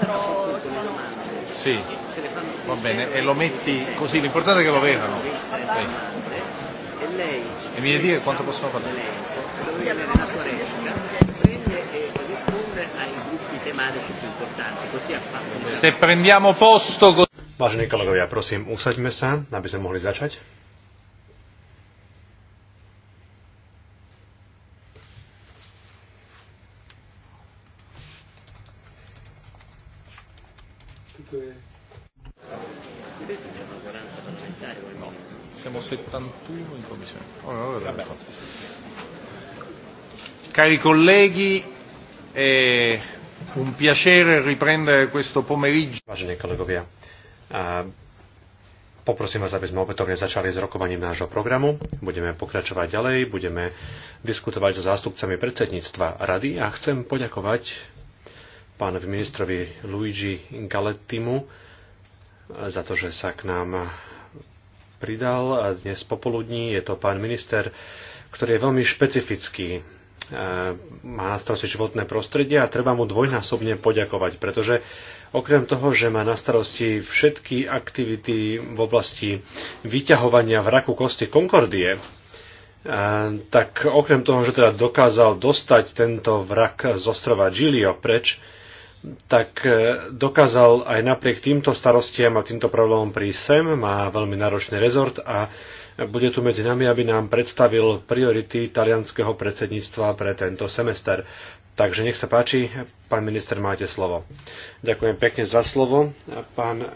però Sì, va bene, e lo metti così, l'importante è che lo vedano. E lei. E mi dire quanto possono parlare. Lei, avere la sua prende e risponde ai gruppi tematici più importanti, così ha fatto. Se prendiamo posto... Vážení kolegovia, prosím, usaďme sa, aby sme mohli začať. Cari colleghi, è un piacere riprendere questo pomeriggio. Vážení kolegovia, poprosím vás, aby sme opätovne začali s rokovaním nášho programu. Budeme pokračovať ďalej, budeme diskutovať so zástupcami predsedníctva rady a chcem poďakovať pánovi ministrovi Luigi Galettimu za to, že sa k nám pridal a dnes popoludní. Je to pán minister, ktorý je veľmi špecifický E, má na starosti životné prostredie a treba mu dvojnásobne poďakovať, pretože okrem toho, že má na starosti všetky aktivity v oblasti vyťahovania vraku kosti Konkordie, e, tak okrem toho, že teda dokázal dostať tento vrak z ostrova Gilio preč, tak e, dokázal aj napriek týmto starostiam a týmto problémom prísť sem, má veľmi náročný rezort a bude tu medzi nami, aby nám predstavil priority talianského predsedníctva pre tento semester. Takže nech sa páči, pán minister, máte slovo. Ďakujem pekne za slovo, pán eh,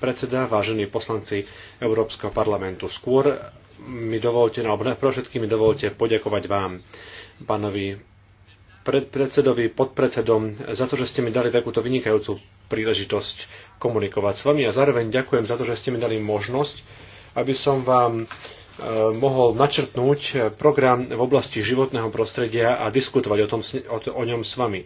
predseda, vážení poslanci Európskeho parlamentu. Skôr mi dovolte, alebo pre všetkým mi dovolte poďakovať vám, pánovi predsedovi, podpredsedom, za to, že ste mi dali takúto vynikajúcu príležitosť komunikovať s vami a zároveň ďakujem za to, že ste mi dali možnosť aby som vám e, mohol načrtnúť e, program v oblasti životného prostredia a diskutovať o, tom, o, o ňom s vami.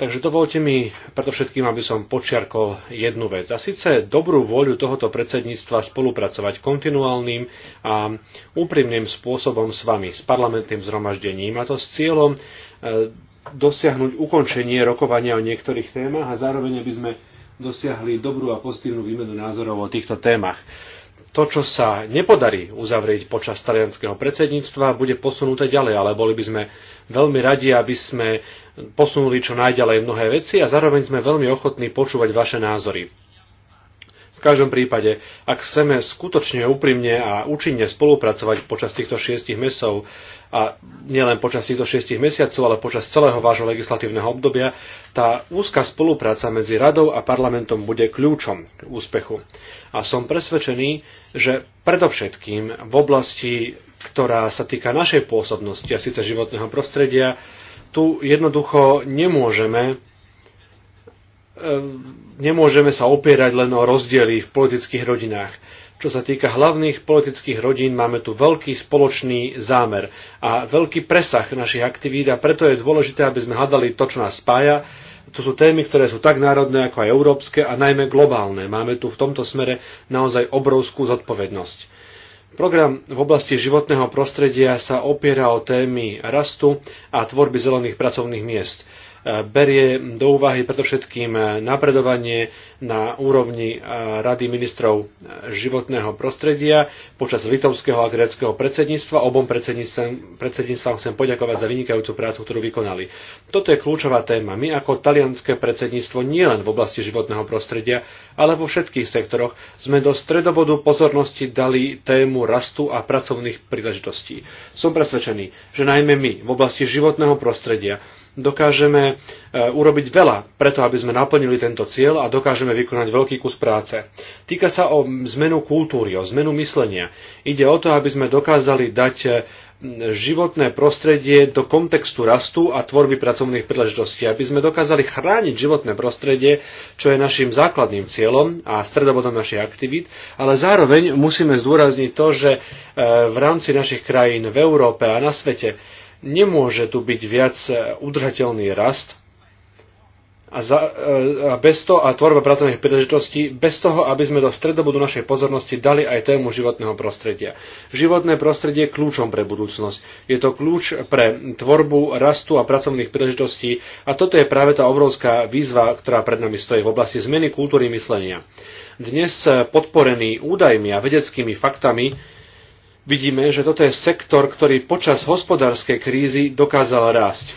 Takže dovolte mi predovšetkým, aby som počiarkol jednu vec. A síce dobrú vôľu tohoto predsedníctva spolupracovať kontinuálnym a úprimným spôsobom s vami, s parlamentným zhromaždením, a to s cieľom e, dosiahnuť ukončenie rokovania o niektorých témach a zároveň by sme dosiahli dobrú a pozitívnu výmenu názorov o týchto témach to, čo sa nepodarí uzavrieť počas talianského predsedníctva, bude posunuté ďalej, ale boli by sme veľmi radi, aby sme posunuli čo najďalej mnohé veci a zároveň sme veľmi ochotní počúvať vaše názory. V každom prípade, ak chceme skutočne úprimne a účinne spolupracovať počas týchto šiestich mesov, a nielen počas týchto šiestich mesiacov, ale počas celého vášho legislatívneho obdobia, tá úzka spolupráca medzi radou a parlamentom bude kľúčom k úspechu. A som presvedčený, že predovšetkým v oblasti, ktorá sa týka našej pôsobnosti a síce životného prostredia, tu jednoducho nemôžeme e, nemôžeme sa opierať len o rozdiely v politických rodinách čo sa týka hlavných politických rodín, máme tu veľký spoločný zámer a veľký presah našich aktivít a preto je dôležité, aby sme hľadali to, čo nás spája. To sú témy, ktoré sú tak národné, ako aj európske a najmä globálne. Máme tu v tomto smere naozaj obrovskú zodpovednosť. Program v oblasti životného prostredia sa opiera o témy rastu a tvorby zelených pracovných miest. E, berie do úvahy predovšetkým napredovanie na úrovni e, Rady ministrov e, životného prostredia počas litovského a gréckého predsedníctva. Obom predsedníctvam chcem poďakovať za vynikajúcu prácu, ktorú vykonali. Toto je kľúčová téma. My ako talianské predsedníctvo nielen v oblasti životného prostredia, ale vo všetkých sektoroch sme do stredobodu pozornosti dali tému rastu a pracovných príležitostí. Som presvedčený, že najmä my v oblasti životného prostredia dokážeme e, urobiť veľa preto, aby sme naplnili tento cieľ a dokážeme vykonať veľký kus práce. Týka sa o zmenu kultúry, o zmenu myslenia. Ide o to, aby sme dokázali dať e, životné prostredie do kontextu rastu a tvorby pracovných príležitostí, aby sme dokázali chrániť životné prostredie, čo je našim základným cieľom a stredobodom našich aktivít, ale zároveň musíme zdôrazniť to, že e, v rámci našich krajín v Európe a na svete Nemôže tu byť viac e, udržateľný rast a, za, e, a bez toho, a tvorba pracovných príležitostí, bez toho, aby sme do stredobodu našej pozornosti dali aj tému životného prostredia. Životné prostredie je kľúčom pre budúcnosť. Je to kľúč pre tvorbu rastu a pracovných príležitostí a toto je práve tá obrovská výzva, ktorá pred nami stojí v oblasti zmeny kultúry myslenia. Dnes e, podporený údajmi a vedeckými faktami vidíme, že toto je sektor, ktorý počas hospodárskej krízy dokázal rásť.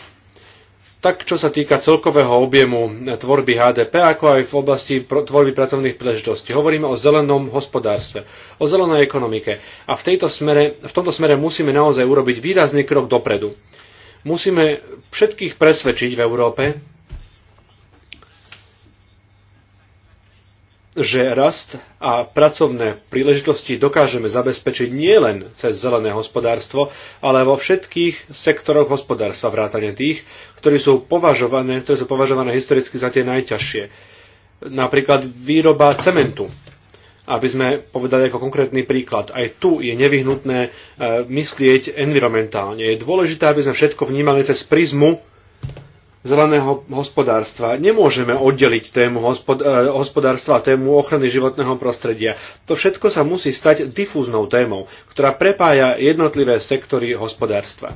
Tak, čo sa týka celkového objemu tvorby HDP, ako aj v oblasti tvorby pracovných príležitostí. Hovoríme o zelenom hospodárstve, o zelenej ekonomike. A v, tejto smere, v tomto smere musíme naozaj urobiť výrazný krok dopredu. Musíme všetkých presvedčiť v Európe, že rast a pracovné príležitosti dokážeme zabezpečiť nielen cez zelené hospodárstvo, ale vo všetkých sektoroch hospodárstva vrátane tých, ktorí sú považované, ktoré sú považované historicky za tie najťažšie. Napríklad výroba cementu. Aby sme povedali ako konkrétny príklad, aj tu je nevyhnutné eh, myslieť environmentálne. Je dôležité, aby sme všetko vnímali cez prizmu zeleného hospodárstva. Nemôžeme oddeliť tému e, hospodárstva a tému ochrany životného prostredia. To všetko sa musí stať difúznou témou, ktorá prepája jednotlivé sektory hospodárstva.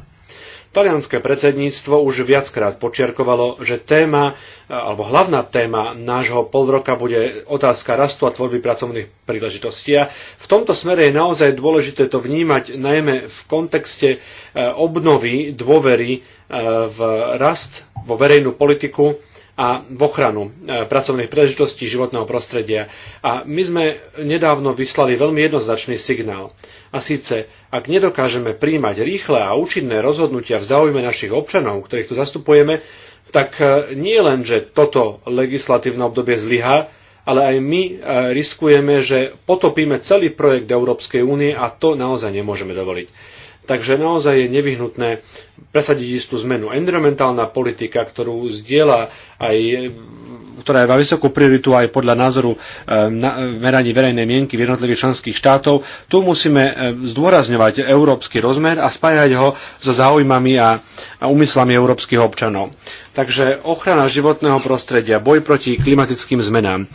Talianské predsedníctvo už viackrát počiarkovalo, že téma, e, alebo hlavná téma nášho roka bude otázka rastu a tvorby pracovných príležitostí. A v tomto smere je naozaj dôležité to vnímať najmä v kontexte e, obnovy dôvery e, v rast, vo verejnú politiku a v ochranu e, pracovných príležitostí životného prostredia. A my sme nedávno vyslali veľmi jednoznačný signál. A síce, ak nedokážeme príjmať rýchle a účinné rozhodnutia v záujme našich občanov, ktorých tu zastupujeme, tak e, nie len, že toto legislatívne obdobie zlyhá, ale aj my e, riskujeme, že potopíme celý projekt Európskej únie a to naozaj nemôžeme dovoliť. Takže naozaj je nevyhnutné presadiť istú zmenu. Environmentálna politika, ktorú zdieľa aj, ktorá je má vysokú prioritu aj podľa názoru e, na meraní verejnej mienky v jednotlivých členských štátov, tu musíme e, zdôrazňovať európsky rozmer a spájať ho so záujmami a, a úmyslami európskych občanov. Takže ochrana životného prostredia, boj proti klimatickým zmenám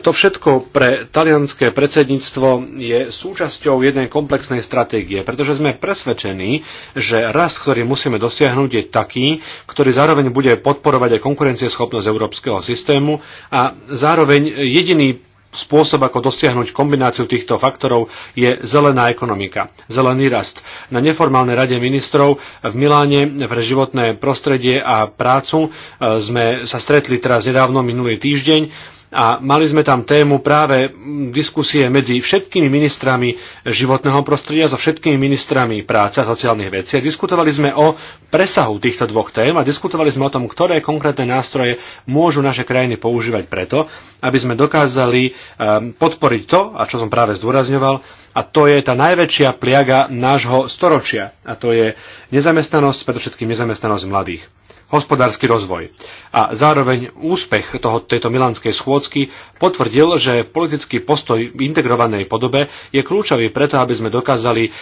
to všetko pre talianské predsedníctvo je súčasťou jednej komplexnej stratégie, pretože sme presvedčení, že rast, ktorý musíme dosiahnuť, je taký, ktorý zároveň bude podporovať aj konkurencieschopnosť európskeho systému a zároveň jediný spôsob, ako dosiahnuť kombináciu týchto faktorov, je zelená ekonomika, zelený rast. Na neformálnej rade ministrov v Miláne pre životné prostredie a prácu e, sme sa stretli teraz nedávno minulý týždeň a mali sme tam tému práve diskusie medzi všetkými ministrami životného prostredia so všetkými ministrami práce a sociálnych vecí. A diskutovali sme o presahu týchto dvoch tém a diskutovali sme o tom, ktoré konkrétne nástroje môžu naše krajiny používať preto, aby sme dokázali ehm, podporiť to, a čo som práve zdôrazňoval, a to je tá najväčšia pliaga nášho storočia. A to je nezamestnanosť, predovšetkým nezamestnanosť mladých hospodársky rozvoj. A zároveň úspech toho, tejto milánskej schôdzky potvrdil, že politický postoj v integrovanej podobe je kľúčový preto, aby sme dokázali um,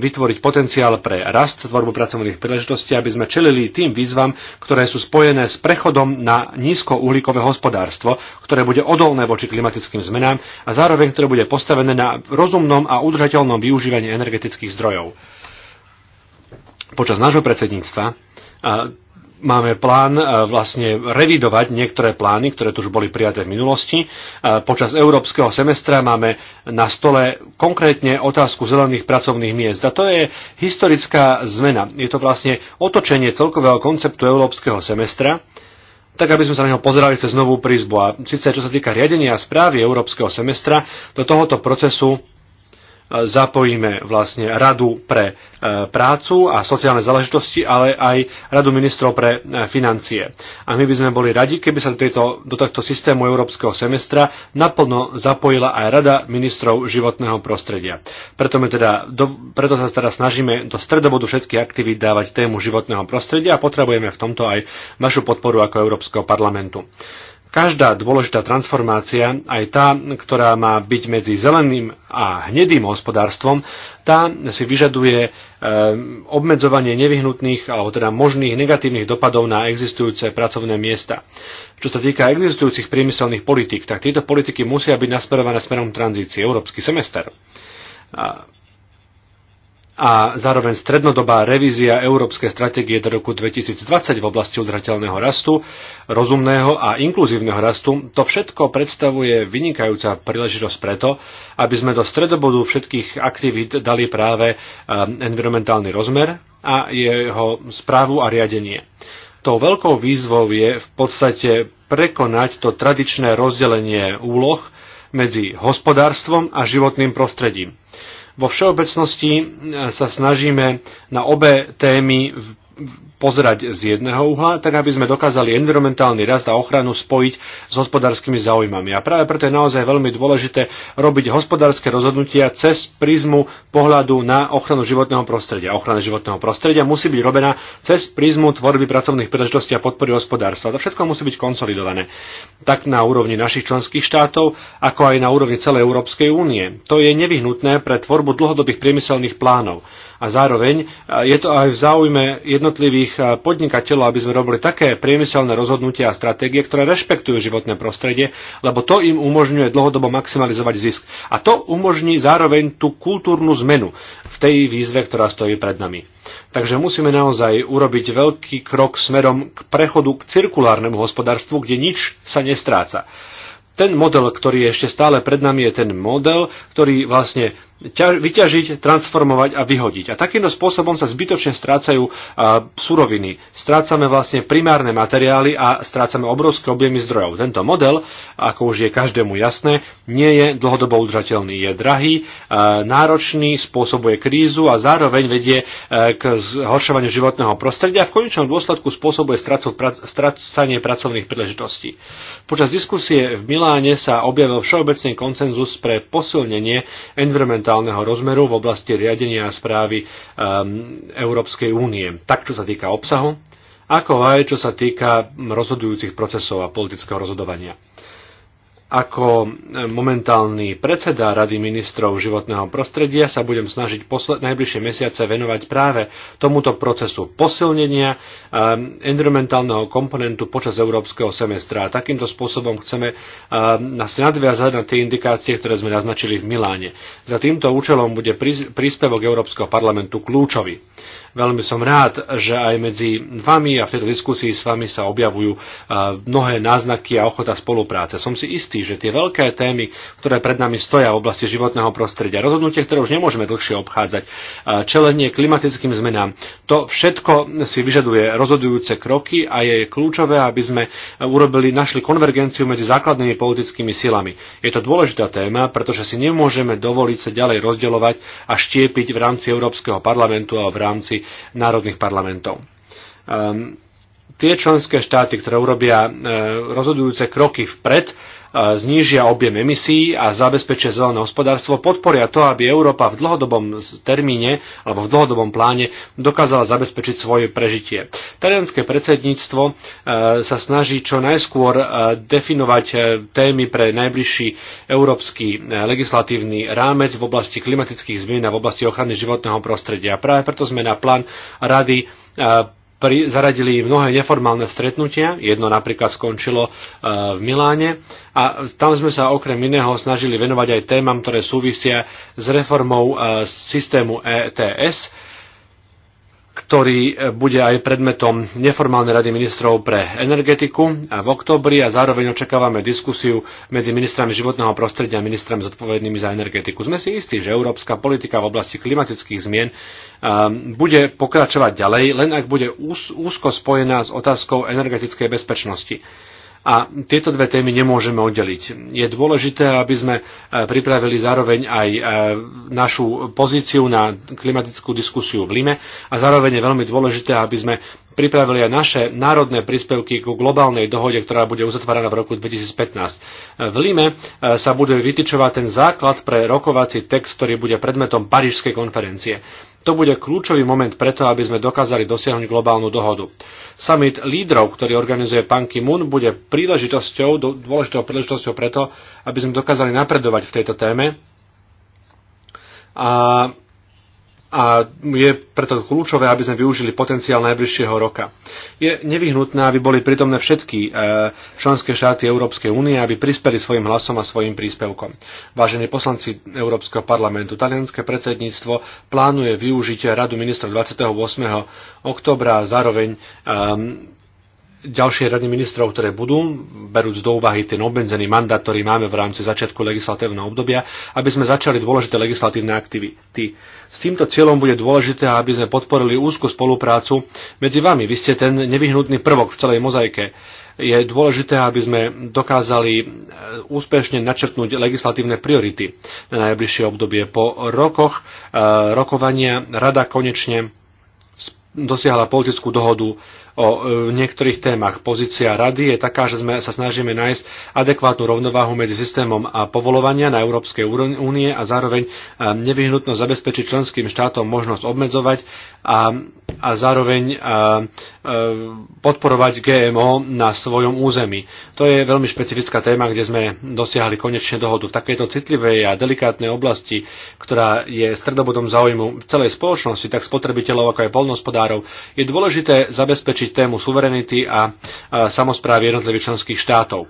vytvoriť potenciál pre rast, tvorbu pracovných príležitostí, aby sme čelili tým výzvam, ktoré sú spojené s prechodom na nízkouhlíkové hospodárstvo, ktoré bude odolné voči klimatickým zmenám a zároveň ktoré bude postavené na rozumnom a udržateľnom využívaní energetických zdrojov. Počas nášho predsedníctva máme plán e, vlastne revidovať niektoré plány, ktoré tu už boli prijaté v minulosti. E, počas európskeho semestra máme na stole konkrétne otázku zelených pracovných miest. A to je historická zmena. Je to vlastne otočenie celkového konceptu európskeho semestra, tak aby sme sa na neho pozerali cez novú prízbu. A síce čo sa týka riadenia a správy európskeho semestra, do tohoto procesu E, zapojíme vlastne radu pre e, prácu a sociálne záležitosti, ale aj radu ministrov pre e, financie. A my by sme boli radi, keby sa do, tejto, do tohto systému európskeho semestra naplno zapojila aj rada ministrov životného prostredia. Preto, my teda, do, preto sa teda snažíme do stredobodu všetky aktivít dávať tému životného prostredia a potrebujeme v tomto aj vašu podporu ako Európskeho parlamentu. Každá dôležitá transformácia, aj tá, ktorá má byť medzi zeleným a hnedým hospodárstvom, tá si vyžaduje e, obmedzovanie nevyhnutných alebo teda možných negatívnych dopadov na existujúce pracovné miesta. Čo sa týka existujúcich priemyselných politik, tak tieto politiky musia byť nasmerované smerom tranzície, európsky semester a zároveň strednodobá revízia Európskej stratégie do roku 2020 v oblasti udrateľného rastu, rozumného a inkluzívneho rastu, to všetko predstavuje vynikajúca príležitosť preto, aby sme do stredobodu všetkých aktivít dali práve ehm, environmentálny rozmer a jeho správu a riadenie. Tou veľkou výzvou je v podstate prekonať to tradičné rozdelenie úloh medzi hospodárstvom a životným prostredím vo všeobecnosti e, sa snažíme na obe témy pozerať z jedného uhla, tak aby sme dokázali environmentálny rast a ochranu spojiť s hospodárskymi záujmami. A práve preto je naozaj veľmi dôležité robiť hospodárske rozhodnutia cez prízmu pohľadu na ochranu životného prostredia. Ochrana životného prostredia musí byť robená cez prízmu tvorby pracovných príležitostí a podpory hospodárstva. To všetko musí byť konsolidované. Tak na úrovni našich členských štátov, ako aj na úrovni celej Európskej únie. To je nevyhnutné pre tvorbu dlhodobých priemyselných plánov. A zároveň e, je to aj v záujme jednotlivých e, podnikateľov, aby sme robili také priemyselné rozhodnutia a stratégie, ktoré rešpektujú životné prostredie, lebo to im umožňuje dlhodobo maximalizovať zisk. A to umožní zároveň tú kultúrnu zmenu v tej výzve, ktorá stojí pred nami. Takže musíme naozaj urobiť veľký krok smerom k prechodu k cirkulárnemu hospodárstvu, kde nič sa nestráca ten model, ktorý je ešte stále pred nami, je ten model, ktorý vlastne vyťažiť, transformovať a vyhodiť. A takýmto spôsobom sa zbytočne strácajú suroviny. Strácame vlastne primárne materiály a strácame obrovské objemy zdrojov. Tento model, ako už je každému jasné, nie je dlhodobo udržateľný. Je drahý, náročný, spôsobuje krízu a zároveň vedie e, k zhoršovaniu životného prostredia a v konečnom dôsledku spôsobuje strácanie pracovných príležitostí. Počas diskusie v Milá Miláne sa objavil všeobecný koncenzus pre posilnenie environmentálneho rozmeru v oblasti riadenia a správy um, Európskej únie, tak čo sa týka obsahu, ako aj čo sa týka rozhodujúcich procesov a politického rozhodovania. Ako e, momentálny predseda Rady ministrov životného prostredia sa budem snažiť posled, najbližšie mesiace venovať práve tomuto procesu posilnenia ehm, environmentálneho komponentu počas európskeho semestra. A takýmto spôsobom chceme ehm, nás nadviazať na tie indikácie, ktoré sme naznačili v Miláne. Za týmto účelom bude príspevok Európskeho parlamentu kľúčový. Veľmi som rád, že aj medzi vami a v tejto diskusii s vami sa objavujú mnohé náznaky a ochota spolupráce. Som si istý, že tie veľké témy, ktoré pred nami stoja v oblasti životného prostredia, rozhodnutie, ktoré už nemôžeme dlhšie obchádzať, čelenie klimatickým zmenám, to všetko si vyžaduje rozhodujúce kroky a je kľúčové, aby sme urobili, našli konvergenciu medzi základnými politickými silami. Je to dôležitá téma, pretože si nemôžeme dovoliť sa ďalej rozdeľovať a štiepiť v rámci Európskeho parlamentu a v rámci národných parlamentov. Um, tie členské štáty, ktoré urobia e, rozhodujúce kroky vpred, znížia objem emisí a zabezpečia zelené hospodárstvo, podporia to, aby Európa v dlhodobom termíne alebo v dlhodobom pláne dokázala zabezpečiť svoje prežitie. Talianské predsedníctvo e, sa snaží čo najskôr e, definovať e, témy pre najbližší európsky legislatívny rámec v oblasti klimatických zmien a v oblasti ochrany životného prostredia. Práve preto sme na plán rady pri, zaradili mnohé neformálne stretnutia, jedno napríklad skončilo e, v Miláne a tam sme sa okrem iného snažili venovať aj témam, ktoré súvisia s reformou e, systému ETS, ktorý e, bude aj predmetom neformálnej rady ministrov pre energetiku v oktobri a zároveň očakávame diskusiu medzi ministrami životného prostredia a ministrami zodpovednými za energetiku. Sme si istí, že európska politika v oblasti klimatických zmien bude pokračovať ďalej, len ak bude úzko spojená s otázkou energetickej bezpečnosti. A tieto dve témy nemôžeme oddeliť. Je dôležité, aby sme e, pripravili zároveň aj e, našu pozíciu na klimatickú diskusiu v Lime a zároveň je veľmi dôležité, aby sme pripravili aj naše národné príspevky ku globálnej dohode, ktorá bude uzatváraná v roku 2015. E, v Lime sa bude vytičovať ten základ pre rokovací text, ktorý bude predmetom Parížskej konferencie. To bude kľúčový moment preto, aby sme dokázali dosiahnuť globálnu dohodu. Summit lídrov, ktorý organizuje Pan Ki-moon, bude príležitosťou, dôležitou príležitosťou preto, aby sme dokázali napredovať v tejto téme a a je preto kľúčové, aby sme využili potenciál najbližšieho roka. Je nevyhnutné, aby boli pritomné všetky e, členské štáty Európskej únie, aby prispeli svojim hlasom a svojim príspevkom. Vážení poslanci Európskeho parlamentu, talianské predsedníctvo plánuje využiť Radu ministrov 28. oktobra a zároveň um, ďalšie rady ministrov, ktoré budú, berúc do úvahy ten obmedzený mandát, ktorý máme v rámci začiatku legislatívneho obdobia, aby sme začali dôležité legislatívne aktivity. S týmto cieľom bude dôležité, aby sme podporili úzku spoluprácu medzi vami. Vy ste ten nevyhnutný prvok v celej mozaike je dôležité, aby sme dokázali e, úspešne načrtnúť legislatívne priority na najbližšie obdobie. Po rokoch e, rokovania rada konečne dosiahla politickú dohodu o e, niektorých témach. Pozícia rady je taká, že sme sa snažíme nájsť adekvátnu rovnováhu medzi systémom a povolovania na Európskej únie a zároveň e, nevyhnutnosť zabezpečiť členským štátom možnosť obmedzovať a, a zároveň a, e, a, podporovať GMO na svojom území. To je veľmi špecifická téma, kde sme dosiahli konečne dohodu. V takejto citlivej a delikátnej oblasti, ktorá je stredobodom záujmu celej spoločnosti, tak spotrebiteľov ako aj polnospodárov, je dôležité zabezpečiť riešiť tému suverenity a samozprávy jednotlivých členských štátov.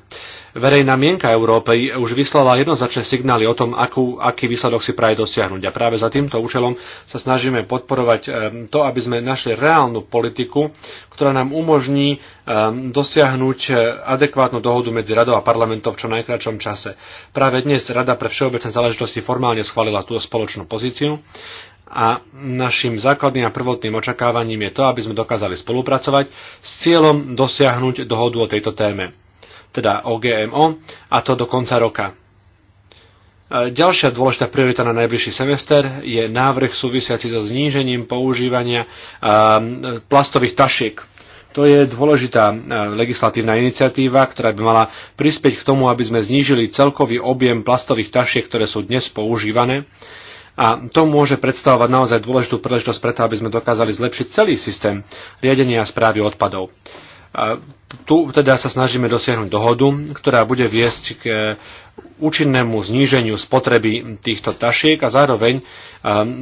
Verejná mienka Európy už vyslala jednoznačné signály o tom, akú, aký výsledok si praje dosiahnuť. A práve za týmto účelom sa snažíme podporovať e, to, aby sme našli reálnu politiku, ktorá nám umožní e, dosiahnuť e, adekvátnu dohodu medzi radou a parlamentom v čo najkračom čase. Práve dnes Rada pre všeobecné záležitosti formálne schválila túto spoločnú pozíciu a našim základným a prvotným očakávaním je to, aby sme dokázali spolupracovať s cieľom dosiahnuť dohodu o tejto téme, teda o GMO, a to do konca roka. E, ďalšia dôležitá priorita na najbližší semester je návrh súvisiaci so znížením používania e, plastových tašiek. To je dôležitá e, legislatívna iniciatíva, ktorá by mala prispieť k tomu, aby sme znížili celkový objem plastových tašiek, ktoré sú dnes používané a to môže predstavovať naozaj dôležitú príležitosť preto, aby sme dokázali zlepšiť celý systém riadenia a správy odpadov. A tu teda sa snažíme dosiahnuť dohodu, ktorá bude viesť k e, účinnému zníženiu spotreby týchto tašiek a zároveň e,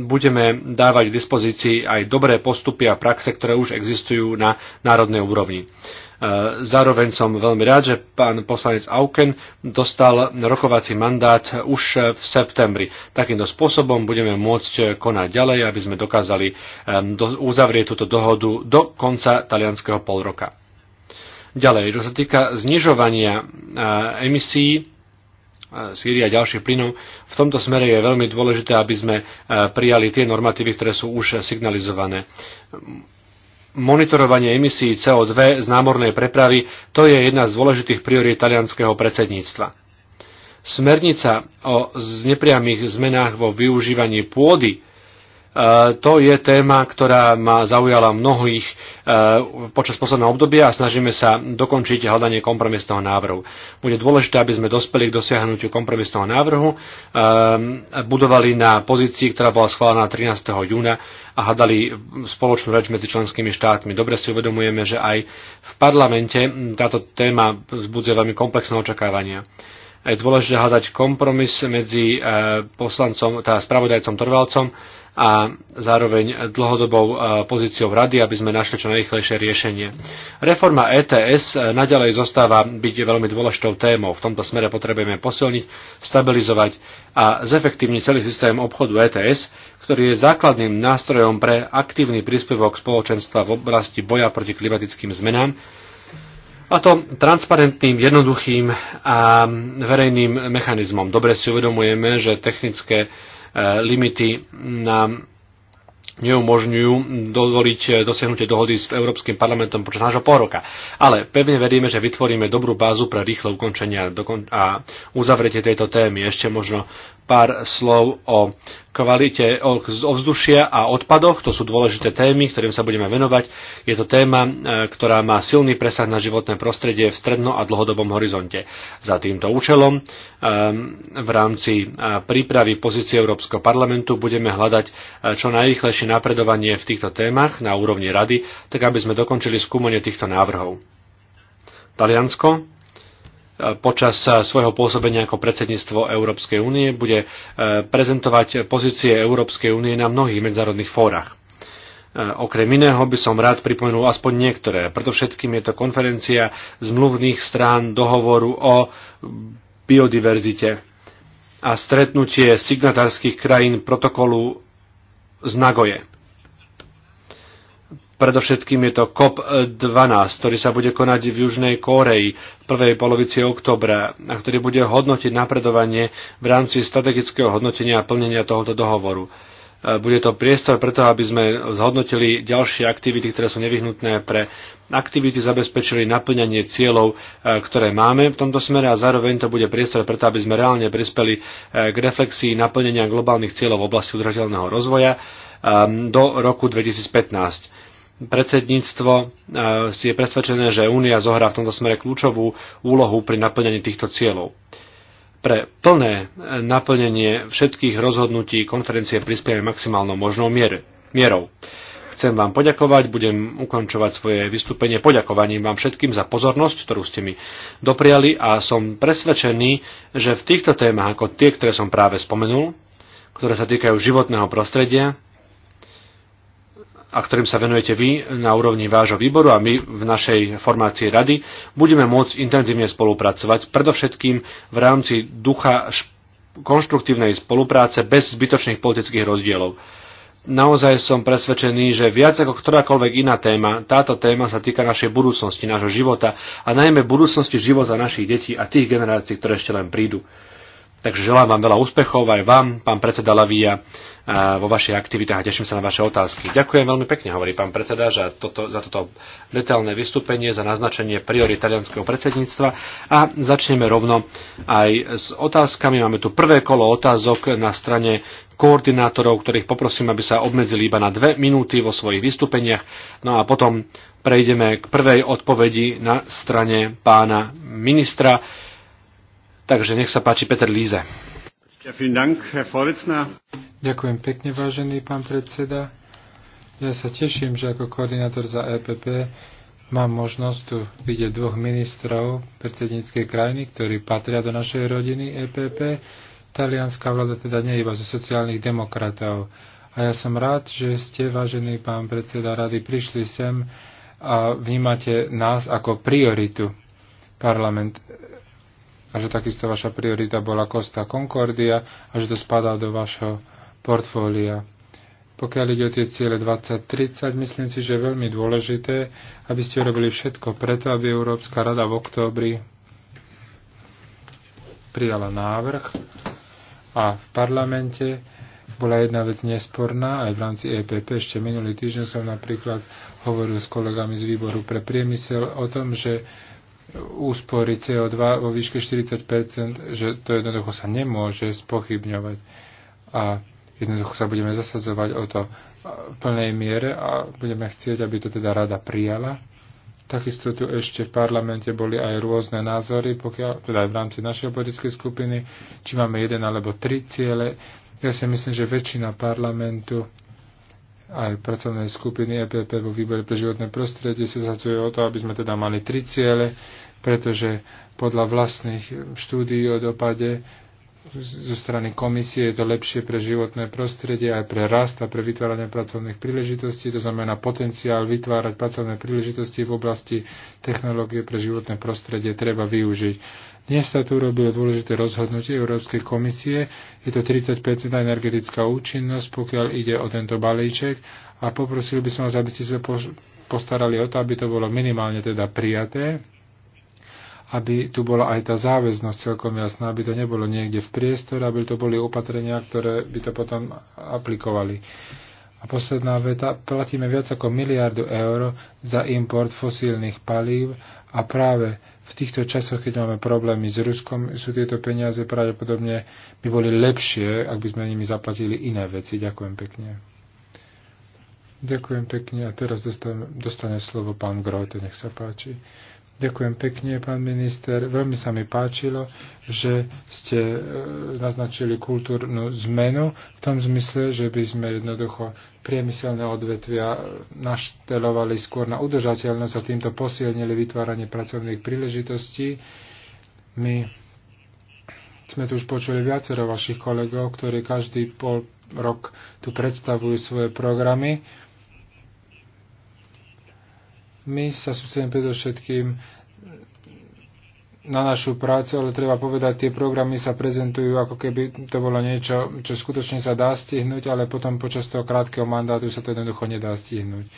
budeme dávať k dispozícii aj dobré postupy a praxe, ktoré už existujú na národnej úrovni. E, zároveň som veľmi rád, že pán poslanec Auken dostal rokovací mandát už v septembri. Takýmto spôsobom budeme môcť konať ďalej, aby sme dokázali uzavrieť túto dohodu do konca talianského polroka. Ďalej, čo sa týka znižovania e, emisí, e, Sýrii a ďalších plynov. V tomto smere je veľmi dôležité, aby sme prijali tie normatívy, ktoré sú už signalizované monitorovanie emisí CO2 z námornej prepravy, to je jedna z dôležitých priorít talianského predsedníctva. Smernica o nepriamých zmenách vo využívaní pôdy, e, to je téma, ktorá ma zaujala mnohých e, počas posledného obdobia a snažíme sa dokončiť hľadanie kompromisného návrhu. Bude dôležité, aby sme dospeli k dosiahnutiu kompromisného návrhu, e, budovali na pozícii, ktorá bola schválená 13. júna a hľadali spoločnú reč medzi členskými štátmi. Dobre si uvedomujeme, že aj v parlamente táto téma vzbudzuje veľmi komplexné očakávania je dôležité hľadať kompromis medzi e, poslancom, teda spravodajcom Torvalcom a zároveň dlhodobou e, pozíciou rady, aby sme našli čo najrychlejšie riešenie. Reforma ETS e, naďalej zostáva byť veľmi dôležitou témou. V tomto smere potrebujeme posilniť, stabilizovať a zefektívniť celý systém obchodu ETS, ktorý je základným nástrojom pre aktívny príspevok spoločenstva v oblasti boja proti klimatickým zmenám, a to transparentným, jednoduchým a verejným mechanizmom. Dobre si uvedomujeme, že technické Eh, limity na neumožňujú dovoliť eh, dosiahnutie dohody s Európskym parlamentom počas nášho pôroka. Ale pevne veríme, že vytvoríme dobrú bázu pre rýchle ukončenie a uzavretie tejto témy. Ešte možno pár slov o kvalite ovzdušia a odpadoch. To sú dôležité témy, ktorým sa budeme venovať. Je to téma, e, ktorá má silný presah na životné prostredie v stredno- a dlhodobom horizonte. Za týmto účelom ehm, v rámci e, prípravy pozície Európskeho parlamentu budeme hľadať e, čo najrýchlejšie napredovanie v týchto témach na úrovni rady, tak aby sme dokončili skúmanie týchto návrhov. Taliansko počas svojho pôsobenia ako predsedníctvo Európskej únie bude e, prezentovať pozície Európskej únie na mnohých medzinárodných fórach. E, okrem iného by som rád pripomenul aspoň niektoré. všetkým je to konferencia zmluvných strán dohovoru o biodiverzite a stretnutie signatárskych krajín protokolu z Nagoje. Predovšetkým je to COP12, ktorý sa bude konať v Južnej Kóreji v prvej polovici oktobra a ktorý bude hodnotiť napredovanie v rámci strategického hodnotenia a plnenia tohoto dohovoru. E, bude to priestor preto, aby sme zhodnotili ďalšie aktivity, ktoré sú nevyhnutné pre aktivity, zabezpečili naplňanie cieľov, e, ktoré máme v tomto smere a zároveň to bude priestor preto, aby sme reálne prispeli e, k reflexii naplnenia globálnych cieľov v oblasti udržateľného rozvoja do roku 2015 Predsedníctvo si e, je presvedčené, že Únia zohrá v tomto smere kľúčovú úlohu pri naplnení týchto cieľov. Pre plné e, naplnenie všetkých rozhodnutí konferencie prispieme maximálnou možnou mierou. Chcem vám poďakovať, budem ukončovať svoje vystúpenie poďakovaním vám všetkým za pozornosť, ktorú ste mi dopriali a som presvedčený, že v týchto témach ako tie, ktoré som práve spomenul, ktoré sa týkajú životného prostredia, a ktorým sa venujete vy na úrovni vášho výboru a my v našej formácii rady budeme môcť intenzívne spolupracovať, predovšetkým v rámci ducha konštruktívnej spolupráce bez zbytočných politických rozdielov. Naozaj som presvedčený, že viac ako ktorákoľvek iná téma, táto téma sa týka našej budúcnosti, nášho života a najmä budúcnosti života našich detí a tých generácií, ktoré ešte len prídu. Takže želám vám veľa úspechov aj vám, pán predseda Lavia, vo vašich aktivitách a teším sa na vaše otázky. Ďakujem veľmi pekne, hovorí pán predseda, za toto, za toto detailné vystúpenie, za naznačenie priory talianského predsedníctva a začneme rovno aj s otázkami. Máme tu prvé kolo otázok na strane koordinátorov, ktorých poprosím, aby sa obmedzili iba na dve minúty vo svojich vystúpeniach. No a potom prejdeme k prvej odpovedi na strane pána ministra. Takže nech sa páči Peter Líze. Ja, Ďakujem pekne, vážený pán predseda. Ja sa teším, že ako koordinátor za EPP mám možnosť tu vidieť dvoch ministrov predsedníckej krajiny, ktorí patria do našej rodiny EPP. Talianská vláda teda nie iba zo sociálnych demokratov. A ja som rád, že ste, vážený pán predseda rady, prišli sem a vnímate nás ako prioritu parlament a že takisto vaša priorita bola Costa Concordia a že to spadá do vašho portfólia. Pokiaľ ide o tie ciele 2030, myslím si, že je veľmi dôležité, aby ste robili všetko preto, aby Európska rada v októbri prijala návrh a v parlamente bola jedna vec nesporná, aj v rámci EPP, ešte minulý týždeň som napríklad hovoril s kolegami z výboru pre priemysel o tom, že úspory CO2 vo výške 40%, že to jednoducho sa nemôže spochybňovať. A Jednoducho sa budeme zasadzovať o to v plnej miere a budeme chcieť, aby to teda rada prijala. Takisto tu ešte v parlamente boli aj rôzne názory, pokiaľ, teda aj v rámci našej politickej skupiny, či máme jeden alebo tri ciele. Ja si myslím, že väčšina parlamentu aj pracovnej skupiny EPP vo výbore pre životné prostredie sa zhadzuje o to, aby sme teda mali tri ciele, pretože podľa vlastných štúdií o dopade zo strany komisie je to lepšie pre životné prostredie, aj pre rast a pre vytváranie pracovných príležitostí. To znamená potenciál vytvárať pracovné príležitosti v oblasti technológie pre životné prostredie treba využiť. Dnes sa tu robilo dôležité rozhodnutie Európskej komisie. Je to 30% energetická účinnosť, pokiaľ ide o tento balíček. A poprosil by som vás, aby ste sa postarali o to, aby to bolo minimálne teda prijaté aby tu bola aj tá záväznosť celkom jasná, aby to nebolo niekde v priestore, aby to boli opatrenia, ktoré by to potom aplikovali. A posledná veta, platíme viac ako miliardu eur za import fosílnych palív a práve v týchto časoch, keď máme problémy s Ruskom, sú tieto peniaze pravdepodobne by boli lepšie, ak by sme nimi zaplatili iné veci. Ďakujem pekne. Ďakujem pekne a teraz dostane, dostane slovo pán Grote, nech sa páči. Ďakujem pekne, pán minister. Veľmi sa mi páčilo, že ste e, naznačili kultúrnu zmenu v tom zmysle, že by sme jednoducho priemyselné odvetvia naštelovali skôr na udržateľnosť a týmto posilnili vytváranie pracovných príležitostí. My sme tu už počuli viacero vašich kolegov, ktorí každý pol rok tu predstavujú svoje programy my sa sústredíme predovšetkým na našu prácu, ale treba povedať, tie programy sa prezentujú ako keby to bolo niečo, čo skutočne sa dá stihnúť, ale potom počas toho krátkeho mandátu sa to jednoducho nedá stihnúť.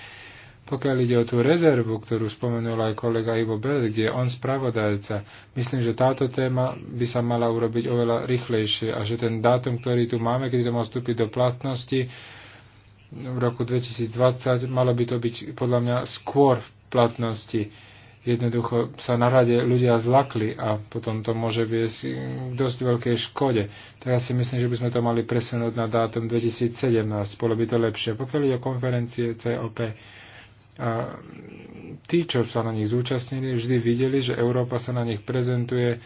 Pokiaľ ide o tú rezervu, ktorú spomenul aj kolega Ivo Bell, kde je on spravodajca, myslím, že táto téma by sa mala urobiť oveľa rýchlejšie a že ten dátum, ktorý tu máme, kedy to má vstúpiť do platnosti, v roku 2020 malo by to byť podľa mňa skôr v platnosti. Jednoducho sa na rade ľudia zlakli a potom to môže viesť k dosť veľkej škode. Tak ja si myslím, že by sme to mali presunúť na dátum 2017. Bolo by to lepšie. Pokiaľ je o konferencie COP, a tí, čo sa na nich zúčastnili, vždy videli, že Európa sa na nich prezentuje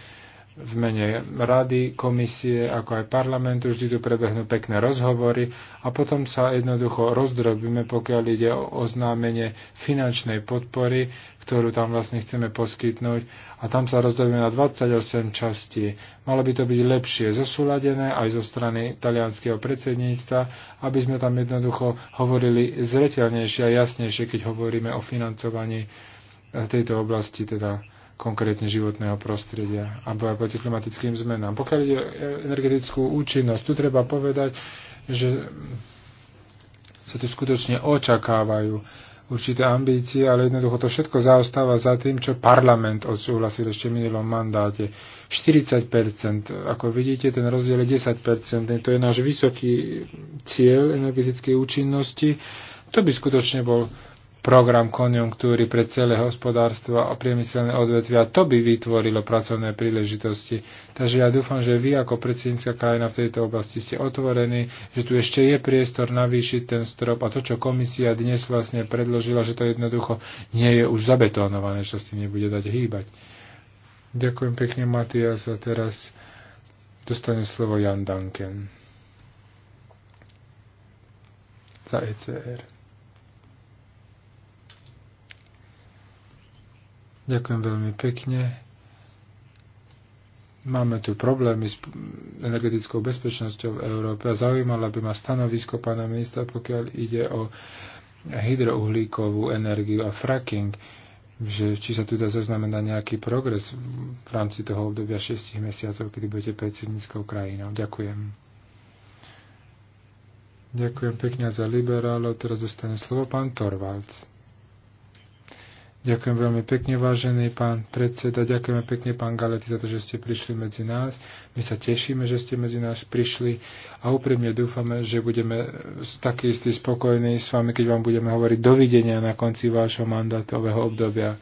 v mene rady, komisie, ako aj parlamentu. Vždy tu prebehnú pekné rozhovory a potom sa jednoducho rozdrobíme, pokiaľ ide o oznámenie finančnej podpory, ktorú tam vlastne chceme poskytnúť. A tam sa rozdrobíme na 28 častí. Malo by to byť lepšie zosúladené aj zo strany talianského predsedníctva, aby sme tam jednoducho hovorili zreteľnejšie a jasnejšie, keď hovoríme o financovaní eh, tejto oblasti, teda konkrétne životného prostredia a boja proti klimatickým zmenám. Pokiaľ ide o energetickú účinnosť, tu treba povedať, že sa tu skutočne očakávajú určité ambície, ale jednoducho to všetko zaostáva za tým, čo parlament odsúhlasil ešte v minulom mandáte. 40%, ako vidíte, ten rozdiel je 10%, to je náš vysoký cieľ energetickej účinnosti. To by skutočne bol program konjunktúry pre celé hospodárstvo a priemyselné odvetvia. To by vytvorilo pracovné príležitosti. Takže ja dúfam, že vy ako predsednícka krajina v tejto oblasti ste otvorení, že tu ešte je priestor navýšiť ten strop a to, čo komisia dnes vlastne predložila, že to jednoducho nie je už zabetónované, čo s tým nebude dať hýbať. Ďakujem pekne, Matias. A teraz dostane slovo Jan Duncan za ECR. Ďakujem veľmi pekne. Máme tu problémy s energetickou bezpečnosťou v Európe a zaujímala by ma stanovisko pána ministra, pokiaľ ide o hydrouhlíkovú energiu a fracking, že či sa tu dá zaznamená nejaký progres v rámci toho obdobia 6 mesiacov, kedy budete predsedníckou krajinou. Ďakujem. Ďakujem pekne za liberálov. Teraz zostane slovo pán Torvalds. Ďakujem veľmi pekne, vážený pán predseda. Ďakujeme pekne, pán Galety, za to, že ste prišli medzi nás. My sa tešíme, že ste medzi nás prišli a úprimne dúfame, že budeme taký istý spokojní s vami, keď vám budeme hovoriť dovidenia na konci vášho mandátového obdobia.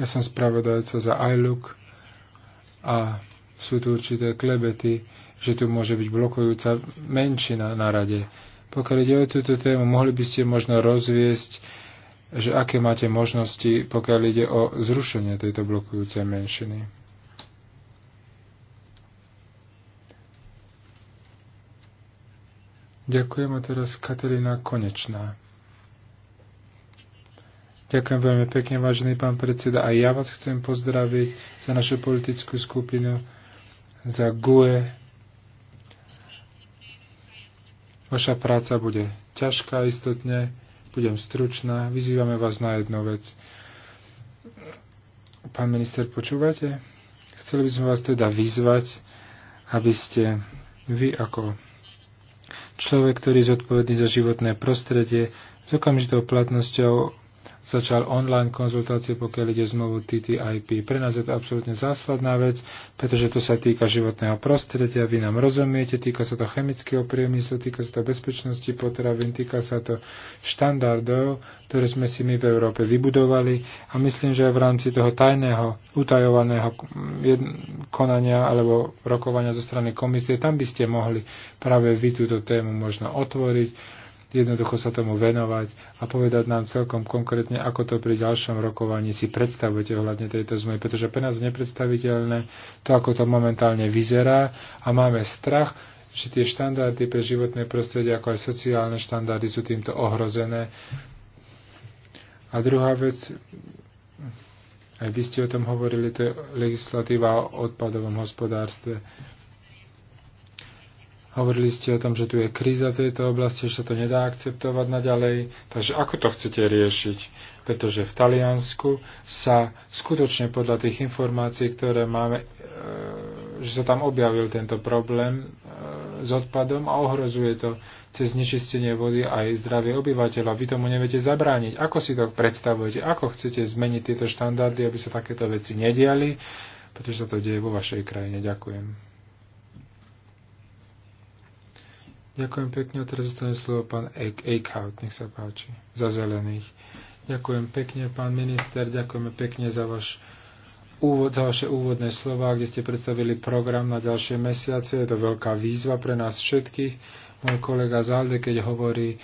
Ja som spravodajca za iLook a sú tu určité klebety, že tu môže byť blokujúca menšina na rade. Pokiaľ ide o túto tému, mohli by ste možno rozviesť, že aké máte možnosti, pokiaľ ide o zrušenie tejto blokujúcej menšiny. Ďakujem a teraz Katelina Konečná. Ďakujem veľmi pekne, vážený pán predseda. A ja vás chcem pozdraviť za našu politickú skupinu, za GUE, Vaša práca bude ťažká istotne, budem stručná, vyzývame vás na jednu vec. Pán minister, počúvate? Chceli by sme vás teda vyzvať, aby ste vy ako človek, ktorý je zodpovedný za životné prostredie, s okamžitou platnosťou začal online konzultácie, pokiaľ ide zmluvu TTIP. Pre nás je to absolútne zásadná vec, pretože to sa týka životného prostredia, vy nám rozumiete, týka sa to chemického priemyslu, týka sa to bezpečnosti potravín, týka sa to štandardov, ktoré sme si my v Európe vybudovali a myslím, že aj v rámci toho tajného, utajovaného konania alebo rokovania zo strany komisie, tam by ste mohli práve vy túto tému možno otvoriť jednoducho sa tomu venovať a povedať nám celkom konkrétne, ako to pri ďalšom rokovaní si predstavujete ohľadne tejto zmluvy, pretože pre nás je nepredstaviteľné to, ako to momentálne vyzerá a máme strach, že tie štandardy pre životné prostredie, ako aj sociálne štandardy sú týmto ohrozené. A druhá vec, aj vy ste o tom hovorili, to je legislatíva o odpadovom hospodárstve. Hovorili ste o tom, že tu je kríza v tejto oblasti, že sa to nedá akceptovať naďalej. Takže ako to chcete riešiť? Pretože v Taliansku sa skutočne podľa tých informácií, ktoré máme, e, že sa tam objavil tento problém e, s odpadom a ohrozuje to cez znečistenie vody aj zdravie obyvateľov. Vy tomu neviete zabrániť. Ako si to predstavujete? Ako chcete zmeniť tieto štandardy, aby sa takéto veci nediali? Pretože sa to deje vo vašej krajine. Ďakujem. Ďakujem pekne a teraz zostane slovo pán Eichhout, nech sa páči, za zelených. Ďakujem pekne, pán minister, ďakujeme pekne za vaš úvod, za vaše úvodné slova, kde ste predstavili program na ďalšie mesiace. Je to veľká výzva pre nás všetkých. Môj kolega Zalde, keď hovorí,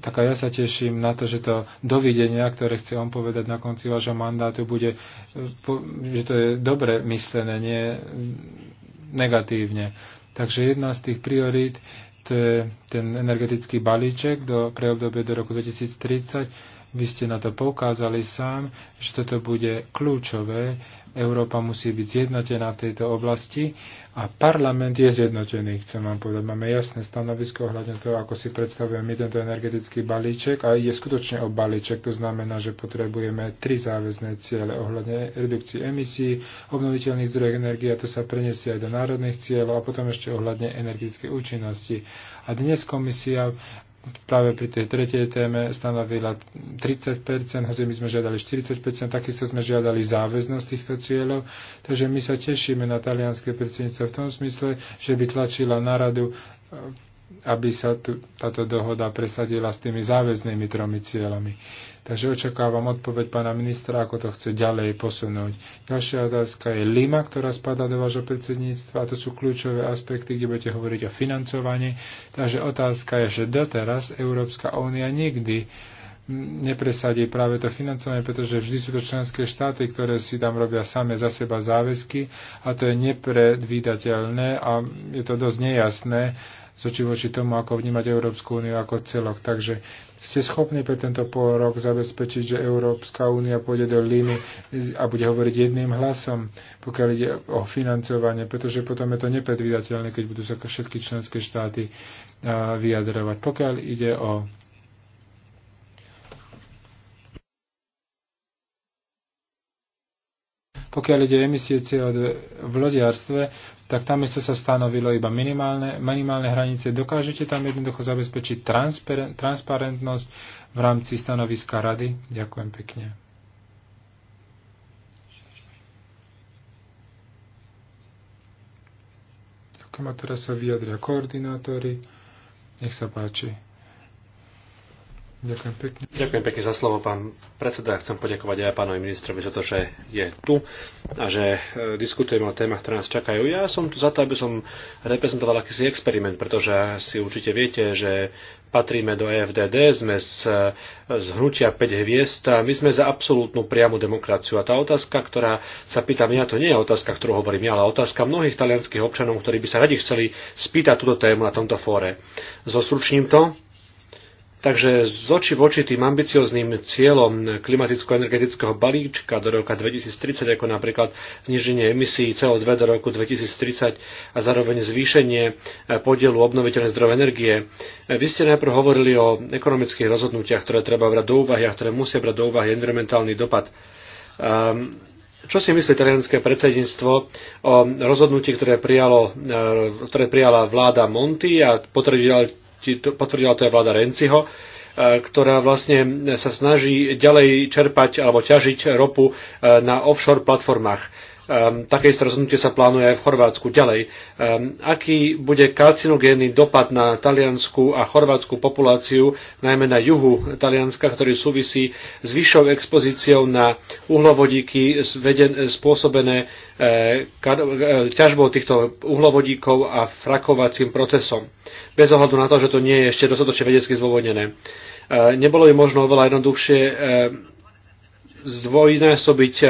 tak ja sa teším na to, že to dovidenia, ktoré chce on povedať na konci vášho mandátu, bude, eh, že to je dobre myslené, nie negatívne. Takže jedna z tých priorít to je ten energetický balíček do, pre obdobie do roku 2030 vy ste na to poukázali sám, že toto bude kľúčové. Európa musí byť zjednotená v tejto oblasti a parlament je zjednotený, chcem vám povedať. Máme jasné stanovisko ohľadne toho, ako si predstavujeme my tento energetický balíček a je skutočne o balíček. To znamená, že potrebujeme tri záväzné ciele ohľadne redukcii emisí, obnoviteľných zdrojov energie a to sa preniesie aj do národných cieľov a potom ešte ohľadne energetickej účinnosti. A dnes komisia práve pri tej tretej téme stanovila 30%, hoci my sme žiadali 40%, takisto sme žiadali záväznosť týchto cieľov, takže my sa tešíme na talianské predsednice v tom smysle, že by tlačila na radu, aby sa tu, táto dohoda presadila s tými záväznými tromi cieľami. Takže očakávam odpoveď pána ministra, ako to chce ďalej posunúť. Ďalšia otázka je Lima, ktorá spadá do vášho predsedníctva. A to sú kľúčové aspekty, kde budete hovoriť o financovaní. Takže otázka je, že doteraz Európska únia nikdy nepresadí práve to financovanie, pretože vždy sú to členské štáty, ktoré si tam robia same za seba záväzky a to je nepredvídateľné a je to dosť nejasné, zoči voči tomu, ako vnímať Európsku úniu ako celok. Takže ste schopní pre tento pol rok zabezpečiť, že Európska únia pôjde do líny a bude hovoriť jedným hlasom, pokiaľ ide o financovanie, pretože potom je to nepredvídateľné, keď budú sa všetky členské štáty vyjadrovať. Pokiaľ ide o pokiaľ ide o emisie CO2 v lodiarstve, tak isto sa stanovilo iba minimálne, minimálne hranice. Dokážete tam jednoducho zabezpečiť transparentnosť v rámci stanoviska rady? Ďakujem pekne. Ďakujem a teraz sa vyjadria koordinátori. Nech sa páči. Ďakujem pekne. Ďakujem pekne za slovo, pán predseda. Chcem poďakovať aj pánovi ministrovi za to, že je tu a že e, diskutujeme o témach, ktoré nás čakajú. Ja som tu za to, aby som reprezentoval akýsi experiment, pretože si určite viete, že patríme do EFDD, sme z, e, z hnutia 5 hviezd a my sme za absolútnu priamu demokraciu. A tá otázka, ktorá sa pýtam ja, to nie je otázka, ktorú hovorím ja, ale otázka mnohých talianských občanov, ktorí by sa radi chceli spýtať túto tému na tomto fóre. Zosručním to, Takže z oči v oči tým ambiciozným cieľom klimaticko-energetického balíčka do roka 2030, ako napríklad zniženie emisí CO2 do roku 2030 a zároveň zvýšenie eh, podielu obnoviteľnej zdrojov energie, eh, vy ste najprv hovorili o ekonomických rozhodnutiach, ktoré treba brať do úvahy a ktoré musia brať do úvahy environmentálny dopad. Um, čo si myslí talianské predsedníctvo o rozhodnutí, ktoré, prijalo, eh, ktoré prijala vláda Monty a potvrdila potvrdila to aj vláda Renciho, e, ktorá vlastne sa snaží ďalej čerpať alebo ťažiť ropu e, na offshore platformách Um, také isté rozhodnutie sa plánuje aj v Chorvátsku. Ďalej, um, aký bude karcinogénny dopad na taliansku a chorvátsku populáciu, najmä na juhu Talianska, ktorý súvisí s vyššou expozíciou na uhlovodíky zveden, spôsobené e, eh, ka, e, eh, ťažbou týchto uhlovodíkov a frakovacím procesom. Bez ohľadu na to, že to nie je ešte dostatočne vedecky zdôvodnené. E, nebolo by možno oveľa jednoduchšie e, zdvojnásobiť e,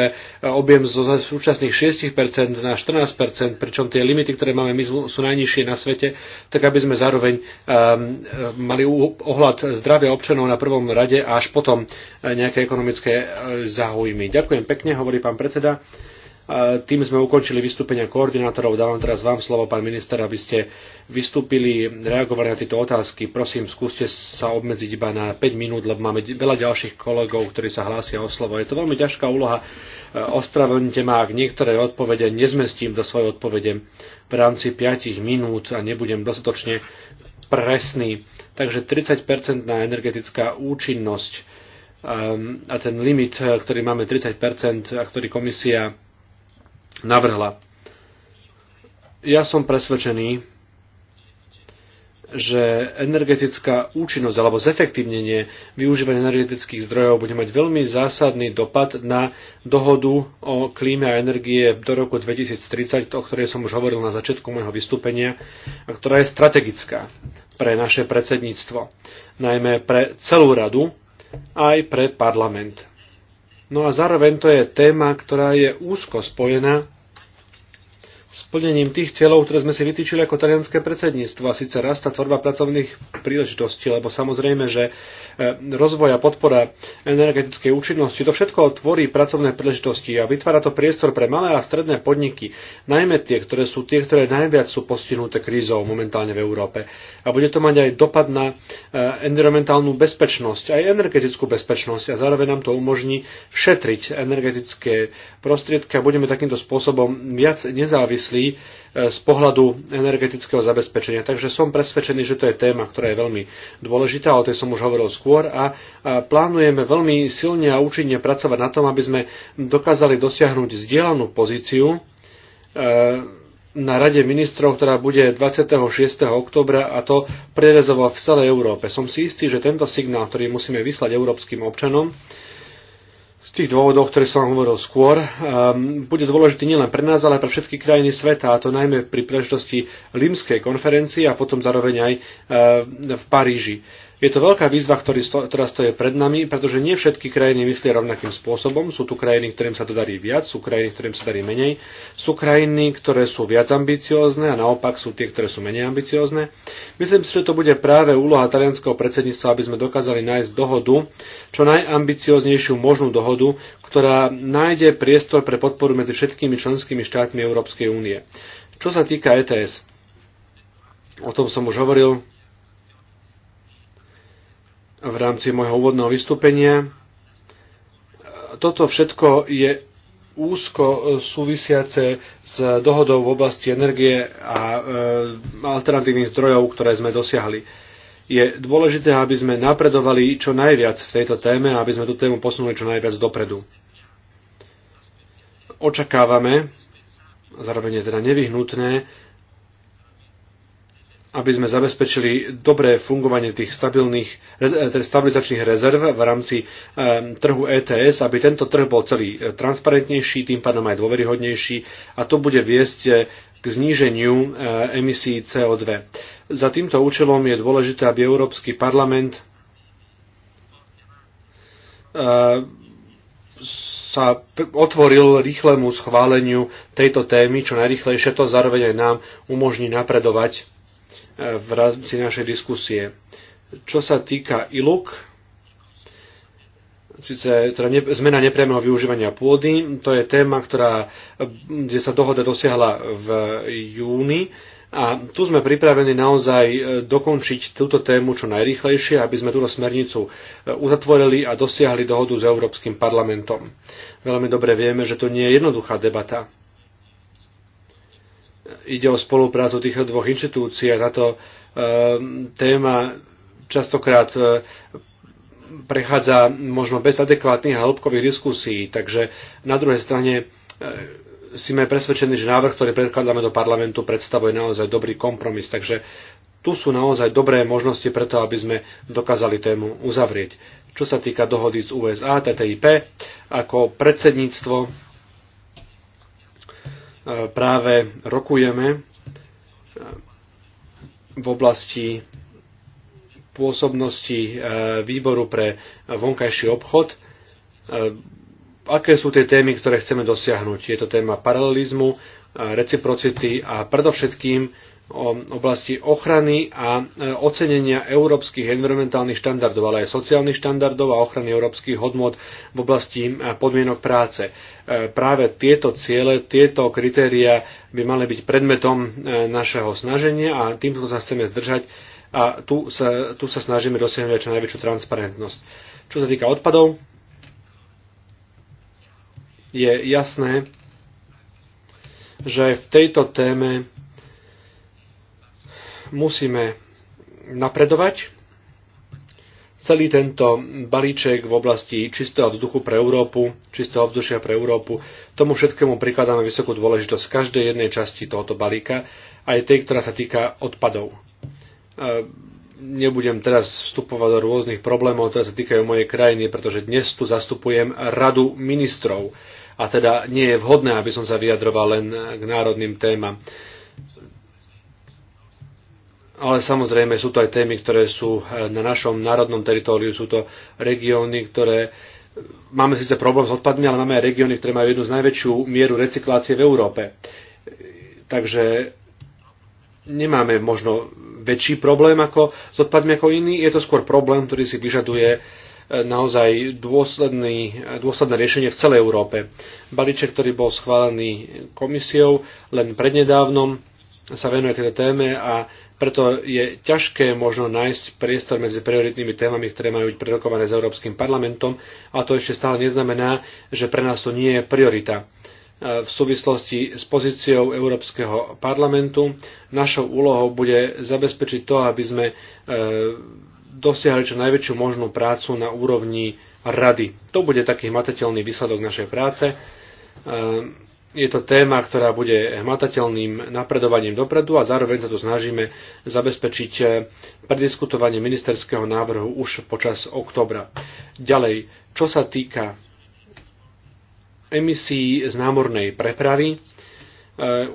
objem zo súčasných 6% na 14%, pričom tie limity, ktoré máme my, sú najnižšie na svete, tak aby sme zároveň e, mali ohľad zdravia občanov na prvom rade a až potom e, nejaké ekonomické záujmy. Ďakujem pekne, hovorí pán predseda. Tým sme ukončili vystúpenia koordinátorov. Dávam teraz vám slovo, pán minister, aby ste vystúpili, reagovali na tieto otázky. Prosím, skúste sa obmedziť iba na 5 minút, lebo máme veľa ďalších kolegov, ktorí sa hlásia o slovo. Je to veľmi ťažká úloha. E, ospravedlňte ma, ak niektoré odpovede nezmestím do svojej odpovede v rámci 5 minút a nebudem dostatočne presný. Takže 30 na energetická účinnosť ehm, a ten limit, e, ktorý máme 30% a ktorý komisia navrhla. Ja som presvedčený, že energetická účinnosť alebo zefektívnenie využívania energetických zdrojov bude mať veľmi zásadný dopad na dohodu o klíme a energie do roku 2030, o ktorej som už hovoril na začiatku môjho vystúpenia, a ktorá je strategická pre naše predsedníctvo, najmä pre celú radu, aj pre parlament. No a zároveň to je téma, ktorá je úzko spojená splnením tých cieľov, ktoré sme si vytýčili ako talianské predsedníctvo, a síce rasta tvorba pracovných príležitostí, lebo samozrejme, že E, rozvoja, podpora energetickej účinnosti, to všetko tvorí pracovné príležitosti a vytvára to priestor pre malé a stredné podniky, najmä tie, ktoré sú tie, ktoré najviac sú postihnuté krízou momentálne v Európe. A bude to mať aj dopad na e, environmentálnu bezpečnosť, aj energetickú bezpečnosť a zároveň nám to umožní šetriť energetické prostriedky a budeme takýmto spôsobom viac nezávislí E, z pohľadu energetického zabezpečenia. Takže som presvedčený, že to je téma, ktorá je veľmi dôležitá, o tej som už hovoril skôr a plánujeme veľmi silne a účinne pracovať na tom, aby sme dokázali dosiahnuť zdieľanú pozíciu e, na Rade ministrov, ktorá bude 26. oktobra a to prerezovať v celej Európe. Som si istý, že tento signál, ktorý musíme vyslať európskym občanom, z tých dôvodov, ktoré som vám hovoril skôr, um, bude dôležitý nielen pre nás, ale pre všetky krajiny sveta, a to najmä pri príležitosti Limskej konferencie a potom zároveň aj uh, v Paríži. Je to veľká výzva, ktorý sto, ktorá stojí pred nami, pretože nie všetky krajiny myslia rovnakým spôsobom. Sú tu krajiny, ktorým sa to darí viac, sú krajiny, ktorým sa darí menej. Sú krajiny, ktoré sú viac ambiciózne a naopak sú tie, ktoré sú menej ambiciózne. Myslím si, že to bude práve úloha talianského predsedníctva, aby sme dokázali nájsť dohodu, čo najambicióznejšiu možnú dohodu, ktorá nájde priestor pre podporu medzi všetkými členskými štátmi Európskej únie. Čo sa týka ETS, o tom som už hovoril, v rámci môjho úvodného vystúpenia. Toto všetko je úzko súvisiace s dohodou v oblasti energie a e, alternatívnych zdrojov, ktoré sme dosiahli. Je dôležité, aby sme napredovali čo najviac v tejto téme a aby sme tú tému posunuli čo najviac dopredu. Očakávame, zároveň je teda nevyhnutné, aby sme zabezpečili dobré fungovanie tých stabilných, eh, stabilizačných rezerv v rámci eh, trhu ETS, aby tento trh bol celý eh, transparentnejší, tým pádom aj dôveryhodnejší a to bude viesť k zníženiu emisí CO2. Za týmto účelom je dôležité, aby Európsky parlament sa otvoril rýchlemu schváleniu tejto témy čo najrychlejšie, to zároveň aj nám umožní napredovať v rámci našej diskusie. Čo sa týka ILUK, síce teda ne, zmena nepriamého využívania pôdy, to je téma, ktorá, kde sa dohoda dosiahla v júni a tu sme pripravení naozaj e, dokončiť túto tému čo najrýchlejšie, aby sme túto smernicu e, uzatvorili a dosiahli dohodu s Európskym parlamentom. Veľmi dobre vieme, že to nie je jednoduchá debata ide o spoluprácu týchto dvoch inštitúcií a táto eh, téma častokrát eh, prechádza možno bez adekvátnych a hĺbkových diskusí. Takže na druhej strane eh, sme presvedčení, že návrh, ktorý predkladáme do parlamentu, predstavuje naozaj dobrý kompromis. Takže tu sú naozaj dobré možnosti preto, aby sme dokázali tému uzavrieť. Čo sa týka dohody z USA, TTIP, ako predsedníctvo práve rokujeme e, v oblasti pôsobnosti e, výboru pre vonkajší obchod. E, aké sú tie témy, ktoré chceme dosiahnuť? Je to téma paralelizmu, reciprocity a predovšetkým oblasti ochrany a e, ocenenia európskych environmentálnych štandardov, ale aj sociálnych štandardov a ochrany európskych hodnot v oblasti podmienok práce. E, práve tieto ciele, tieto kritéria by mali byť predmetom e, našeho snaženia a tým sa chceme zdržať a tu sa, tu sa snažíme dosiahnuť čo najväčšiu transparentnosť. Čo sa týka odpadov, je jasné, že v tejto téme musíme napredovať. Celý tento balíček v oblasti čistého vzduchu pre Európu, čistého vzdušia pre Európu, tomu všetkému prikladáme vysokú dôležitosť každej jednej časti tohoto balíka, aj tej, ktorá sa týka odpadov. E, nebudem teraz vstupovať do rôznych problémov, ktoré sa týkajú mojej krajiny, pretože dnes tu zastupujem radu ministrov a teda nie je vhodné, aby som sa vyjadroval len k národným témam ale samozrejme sú to aj témy, ktoré sú e, na našom národnom teritóriu, sú to regióny, ktoré e, máme síce problém s odpadmi, ale máme aj regióny, ktoré majú jednu z najväčšiu mieru recyklácie v Európe. Takže nemáme možno väčší problém ako s odpadmi ako iný. je to skôr problém, ktorý si vyžaduje e, naozaj dôsledný, dôsledné riešenie v celej Európe. Balíček, ktorý bol schválený komisiou len prednedávnom, sa venuje tejto téme a preto je ťažké možno nájsť priestor medzi prioritnými témami, ktoré majú byť prerokované s Európskym parlamentom a to ešte stále neznamená, že pre nás to nie je priorita e, v súvislosti s pozíciou Európskeho parlamentu. Našou úlohou bude zabezpečiť to, aby sme e, dosiahli čo najväčšiu možnú prácu na úrovni rady. To bude taký matateľný výsledok našej práce. E, je to téma, ktorá bude hmatateľným napredovaním dopredu a zároveň sa tu snažíme zabezpečiť eh, prediskutovanie ministerského návrhu už počas oktobra. Ďalej, čo sa týka emisí z námornej prepravy, eh,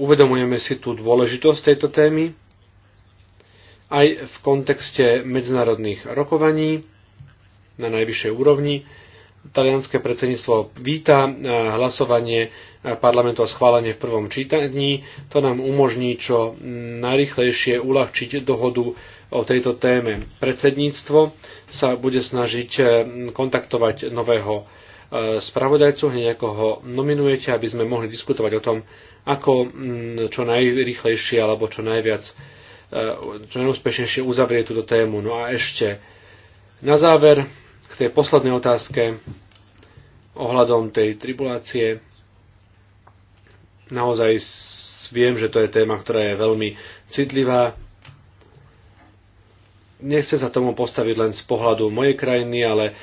uvedomujeme si tú dôležitosť tejto témy aj v kontexte medzinárodných rokovaní na najvyššej úrovni, Talianské predsedníctvo víta e, hlasovanie e, parlamentu a schválenie v prvom čítaní. To nám umožní čo najrychlejšie uľahčiť dohodu o tejto téme. Predsedníctvo sa bude snažiť e, kontaktovať nového spravodajcu, hneď ako ho nominujete, aby sme mohli diskutovať o tom, ako mm, čo najrychlejšie alebo čo najviac, čo najúspešnejšie uzavrieť túto tému. No a ešte na záver k tej poslednej otázke ohľadom tej tribulácie naozaj viem, že to je téma, ktorá je veľmi citlivá. Nechce sa tomu postaviť len z pohľadu mojej krajiny, ale e,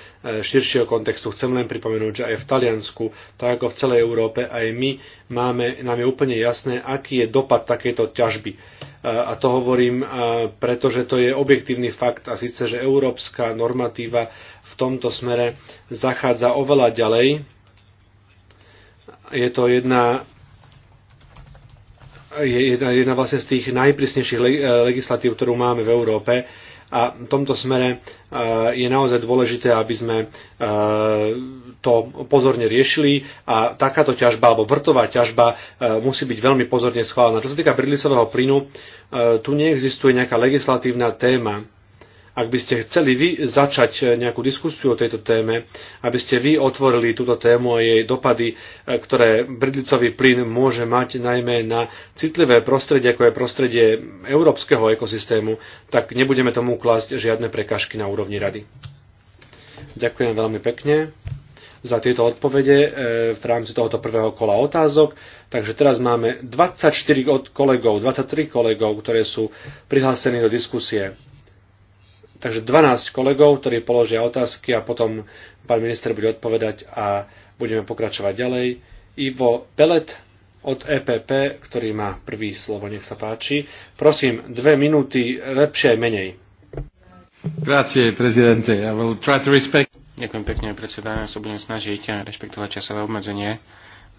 širšieho kontextu chcem len pripomenúť, že aj v Taliansku, tak ako v celej Európe, aj my máme, nám je úplne jasné, aký je dopad takéto ťažby. E, a to hovorím, e, pretože to je objektívny fakt a síce, že európska normatíva v tomto smere zachádza oveľa ďalej. Je to jedna je jedna, jedna vlastne z tých najprísnejších eh, legislatív, ktorú máme v Európe. A v tomto smere eh, je naozaj dôležité, aby sme eh, to pozorne riešili a takáto ťažba alebo vrtová ťažba musí byť veľmi pozorne schválená. Čo sa týka bridlicového plynu, tu neexistuje nejaká legislatívna téma, ak by ste chceli vy začať eh, nejakú diskusiu o tejto téme, aby ste vy otvorili túto tému a jej dopady, eh, ktoré bridlicový plyn môže mať najmä na citlivé prostredie, ako je prostredie európskeho ekosystému, tak nebudeme tomu klásť žiadne prekažky na úrovni rady. Ďakujem veľmi pekne za tieto odpovede eh, v rámci tohoto prvého kola otázok. Takže teraz máme 24 od kolegov, 23 kolegov, ktoré sú prihlásení do diskusie. Takže 12 kolegov, ktorí položia otázky a potom pán minister bude odpovedať a budeme pokračovať ďalej. Ivo Pelet od EPP, ktorý má prvý slovo, nech sa páči. Prosím, dve minúty, lepšie aj menej. Grazie, prezidente. I will try to respect... Ďakujem pekne, predseda. Ja sa budem snažiť rešpektovať časové obmedzenie.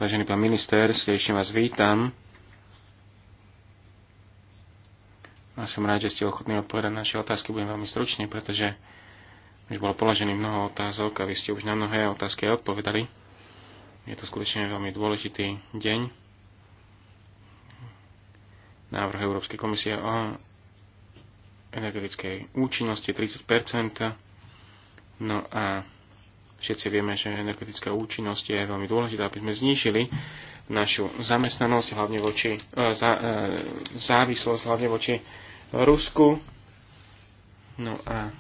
Vážený pán minister, srdečne vás vítam A som rád, že ste ochotní odpovedať na naše otázky. Budem veľmi stručný, pretože už bolo položený mnoho otázok a vy ste už na mnohé otázky odpovedali. Je to skutočne veľmi dôležitý deň. Návrh Európskej komisie o energetickej účinnosti 30 No a všetci vieme, že energetická účinnosť je veľmi dôležitá, aby sme znížili našu zamestnanosť, hlavne voči, e, e závislosť, hlavne voči Rusku. No a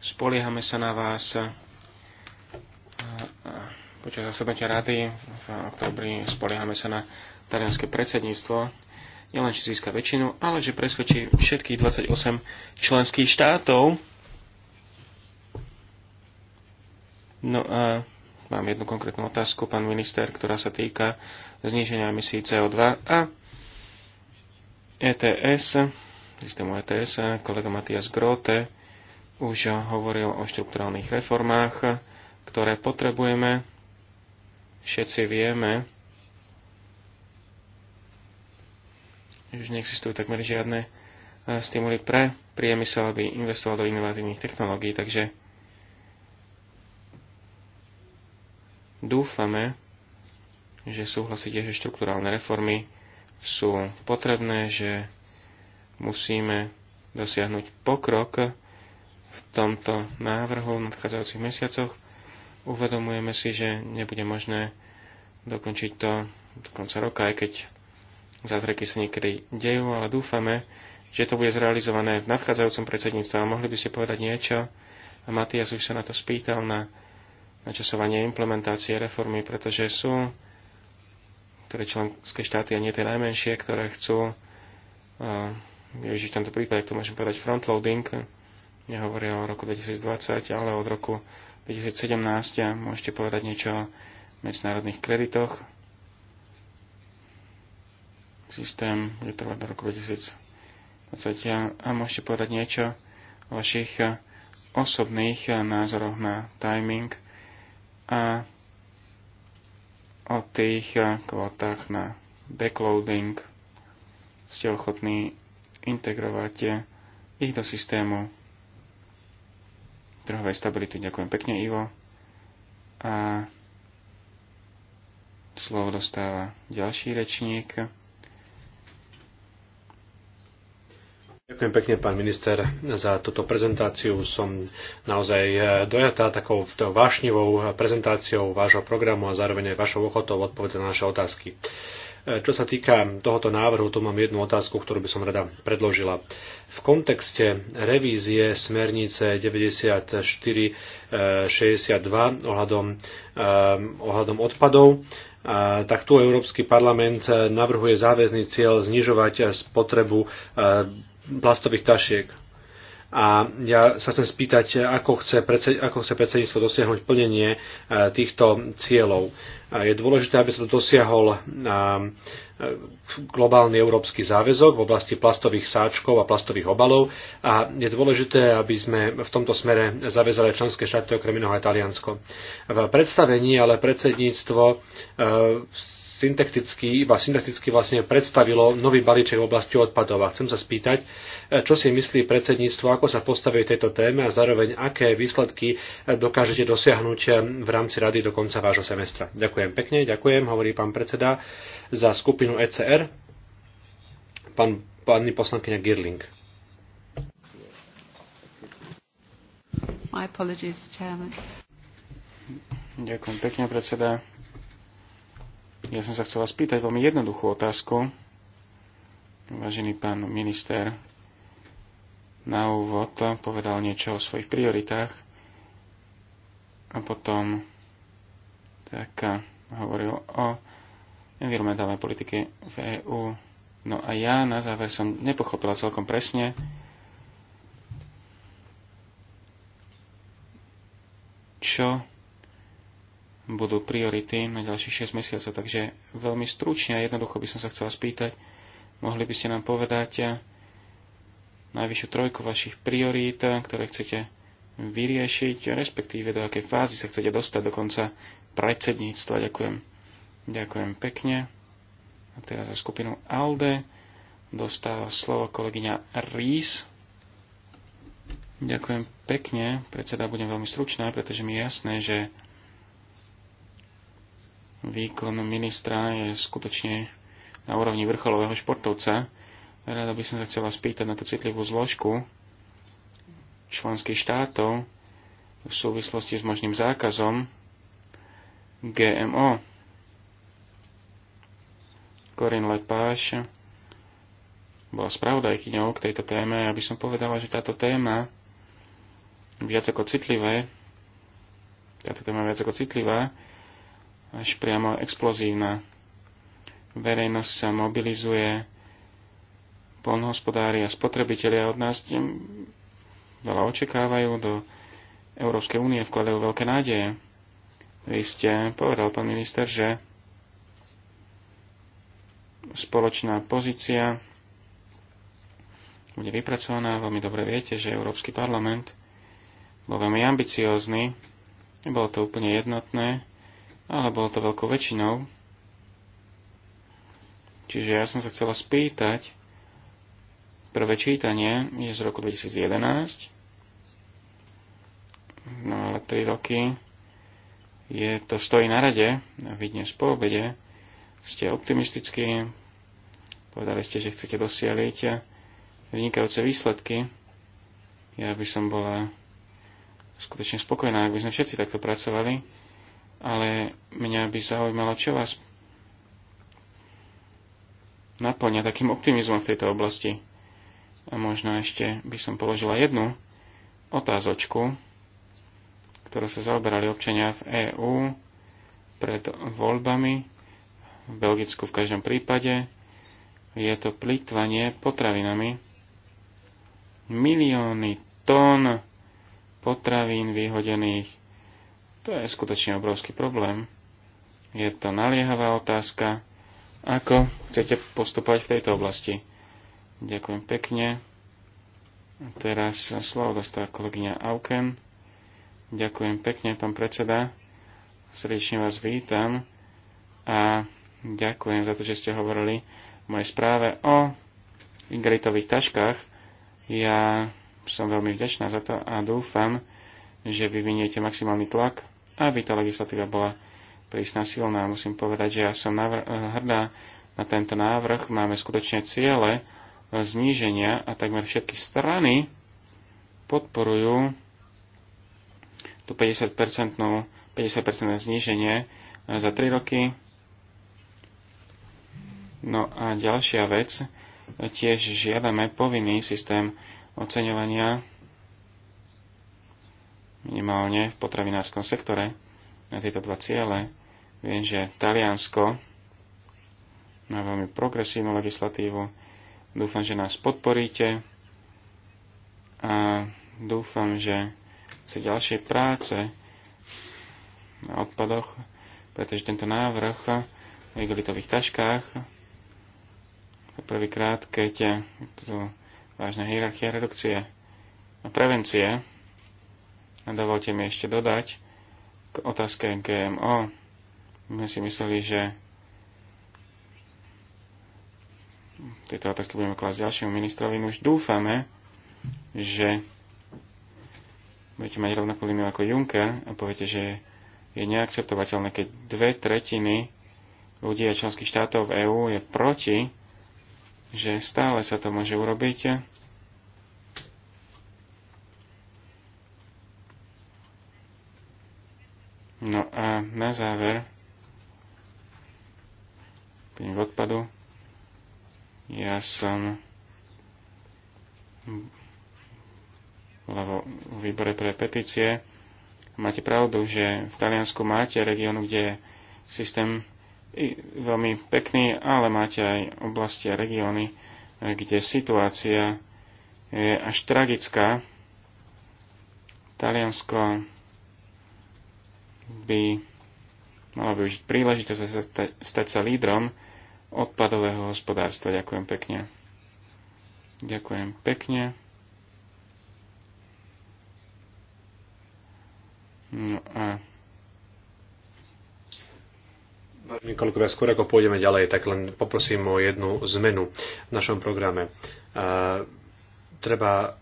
spoliehame sa na vás počas zasadnutia rady v oktobri spoliehame sa na talianské predsedníctvo, nielen, že získa väčšinu, ale že presvedčí všetkých 28 členských štátov. No a Mám jednu konkrétnu otázku, pán minister, ktorá sa týka zníženia emisí CO2 a ETS, systému ETS. Kolega Matias Grote už hovoril o štrukturálnych reformách, ktoré potrebujeme. Všetci vieme, že už neexistujú takmer žiadne eh, stimuly pre priemysel, aby investoval do inovatívnych technológií, takže Dúfame, že súhlasíte, že štruktúrálne reformy sú potrebné, že musíme dosiahnuť pokrok v tomto návrhu v nadchádzajúcich mesiacoch. Uvedomujeme si, že nebude možné dokončiť to do konca roka, aj keď zázraky sa niekedy dejú, ale dúfame, že to bude zrealizované v nadchádzajúcom predsedníctve. A mohli by ste povedať niečo? A Matias už sa na to spýtal na načasovanie implementácie reformy, pretože sú ktoré členské štáty a nie tie najmenšie, ktoré chcú využiť v tomto prípade, to môžem povedať frontloading, nehovoria o roku 2020, ale od roku 2017 a môžete povedať niečo o medzinárodných kreditoch. Systém je trvať do roku 2020 a môžete povedať niečo o vašich osobných názoroch na timing a o tých eh, kvotách na backloading ste ochotní integrovať eh, ich do systému trhovej stability. Ďakujem pekne, Ivo. A slovo dostáva ďalší rečník. Ďakujem pekne, pán minister, za túto prezentáciu. Som naozaj eh, dojatá takou vášnivou prezentáciou vášho programu a zároveň aj vašou ochotou odpovedať na naše otázky. Eh, čo sa týka tohoto návrhu, tu mám jednu otázku, ktorú by som rada predložila. V kontekste revízie smernice 94-62 eh, ohľadom, ohľadom odpadov, tak tu Európsky parlament navrhuje záväzný cieľ znižovať spotrebu plastových tašiek. A ja sa chcem spýtať, ako chce, predsed, ako chce predsedníctvo dosiahnuť plnenie e, týchto cieľov. Je dôležité, aby sa to dosiahol e, globálny európsky záväzok v oblasti plastových sáčkov a plastových obalov a je dôležité, aby sme v tomto smere zavezali členské štáty okrem iného aj Taliansko. V predstavení ale predsedníctvo e, syntetický, iba syntetický vlastne predstavilo nový balíček v oblasti odpadov. A chcem sa spýtať, e, čo si myslí predsedníctvo, ako sa postaví tejto téme a zároveň aké výsledky e, dokážete dosiahnuť e, v rámci rady do konca vášho semestra. Ďakujem pekne, ďakujem, hovorí pán predseda za skupinu ECR, pán, pani poslankyňa Girling. My apologies, Chairman. Ďakujem pekne, predseda. Ja som sa vás spýtať veľmi jednoduchú otázku. Vážený pán minister, na úvod povedal niečo o svojich prioritách a potom tak hovoril o environmentálnej politike v EÚ. No a ja na záver som nepochopila celkom presne, čo budú priority na ďalších 6 mesiacov. Takže veľmi stručne a jednoducho by som sa chcela spýtať, mohli by ste nám povedať najvyššiu trojku vašich priorít, ktoré chcete vyriešiť, respektíve do akej fázy sa chcete dostať do konca predsedníctva. Ďakujem. Ďakujem pekne. A teraz za skupinu ALDE dostáva slovo kolegyňa Rís. Ďakujem pekne. Predseda, budem veľmi stručná, pretože mi je jasné, že Výkon ministra je skutočne na úrovni vrcholového športovca. Rada by som sa chcela spýtať na tú citlivú zložku členských štátov v súvislosti s možným zákazom GMO. Corinne Lepáš bola spravodajkyňou k tejto téme, aby som povedala, že táto téma viac ako citlivé, táto téma viac ako citlivá, až priamo explozívna. Verejnosť sa mobilizuje, polnohospodári a spotrebitelia od nás veľa očakávajú, do Európskej únie vkladajú veľké nádeje. Vy ste povedal, pán minister, že spoločná pozícia bude vypracovaná. Veľmi dobre viete, že Európsky parlament bol veľmi ambiciózny. Nebolo to úplne jednotné. No, ale bolo to veľkou väčšinou. Čiže ja som sa chcela spýtať, prvé čítanie je z roku 2011, no ale 3 roky je to stojí na rade, vy dnes po obede ste optimistickí, povedali ste, že chcete dosieliť vynikajúce výsledky. Ja by som bola skutočne spokojná, ak by sme všetci takto pracovali ale mňa by zaujímalo, čo vás naplňa takým optimizmom v tejto oblasti. A možno ešte by som položila jednu otázočku, ktorú sa zaoberali občania v EÚ pred voľbami, v Belgicku v každom prípade. Je to plýtvanie potravinami. Milióny tón potravín vyhodených to je skutočne obrovský problém. Je to naliehavá otázka. Ako chcete postupovať v tejto oblasti? Ďakujem pekne. Teraz slovo dostáva kolegyňa Auken. Ďakujem pekne, pán predseda. Srdečne vás vítam a ďakujem za to, že ste hovorili v mojej správe o Ingritových taškách. Ja som veľmi vďačná za to a dúfam, že vyviniete maximálny tlak aby tá legislatíva bola prísna silná. Musím povedať, že ja som eh, hrdá na tento návrh. Máme skutočne ciele zníženia a takmer všetky strany podporujú tú 50%, 50% zníženie eh, za 3 roky. No a ďalšia vec, eh, tiež žiadame povinný systém oceňovania minimálne v potravinárskom sektore na tieto dva ciele. Viem, že Taliansko má veľmi progresívnu legislatívu. Dúfam, že nás podporíte a dúfam, že sa ďalšie práce na odpadoch, pretože tento návrh v igelitových taškách to prvýkrát, keď je tu vážna hierarchia redukcie a prevencie, Dovolte mi ešte dodať k otázke GMO. My si mysleli, že tieto otázky budeme klásť ďalšiemu ministrovi. My už dúfame, že budete mať rovnakú líniu ako Juncker a poviete, že je neakceptovateľné, keď dve tretiny ľudí a členských štátov v EÚ je proti, že stále sa to môže urobiť No a na záver, príjem odpadu, ja som lebo v výbore pre petície. Máte pravdu, že v Taliansku máte región, kde je systém veľmi pekný, ale máte aj oblasti a regióny, kde situácia je až tragická. Taliansko by mala využiť príležitosť stať sa lídrom odpadového hospodárstva. Ďakujem pekne. Ďakujem pekne. No a... Vážení skôr ako pôjdeme ďalej, tak len poprosím o jednu zmenu v našom programe. Uh, treba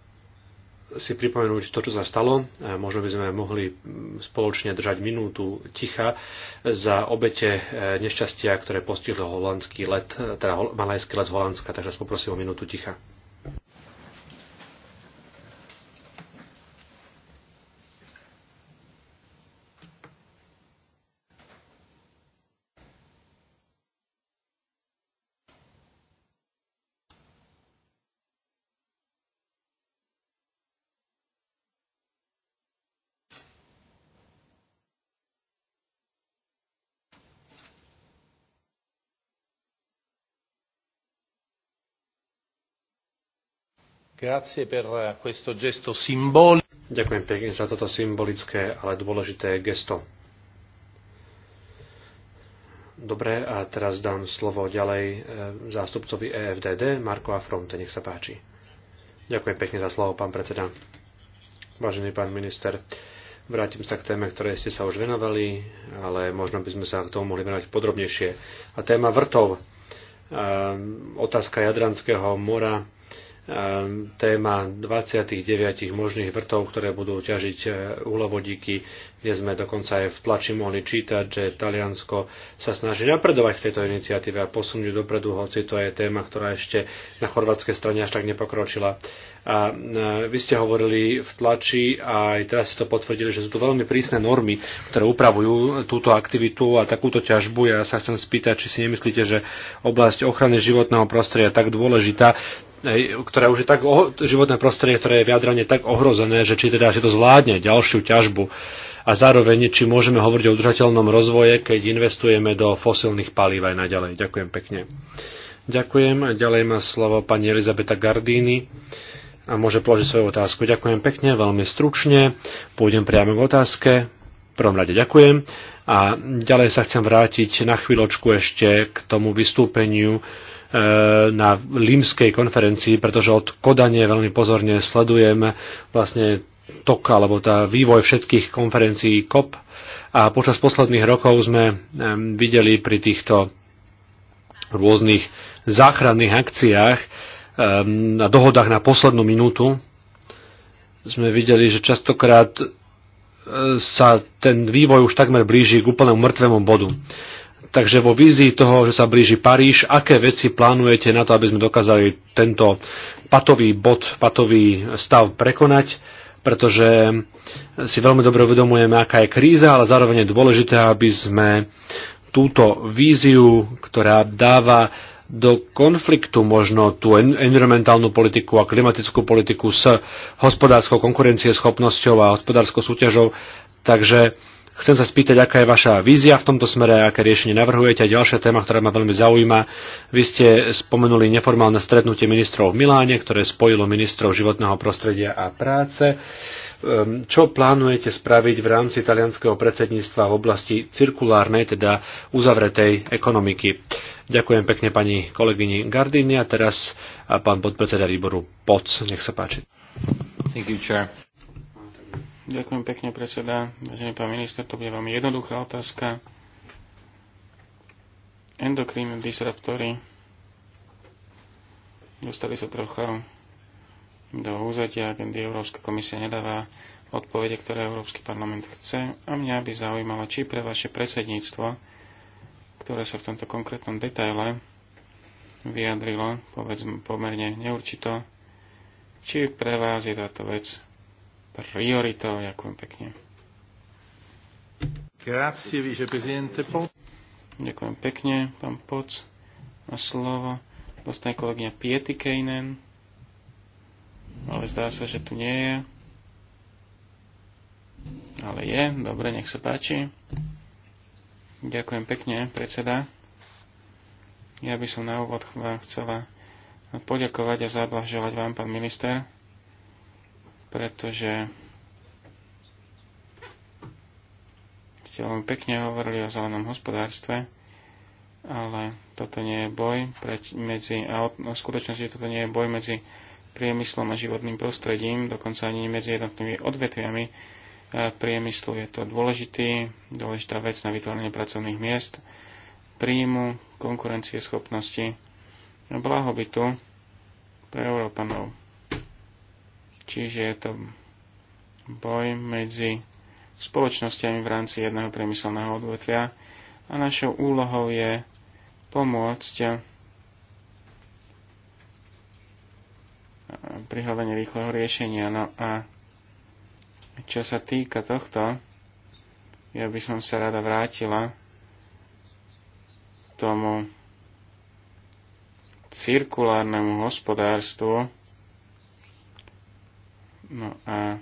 si pripomenúť to, čo sa stalo. Možno by sme mohli spoločne držať minútu ticha za obete e, nešťastia, ktoré postihlo holandský let, e, teda malajský let z Holandska, takže vás poprosím o minútu ticha. Eh, Ďakujem pekne za toto symbolické, ale dôležité gesto. Dobre, a teraz dám slovo ďalej eh, zástupcovi EFDD, Marko Afronte, nech sa páči. Ďakujem pekne za slovo, pán predseda. Vážený pán minister, vrátim sa k téme, ktoré ste sa už venovali, ale možno by sme sa k tomu mohli venovať podrobnejšie. A téma vrtov. Ehm, otázka Jadranského mora Ehm, téma 29 možných vrtov, ktoré budú ťažiť e, uhlovodíky, kde sme dokonca aj v tlači mohli čítať, že Taliansko sa snaží napredovať v tejto iniciatíve a posunúť dopredu, hoci to je téma, ktorá ešte na chorvátskej strane až tak nepokročila. A e, vy ste hovorili v tlači a aj teraz ste to potvrdili, že sú tu veľmi prísne normy, ktoré upravujú túto aktivitu a takúto ťažbu. Ja sa chcem spýtať, či si nemyslíte, že oblasť ochrany životného prostredia je tak dôležitá, ktorá už je tak životné prostredie, ktoré je vyjadrane tak ohrozené, že či teda si to zvládne ďalšiu ťažbu a zároveň či môžeme hovoriť o udržateľnom rozvoje, keď investujeme do fosilných palív aj naďalej. Ďakujem pekne. Ďakujem. a Ďalej má slovo pani Elizabeta Gardini a môže položiť svoju otázku. Ďakujem pekne, veľmi stručne. Pôjdem priamo k otázke. V prvom rade ďakujem. A ďalej sa chcem vrátiť na chvíľočku ešte k tomu vystúpeniu, Eh, na Limskej konferencii, pretože od Kodane veľmi pozorne sledujem vlastne tok alebo tá vývoj všetkých konferencií COP a počas posledných rokov sme videli pri týchto rôznych záchranných akciách na dohodách na poslednú minútu sme videli, že častokrát eh, sa ten vývoj už takmer blíži k úplnému mŕtvemu bodu. Takže vo vízii toho, že sa blíži Paríž, aké veci plánujete na to, aby sme dokázali tento patový bod, patový stav prekonať? Pretože si veľmi dobre uvedomujeme, aká je kríza, ale zároveň je dôležité, aby sme túto víziu, ktorá dáva do konfliktu možno tú environmentálnu politiku a klimatickú politiku s hospodárskou konkurencieschopnosťou a hospodárskou súťažou. Takže Chcem sa spýtať, aká je vaša vízia v tomto smere, aké riešenie navrhujete a ďalšia téma, ktorá ma veľmi zaujíma. Vy ste spomenuli neformálne stretnutie ministrov v Miláne, ktoré spojilo ministrov životného prostredia a práce. Ehm, čo plánujete spraviť v rámci italianského predsedníctva v oblasti cirkulárnej, teda uzavretej ekonomiky? Ďakujem pekne pani kolegyni Gardini a teraz pán podpredseda výboru POC. Nech sa páči. Thank you, chair. Ďakujem pekne, predseda. Vážený pán minister, to bude veľmi jednoduchá otázka. Endokrín disruptory dostali sa trocha do úzadia kedy Európska komisia nedáva odpovede, ktoré Európsky parlament chce. A mňa by zaujímalo, či pre vaše predsedníctvo, ktoré sa v tomto konkrétnom detaile vyjadrilo, povedzme pomerne neurčito, či pre vás je táto vec prioritou. Ďakujem pekne. Grazie, Ďakujem pekne, pán Poc. na slovo dostane kolegyňa Piety Kejnen, ale zdá sa, že tu nie je. Ale je, dobre, nech sa páči. Ďakujem pekne, predseda. Ja by som na úvod chcela poďakovať a zablahželať vám, pán minister pretože ste veľmi pekne hovorili o zelenom hospodárstve, ale toto nie je boj preč, medzi, a o, o skutočnosti toto nie je boj medzi priemyslom a životným prostredím, dokonca ani medzi jednotnými odvetviami e, priemyslu. Je to dôležitý, dôležitá vec na vytvorenie pracovných miest, príjmu, konkurencie schopnosti a blahobytu pre Európanov. Čiže je to boj medzi spoločnosťami v rámci jedného priemyselného odvetvia a našou úlohou je pomôcť pri hľadaní rýchleho riešenia. No a čo sa týka tohto, ja by som sa rada vrátila tomu cirkulárnemu hospodárstvu, No a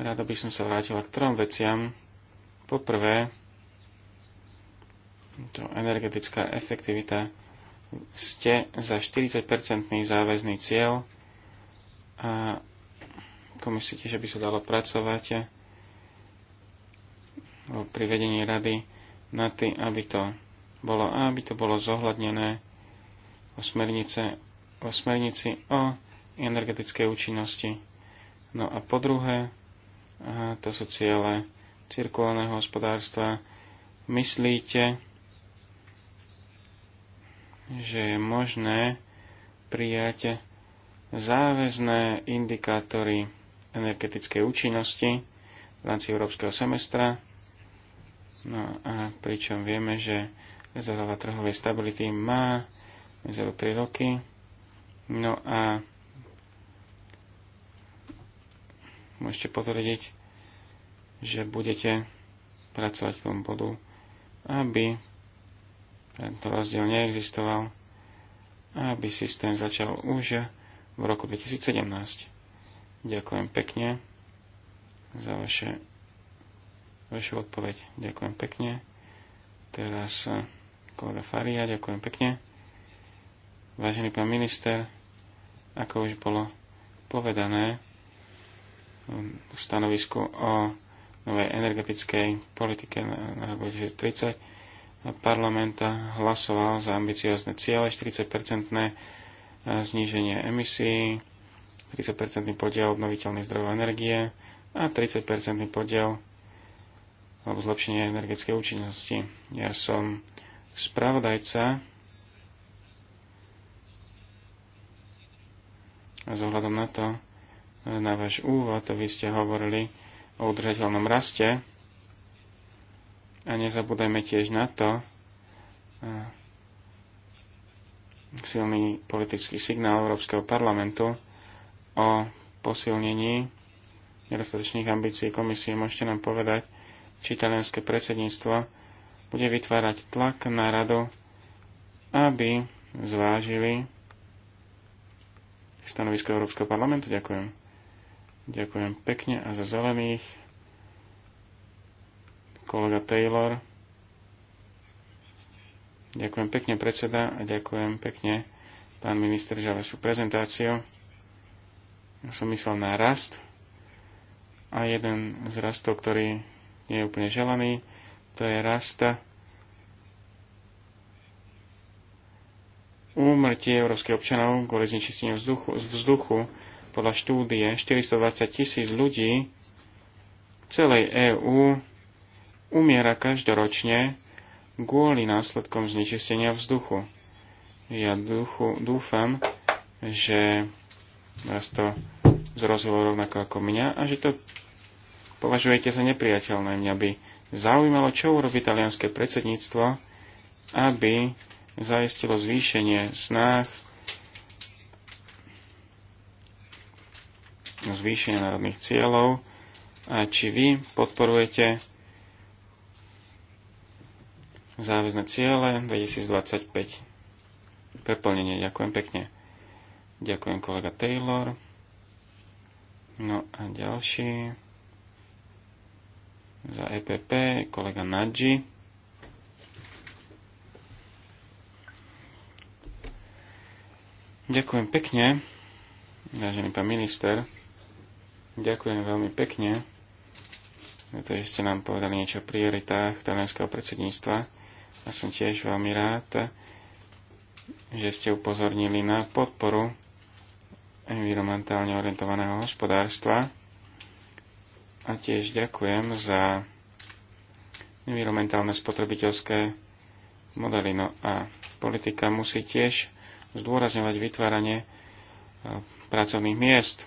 rado by som sa vrátila k trom veciam. Poprvé, to energetická efektivita. Ste za 40-percentný záväzný cieľ a ako myslíte, že by sa dalo pracovať pri vedení rady na tým, aby to bolo, aby to bolo zohľadnené o, smernice, o smernici o energetickej účinnosti. No a po druhé, to sú ciele cirkulárneho hospodárstva. Myslíte, že je možné prijať záväzné indikátory energetickej účinnosti v rámci európskeho semestra. No a pričom vieme, že rezerva trhovej stability má mezeru 3 roky. No a môžete potvrdiť, že budete pracovať k tomu bodu, aby tento rozdiel neexistoval, aby systém začal už v roku 2017. Ďakujem pekne za vaše, vašu odpoveď. Ďakujem pekne. Teraz eh, kolega Faria, ďakujem pekne. Vážený pán minister, ako už bolo povedané, Um, stanovisku o novej energetickej politike na rok 2030 parlament hlasoval za ambiciozne ciele 40-percentné eh, zníženie emisí, 30-percentný podiel obnoviteľných zdrojov energie a 30-percentný podiel alebo zlepšenie energetickej účinnosti. Ja som spravodajca a zohľadom na to, na váš úvod. Vy ste hovorili o udržateľnom raste a nezabúdajme tiež na to, silný politický signál Európskeho parlamentu o posilnení nedostatečných ambícií komisie. Môžete nám povedať, či italianské predsedníctvo bude vytvárať tlak na radu, aby zvážili stanovisko Európskeho parlamentu. Ďakujem. Ďakujem pekne a za zelených kolega Taylor. Ďakujem pekne predseda a ďakujem pekne pán minister za vašu prezentáciu. Ja som myslel na rast a jeden z rastov, ktorý nie je úplne želaný, to je rasta úmrtie európskych občanov kvôli znečisteniu vzduchu, vzduchu podľa štúdie 420 tisíc ľudí celej EÚ umiera každoročne kvôli následkom znečistenia vzduchu. Ja duchu, dúfam, že vás to zrozilo rovnako ako mňa a že to považujete za nepriateľné. Mňa by zaujímalo, čo urobí italianské predsedníctvo, aby zaistilo zvýšenie snách zvýšenie národných cieľov a či vy podporujete záväzne ciele 2025 preplnenie. Ďakujem pekne. Ďakujem kolega Taylor. No a ďalší za EPP kolega Nadži. Ďakujem pekne, vážený pán minister. Ďakujem veľmi pekne, pretože ste nám povedali niečo o prioritách talianského predsedníctva. A som tiež veľmi rád, že ste upozornili na podporu environmentálne orientovaného hospodárstva. A tiež ďakujem za environmentálne spotrebiteľské modely. No a politika musí tiež zdôrazňovať vytváranie eh, pracovných miest.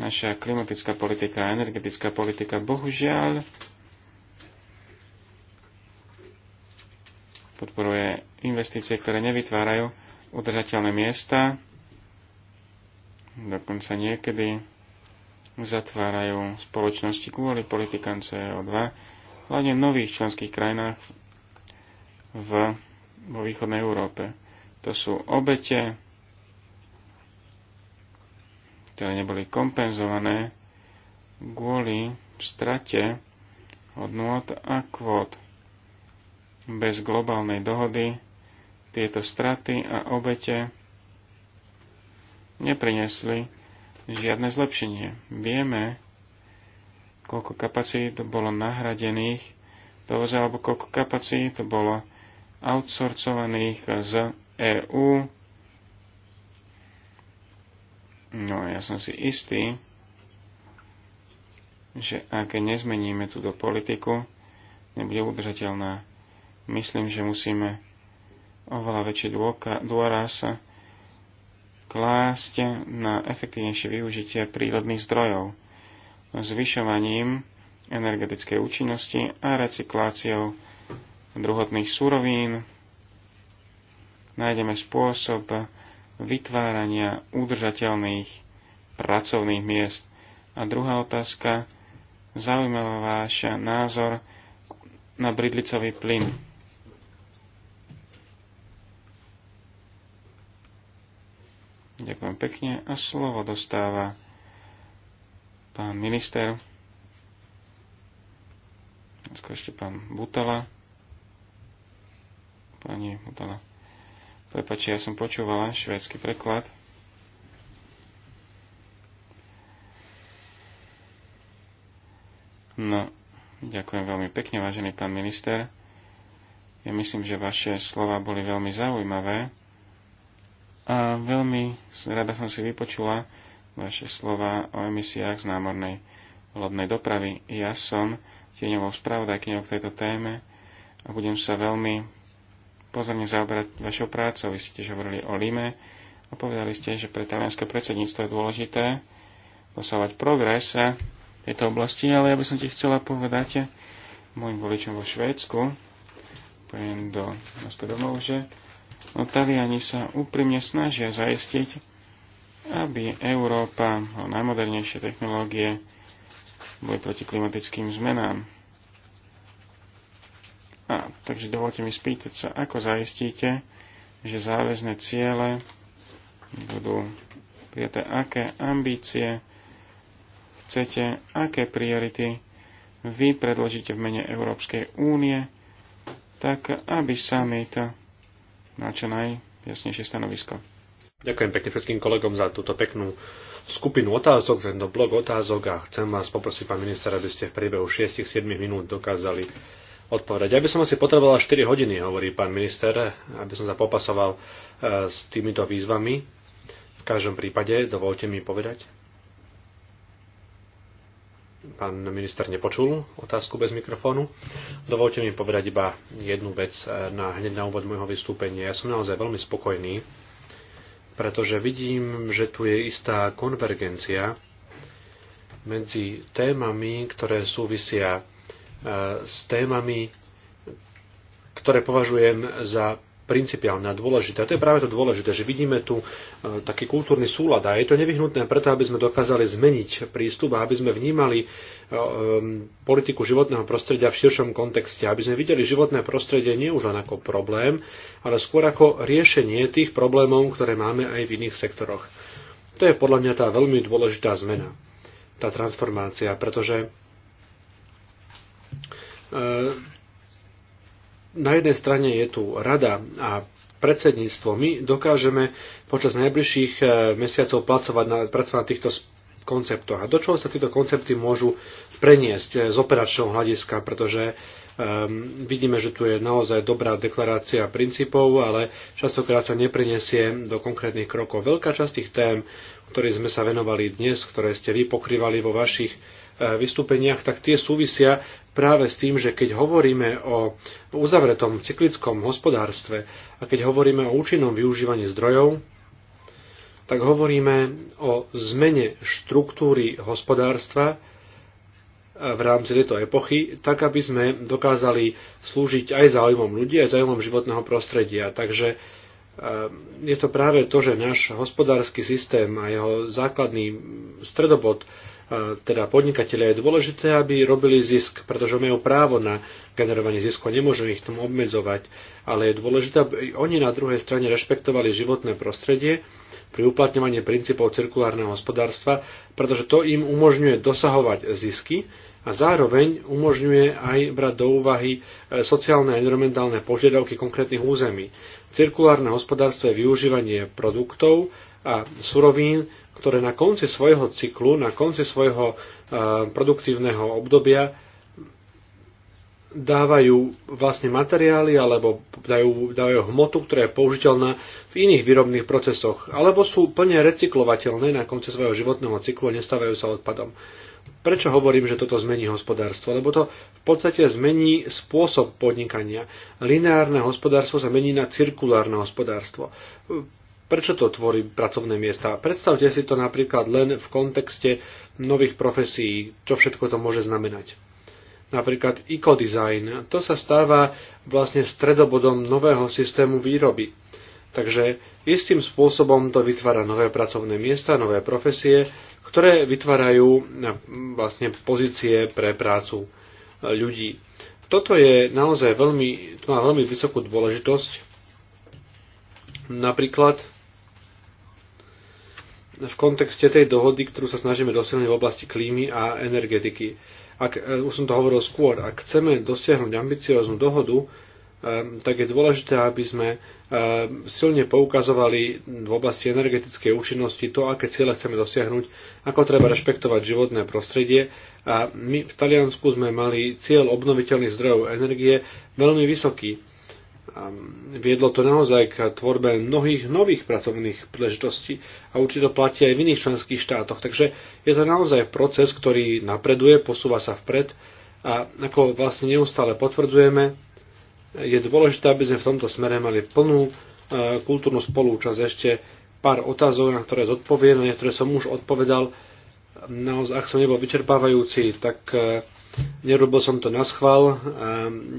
naša klimatická politika a energetická politika bohužiaľ podporuje investície, ktoré nevytvárajú udržateľné miesta, dokonca niekedy zatvárajú spoločnosti kvôli politikám CO2, hlavne v nových členských krajinách v, vo východnej Európe. To sú obete ktoré neboli kompenzované kvôli strate hodnot a kvót. Bez globálnej dohody tieto straty a obete neprinesli žiadne zlepšenie. Vieme, koľko kapacít bolo nahradených dovoze alebo koľko kapacít bolo outsourcovaných z EÚ No ja som si istý, že ak nezmeníme túto politiku, nebude udržateľná. Myslím, že musíme oveľa väčší dôraz klásť na efektívnejšie využitie prírodných zdrojov, zvyšovaním energetickej účinnosti a recykláciou druhotných súrovín. Nájdeme spôsob, vytvárania udržateľných pracovných miest. A druhá otázka, zaujímavá váš názor na bridlicový plyn. Ďakujem pekne a slovo dostáva pán minister, ešte pán Butala, pani Butala. Prepači, ja som počúvala švédsky preklad. No, ďakujem veľmi pekne, vážený pán minister. Ja myslím, že vaše slova boli veľmi zaujímavé a veľmi rada som si vypočula vaše slova o emisiách z námornej lodnej dopravy. Ja som tieňovou spravodajkyňou k tejto téme a budem sa veľmi pozorne zaoberať vašou prácou. Vy ste tiež hovorili o Lime a povedali ste, že pre talianské predsedníctvo je dôležité posávať progres v tejto oblasti, ale ja by som ti chcela povedať môjim voličom vo Švédsku, poviem do naspäť že no, Taliani sa úprimne snažia zaistiť, aby Európa o no, najmodernejšie technológie boli proti klimatickým zmenám. Takže dovolte mi spýtať sa, ako zaistíte, že záväzne ciele budú prijaté, aké ambície chcete, aké priority vy predložíte v mene Európskej únie, tak aby to na čo najjasnejšie stanovisko. Ďakujem pekne všetkým kolegom za túto peknú skupinu otázok, tento blok otázok a chcem vás poprosiť, pán minister, aby ste v priebehu 6-7 minút dokázali odpovedať. Ja by som asi potreboval 4 hodiny, hovorí pán minister, aby som sa popasoval e, s týmito výzvami. V každom prípade, dovolte mi povedať. Pán minister nepočul otázku bez mikrofónu. Dovolte mi povedať iba jednu vec e, na, hneď na úvod môjho vystúpenia. Ja som naozaj veľmi spokojný, pretože vidím, že tu je istá konvergencia medzi témami, ktoré súvisia E, s témami, ktoré považujem za principiálne a dôležité. A to je práve to dôležité, že vidíme tu e, taký kultúrny súlad a je to nevyhnutné preto, aby sme dokázali zmeniť prístup a aby sme vnímali e, politiku životného prostredia v širšom kontexte, aby sme videli životné prostredie nie už len ako problém, ale skôr ako riešenie tých problémov, ktoré máme aj v iných sektoroch. To je podľa mňa tá veľmi dôležitá zmena, tá transformácia, pretože E, na jednej strane je tu rada a predsedníctvo. My dokážeme počas najbližších e, mesiacov pracovať na, pracovať na týchto konceptoch. A do čoho sa tieto koncepty môžu preniesť e, z operačného hľadiska, pretože um, vidíme, že tu je naozaj dobrá deklarácia princípov, ale častokrát sa nepreniesie do konkrétnych krokov. Veľká časť tých tém, ktorých sme sa venovali dnes, ktoré ste vy pokrývali vo vašich E, vystúpeniach, tak tie súvisia práve s tým, že keď hovoríme o uzavretom cyklickom hospodárstve a keď hovoríme o účinnom využívaní zdrojov, tak hovoríme o zmene štruktúry hospodárstva e, v rámci tejto epochy, tak aby sme dokázali slúžiť aj záujmom ľudí, aj záujmom životného prostredia. Takže e, je to práve to, že náš hospodársky systém a jeho základný stredobod E, teda podnikatelia, je dôležité, aby robili zisk, pretože majú právo na generovanie zisku a nemôžu ich tomu obmedzovať. Ale je dôležité, aby oni na druhej strane rešpektovali životné prostredie pri uplatňovaní princípov cirkulárneho hospodárstva, pretože to im umožňuje dosahovať zisky a zároveň umožňuje aj brať do úvahy e, sociálne a environmentálne požiadavky konkrétnych území. Cirkulárne hospodárstvo je využívanie produktov a surovín ktoré na konci svojho cyklu, na konci svojho eh, produktívneho obdobia dávajú vlastne materiály alebo dajú, dávajú hmotu, ktorá je použiteľná v iných výrobných procesoch, alebo sú plne recyklovateľné na konci svojho životného cyklu a nestávajú sa odpadom. Prečo hovorím, že toto zmení hospodárstvo? Lebo to v podstate zmení spôsob podnikania. Lineárne hospodárstvo sa mení na cirkulárne hospodárstvo. Prečo to tvorí pracovné miesta? Predstavte si to napríklad len v kontexte nových profesí, čo všetko to môže znamenať. Napríklad ecodesign, to sa stáva vlastne stredobodom nového systému výroby. Takže istým spôsobom to vytvára nové pracovné miesta, nové profesie, ktoré vytvárajú eh, vlastne pozície pre prácu eh, ľudí. Toto je naozaj veľmi, to má veľmi vysokú dôležitosť. Napríklad v kontexte tej dohody, ktorú sa snažíme dosiahnuť v oblasti klímy a energetiky. Ak, e, už som to hovoril skôr, ak chceme dosiahnuť ambicióznu dohodu, e, tak je dôležité, aby sme e, silne poukazovali v oblasti energetickej účinnosti to, aké ciele chceme dosiahnuť, ako treba rešpektovať životné prostredie. A my v Taliansku sme mali cieľ obnoviteľných zdrojov energie veľmi vysoký viedlo to naozaj k tvorbe mnohých nových pracovných príležitostí a určite to platí aj v iných členských štátoch. Takže je to naozaj proces, ktorý napreduje, posúva sa vpred a ako vlastne neustále potvrdzujeme, je dôležité, aby sme v tomto smere mali plnú e, kultúrnu spolúčasť. Ešte pár otázok, na ktoré zodpoviem, na niektoré som už odpovedal. Naozaj, ak som nebol vyčerpávajúci, tak e, nerobil som to na schvál, e,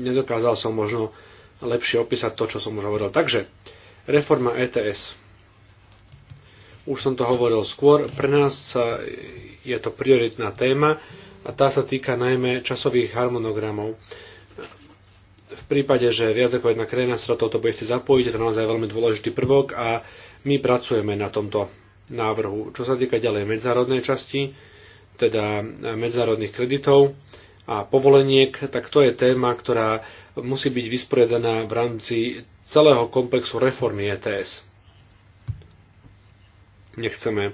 nedokázal som možno lepšie opísať to, čo som už hovoril. Takže, reforma ETS. Už som to hovoril skôr, pre nás je to prioritná téma a tá sa týka najmä časových harmonogramov. V prípade, že viac ako jedna krajina sa do tohto bude chcieť zapojiť, je to naozaj veľmi dôležitý prvok a my pracujeme na tomto návrhu. Čo sa týka ďalej medzárodnej časti, teda medzárodných kreditov, a povoleniek, tak to je téma, ktorá musí byť vysporiadaná v rámci celého komplexu reformy ETS. Nechceme e,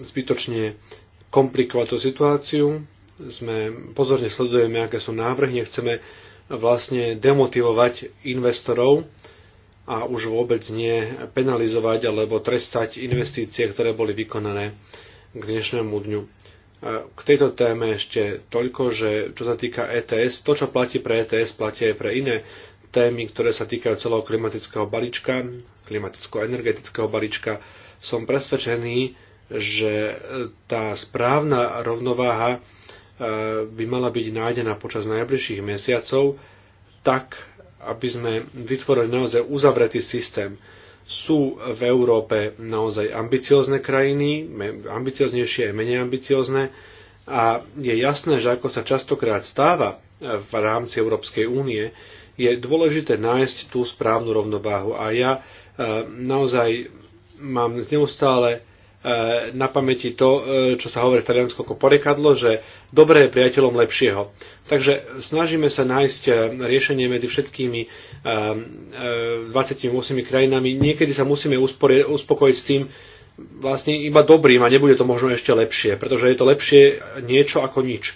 zbytočne komplikovať tú situáciu. Sme, pozorne sledujeme, aké sú návrhy. Nechceme vlastne demotivovať investorov a už vôbec nie penalizovať alebo trestať investície, ktoré boli vykonané k dnešnému dňu. K tejto téme ešte toľko, že čo sa týka ETS, to, čo platí pre ETS, platí aj pre iné témy, ktoré sa týkajú celého klimatického balíčka, klimaticko-energetického balíčka. Som presvedčený, že tá správna rovnováha e, by mala byť nájdená počas najbližších mesiacov, tak, aby sme vytvorili naozaj uzavretý systém, sú v Európe naozaj ambiciozne krajiny, ambicioznejšie aj menej ambiciozne a je jasné, že ako sa častokrát stáva v rámci Európskej únie, je dôležité nájsť tú správnu rovnováhu. A ja e, naozaj mám neustále Eh, na pamäti to, eh, čo sa hovorí v Taliansku ako porekadlo, že dobré je priateľom lepšieho. Takže snažíme sa nájsť eh, riešenie medzi všetkými 28 krajinami. Niekedy sa musíme uspokojiť s tým, vlastne iba dobrým a nebude to možno ešte lepšie, pretože je to lepšie niečo ako nič.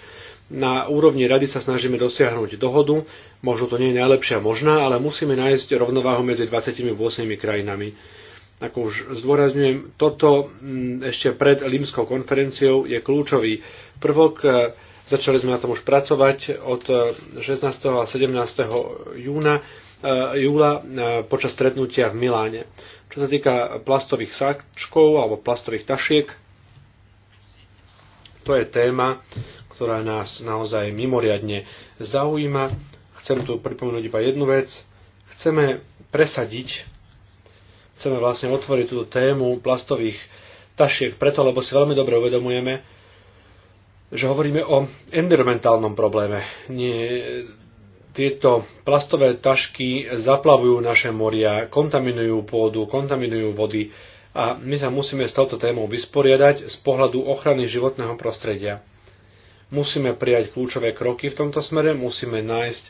Na úrovni rady sa snažíme dosiahnuť dohodu, možno to nie je najlepšia možná, ale musíme nájsť rovnováhu medzi 28 krajinami. Ako už zdôrazňujem, toto mm, ešte pred Limskou konferenciou je kľúčový prvok. E, začali sme na tom už pracovať od 16. E, a 17. júna, e, júla počas stretnutia v Miláne. Čo sa týka plastových sáčkov alebo plastových tašiek, to je téma, ktorá nás naozaj mimoriadne zaujíma. Chcem tu pripomenúť iba jednu vec. Chceme presadiť Chceme vlastne otvoriť túto tému plastových tašiek preto, lebo si veľmi dobre uvedomujeme, že hovoríme o environmentálnom probléme. Nie, tieto plastové tašky zaplavujú naše moria, kontaminujú pôdu, kontaminujú vody a my sa musíme s touto témou vysporiadať z pohľadu ochrany životného prostredia. Musíme prijať kľúčové kroky v tomto smere, musíme nájsť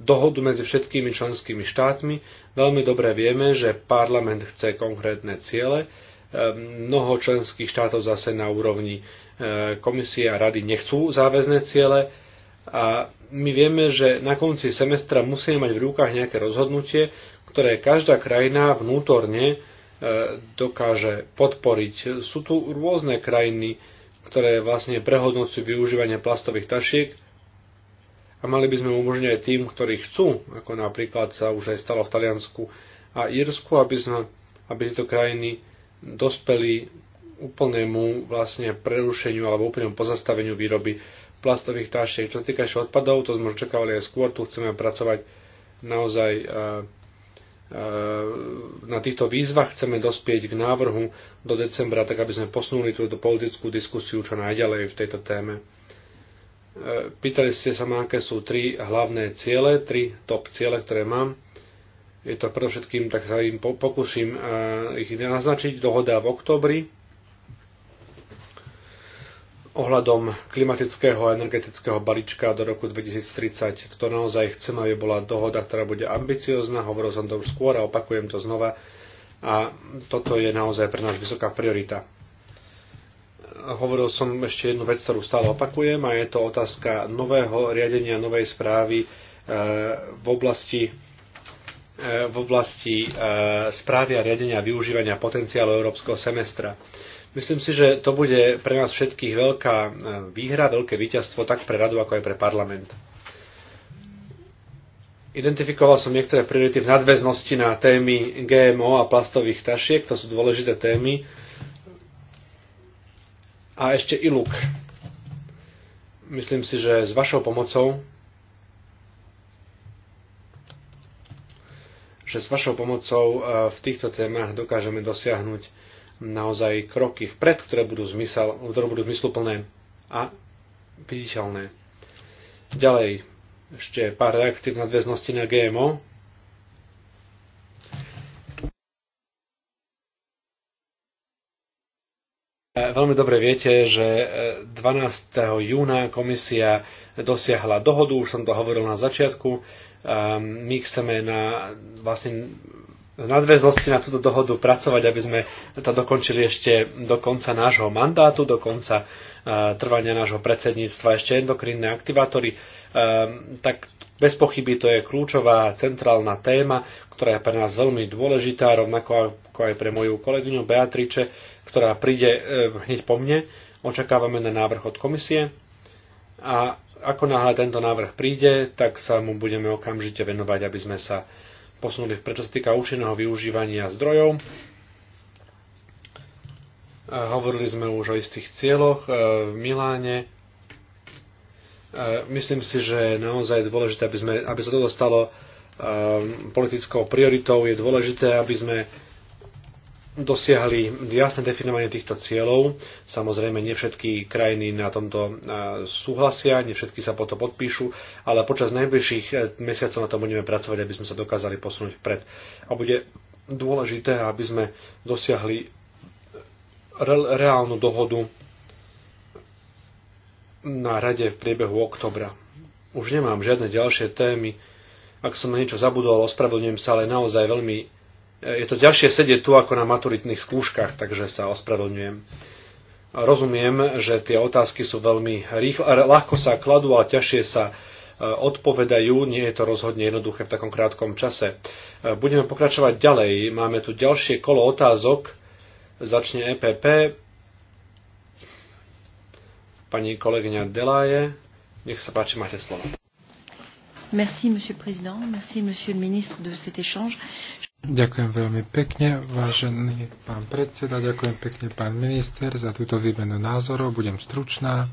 dohodu medzi všetkými členskými štátmi. Veľmi dobre vieme, že parlament chce konkrétne ciele, ehm, mnoho členských štátov zase na úrovni e, komisie a rady nechcú záväzné ciele a my vieme, že na konci semestra musíme mať v rukách nejaké rozhodnutie, ktoré každá krajina vnútorne e, dokáže podporiť. Sú tu rôzne krajiny, ktoré vlastne prehodnocujú využívanie plastových tašiek a mali by sme umožňovať tým, ktorí chcú, ako napríklad sa už aj stalo v Taliansku a Írsku, aby, sme, aby tieto krajiny dospeli úplnému vlastne prerušeniu alebo úplnému pozastaveniu výroby plastových tášiek. Čo sa týka ešte odpadov, to sme už čakávali aj skôr, tu chceme pracovať naozaj e, e, na týchto výzvach, chceme dospieť k návrhu do decembra, tak aby sme posunuli túto politickú diskusiu čo najďalej v tejto téme. E, pýtali ste sa ma, aké sú tri hlavné ciele, tri top ciele, ktoré mám. Je to predovšetkým, tak sa im pokúsim e, ich naznačiť. Dohoda v oktobri ohľadom klimatického a energetického balíčka do roku 2030. Toto naozaj chcem, aby bola dohoda, ktorá bude ambiciozná. Hovoril som to už skôr a opakujem to znova. A toto je naozaj pre nás vysoká priorita hovoril som ešte jednu vec, ktorú stále opakujem a je to otázka nového riadenia, novej správy e, v oblasti e, v oblasti e, správy a riadenia a využívania potenciálu európskeho semestra. Myslím si, že to bude pre nás všetkých veľká výhra, veľké víťazstvo tak pre radu, ako aj pre parlament. Identifikoval som niektoré priority v nadväznosti na témy GMO a plastových tašiek, to sú dôležité témy, a ešte ILUK. Myslím si, že s vašou pomocou že s vašou pomocou e, v týchto témach dokážeme dosiahnuť naozaj kroky vpred, ktoré budú, zmysel, ktoré budú zmysluplné a viditeľné. Ďalej, ešte pár reakcií v nadväznosti na GMO. E, veľmi dobre viete, že 12. E, júna komisia dosiahla dohodu, už som to hovoril na začiatku. E, my chceme na vlastne v nadväznosti na túto dohodu pracovať, aby sme to dokončili ešte do konca nášho mandátu, do konca trvania nášho predsedníctva, ešte endokrinné aktivátory. Tak bez pochyby to je kľúčová centrálna téma, ktorá je pre nás veľmi dôležitá, rovnako ako aj pre moju kolegyňu Beatriče, ktorá príde e, hneď po mne. Očakávame na návrh od komisie a ako náhle tento návrh príde, tak sa mu budeme okamžite venovať, aby sme sa posunuli v sa týka účinného využívania zdrojov. Hovorili sme už o istých cieľoch e, v Miláne, Myslím si, že naozaj je dôležité, aby, sme, aby sa to dostalo ehm, politickou prioritou. Je dôležité, aby sme dosiahli jasné definovanie týchto cieľov. Samozrejme, nie všetky krajiny na tomto e, súhlasia, nie všetky sa potom podpíšu, ale počas najbližších e, mesiacov na tom budeme pracovať, aby sme sa dokázali posunúť vpred. A bude dôležité, aby sme dosiahli e, reálnu dohodu na rade v priebehu oktobra. Už nemám žiadne ďalšie témy. Ak som na niečo zabudol, ospravedlňujem sa, ale naozaj veľmi... E, je to ďalšie sedieť tu ako na maturitných skúškach, takže sa ospravedlňujem. Rozumiem, že tie otázky sú veľmi rýchlo, ľahko sa kladú, ale ťažšie sa e, odpovedajú. Nie je to rozhodne jednoduché v takom krátkom čase. E, budeme pokračovať ďalej. Máme tu ďalšie kolo otázok. Začne EPP. Pani kolegyňa Delaje, nech sa páči, máte slovo. Merci, monsieur le président. Merci, monsieur le ministre, de cet échange. Ďakujem veľmi pekne, vážený pán predseda, ďakujem pekne, pán minister, za túto výmenu názorov. Budem stručná.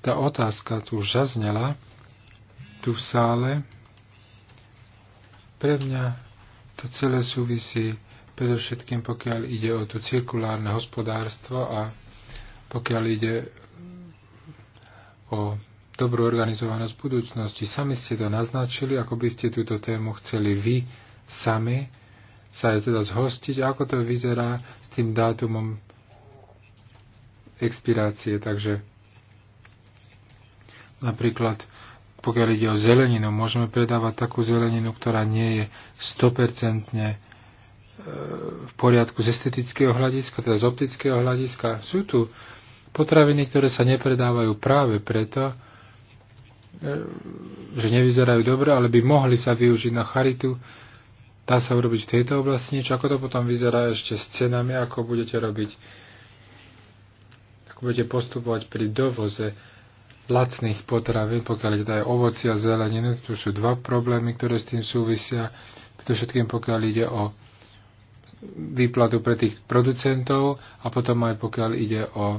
Tá otázka tu už zaznela, tu v sále. Pre mňa to celé súvisí predovšetkým, pokiaľ ide o to cirkulárne hospodárstvo a pokiaľ ide o dobrú organizovanosť budúcnosti. Sami ste to naznačili, ako by ste túto tému chceli vy sami sa aj teda zhostiť, ako to vyzerá s tým dátumom expirácie. Takže napríklad pokiaľ ide o zeleninu, môžeme predávať takú zeleninu, ktorá nie je 100% e, v poriadku z estetického hľadiska, teda z optického hľadiska. Sú tu Potraviny, ktoré sa nepredávajú práve preto, e, že nevyzerajú dobre, ale by mohli sa využiť na charitu, dá sa urobiť v tejto oblasti niečo, ako to potom vyzerá ešte s cenami, ako budete robiť, ako budete postupovať pri dovoze lacných potravín, pokiaľ ide teda aj ovoci a zeleninu, tu sú dva problémy, ktoré s tým súvisia, všetkým pokiaľ ide o výplatu pre tých producentov a potom aj pokiaľ ide o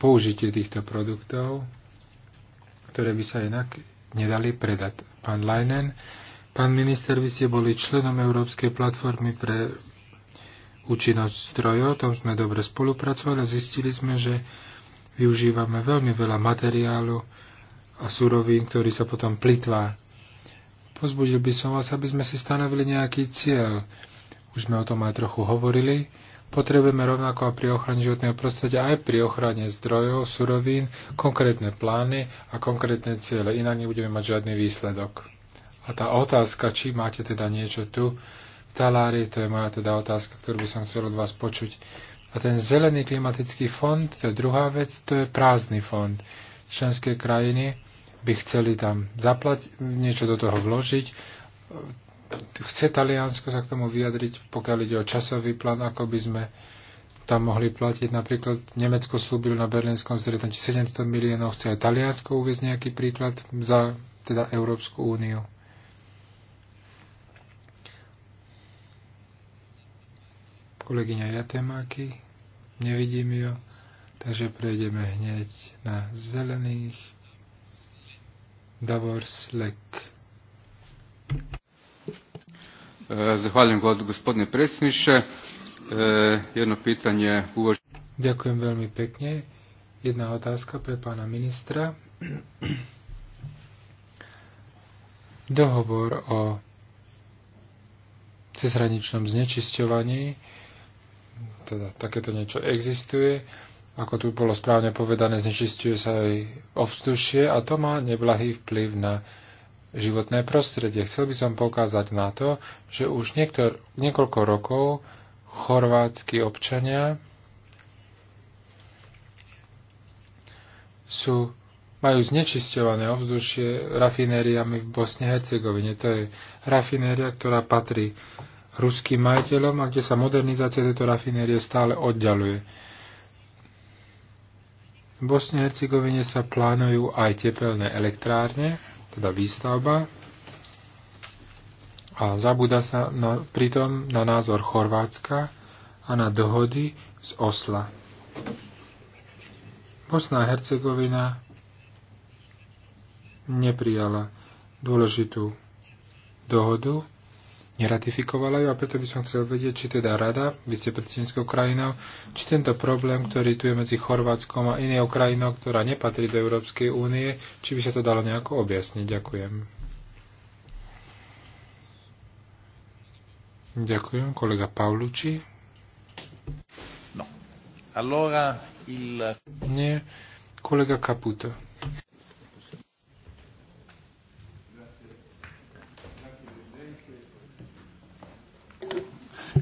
použitie týchto produktov, ktoré by sa inak nedali predať. Pán Leinen, pán minister, vy ste boli členom Európskej platformy pre účinnosť strojov, tom sme dobre spolupracovali a zistili sme, že využívame veľmi veľa materiálu a surovín, ktorý sa potom plitvá. Pozbudil by som vás, aby sme si stanovili nejaký cieľ. Už sme o tom aj trochu hovorili. Potrebujeme rovnako pri ochrane životného prostredia aj pri ochrane zdrojov, surovín, konkrétne plány a konkrétne ciele, inak nebudeme mať žiadny výsledok. A tá otázka, či máte teda niečo tu v talári, to je moja teda otázka, ktorú by som chcel od vás počuť. A ten zelený klimatický fond, to je druhá vec, to je prázdny fond. Členské krajiny by chceli tam zaplať, niečo do toho vložiť, chce Taliansko sa k tomu vyjadriť, pokiaľ ide o časový plán, ako by sme tam mohli platiť. Napríklad Nemecko slúbilo na berlínskom stretnutí 700 miliónov, chce aj Taliansko uviezť nejaký príklad za teda Európsku úniu. Kolegyňa Jatemáky, nevidím ju, takže prejdeme hneď na zelených. Davor Slek. E, Ďakujem veľmi pekne. Jedna otázka pre pána ministra. Dohovor o cezhraničnom znečisťovaní, teda takéto niečo existuje, ako tu bolo správne povedané, znečistuje sa aj ovzdušie a to má neblahý vplyv na životné prostredie. Chcel by som poukázať na to, že už niektor, niekoľko rokov chorvátsky občania sú, majú znečisťované ovzdušie rafinériami v Bosne Hercegovine. To je rafinéria, ktorá patrí ruským majiteľom a kde sa modernizácia tejto rafinérie stále oddialuje. V Bosne Hercegovine sa plánujú aj tepelné elektrárne, teda výstavba, a zabúda sa na, pritom na názor Chorvátska a na dohody z Osla. Bosná a Hercegovina neprijala dôležitú dohodu neratifikovala ju a preto by som chcel vedieť, či teda rada, vy ste predsedníckou krajinou, či tento problém, ktorý tu je medzi Chorvátskom a inou krajinou, ktorá nepatrí do Európskej únie, či by sa to dalo nejako objasniť. Ďakujem. Ďakujem, kolega Paulucci. No. Allora il... Nie, kolega Caputo.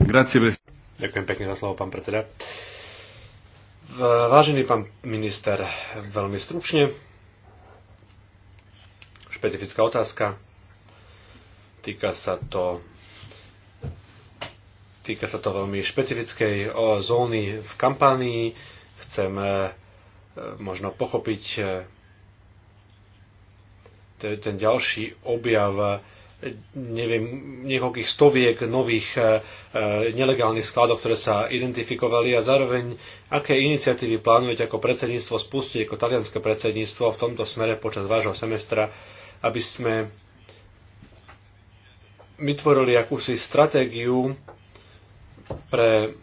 Grazie. Ďakujem pekne za slovo, pán predseda. Vážený pán minister, veľmi stručne. Špecifická otázka. Týka sa to týka sa to veľmi špecifickej zóny v kampánii. Chcem e, možno pochopiť e, ten ďalší objav neviem, niekoľkých stoviek nových e, e, nelegálnych skladov, ktoré sa identifikovali a zároveň aké iniciatívy plánujete ako predsedníctvo spustiť, ako talianské predsedníctvo v tomto smere počas vášho semestra, aby sme vytvorili akúsi stratégiu pre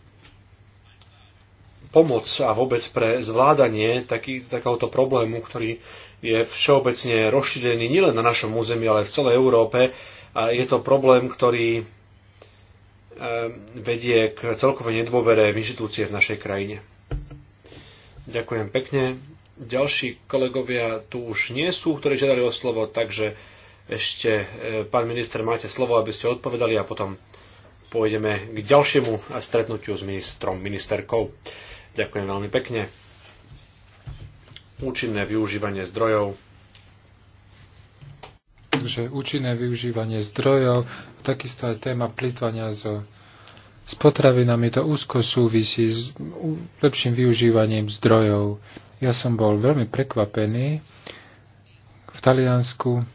pomoc a vôbec pre zvládanie taký, takéhoto problému, ktorý je všeobecne rozšírený nielen na našom území, ale aj v celej Európe. A je to problém, ktorý eh, vedie k celkovej nedôvere v inštitúcie v našej krajine. Ďakujem pekne. Ďalší kolegovia tu už nie sú, ktorí žiadali o slovo, takže ešte, eh, pán minister, máte slovo, aby ste odpovedali a potom pôjdeme k ďalšiemu stretnutiu s ministrom, ministerkou. Ďakujem veľmi pekne účinné využívanie zdrojov. Takže účinné využívanie zdrojov, takisto aj téma plýtvania so, s potravinami, to úzko súvisí s lepším využívaním zdrojov. Ja som bol veľmi prekvapený. V Taliansku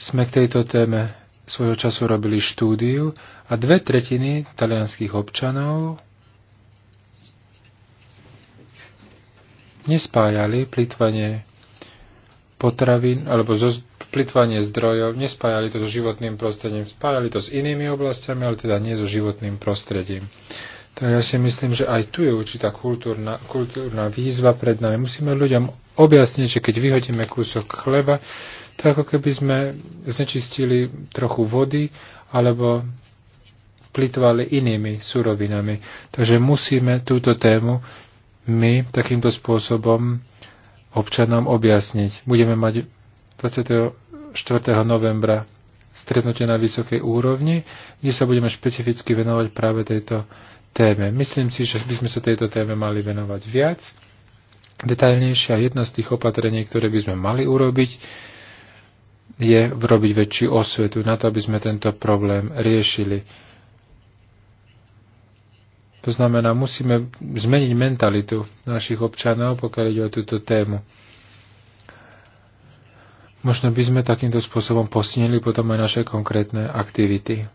sme k tejto téme svojho času robili štúdiu a dve tretiny talianských občanov nespájali plitvanie potravín alebo zo plitvanie zdrojov, nespájali to so životným prostredím, spájali to s inými oblastiami, ale teda nie so životným prostredím. Tak ja si myslím, že aj tu je určitá kultúrna, kultúrna výzva pred nami. Musíme ľuďom objasniť, že keď vyhodíme kúsok chleba, to ako keby sme znečistili trochu vody alebo plitvali inými surovinami. Takže musíme túto tému my takýmto spôsobom občanom objasniť. Budeme mať 24. novembra stretnutie na vysokej úrovni, kde sa budeme špecificky venovať práve tejto téme. Myslím si, že by sme sa tejto téme mali venovať viac. Detailnejšia jedna z tých opatrení, ktoré by sme mali urobiť, je robiť väčšiu osvetu na to, aby sme tento problém riešili to znamená, musíme zmeniť mentalitu našich občanov, pokiaľ ide o túto tému. Možno by sme takýmto spôsobom posilnili potom aj naše konkrétne aktivity.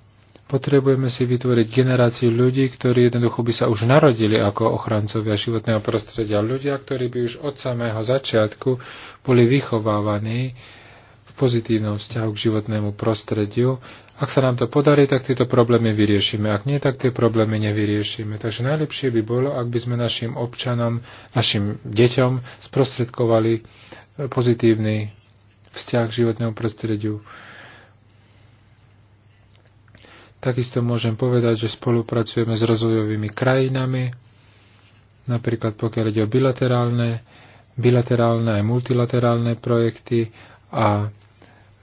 Potrebujeme si vytvoriť generáciu ľudí, ktorí jednoducho by sa už narodili ako ochrancovia životného prostredia. Ľudia, ktorí by už od samého začiatku boli vychovávaní v pozitívnom vzťahu k životnému prostrediu ak sa nám to podarí, tak tieto problémy vyriešime. Ak nie, tak tie problémy nevyriešime. Takže najlepšie by bolo, ak by sme našim občanom, našim deťom sprostredkovali e, pozitívny vzťah k životnému prostrediu. Takisto môžem povedať, že spolupracujeme s rozvojovými krajinami, napríklad pokiaľ ide o bilaterálne, bilaterálne aj multilaterálne projekty a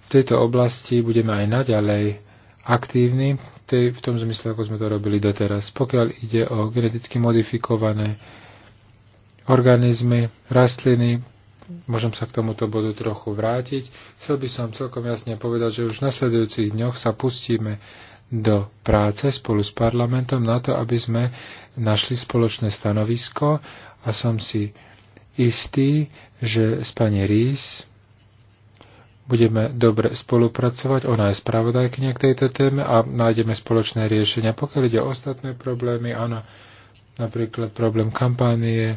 v tejto oblasti budeme aj naďalej aktívni v tom zmysle, ako sme to robili doteraz. Pokiaľ ide o geneticky modifikované organizmy, rastliny, môžem sa k tomuto bodu trochu vrátiť. Chcel by som celkom jasne povedať, že už v nasledujúcich dňoch sa pustíme do práce spolu s parlamentom na to, aby sme našli spoločné stanovisko a som si istý, že s pani Rís budeme dobre spolupracovať. Ona je spravodajkynia k tejto téme a nájdeme spoločné riešenia. Pokiaľ ide o ostatné problémy, áno, napríklad problém kampánie, e,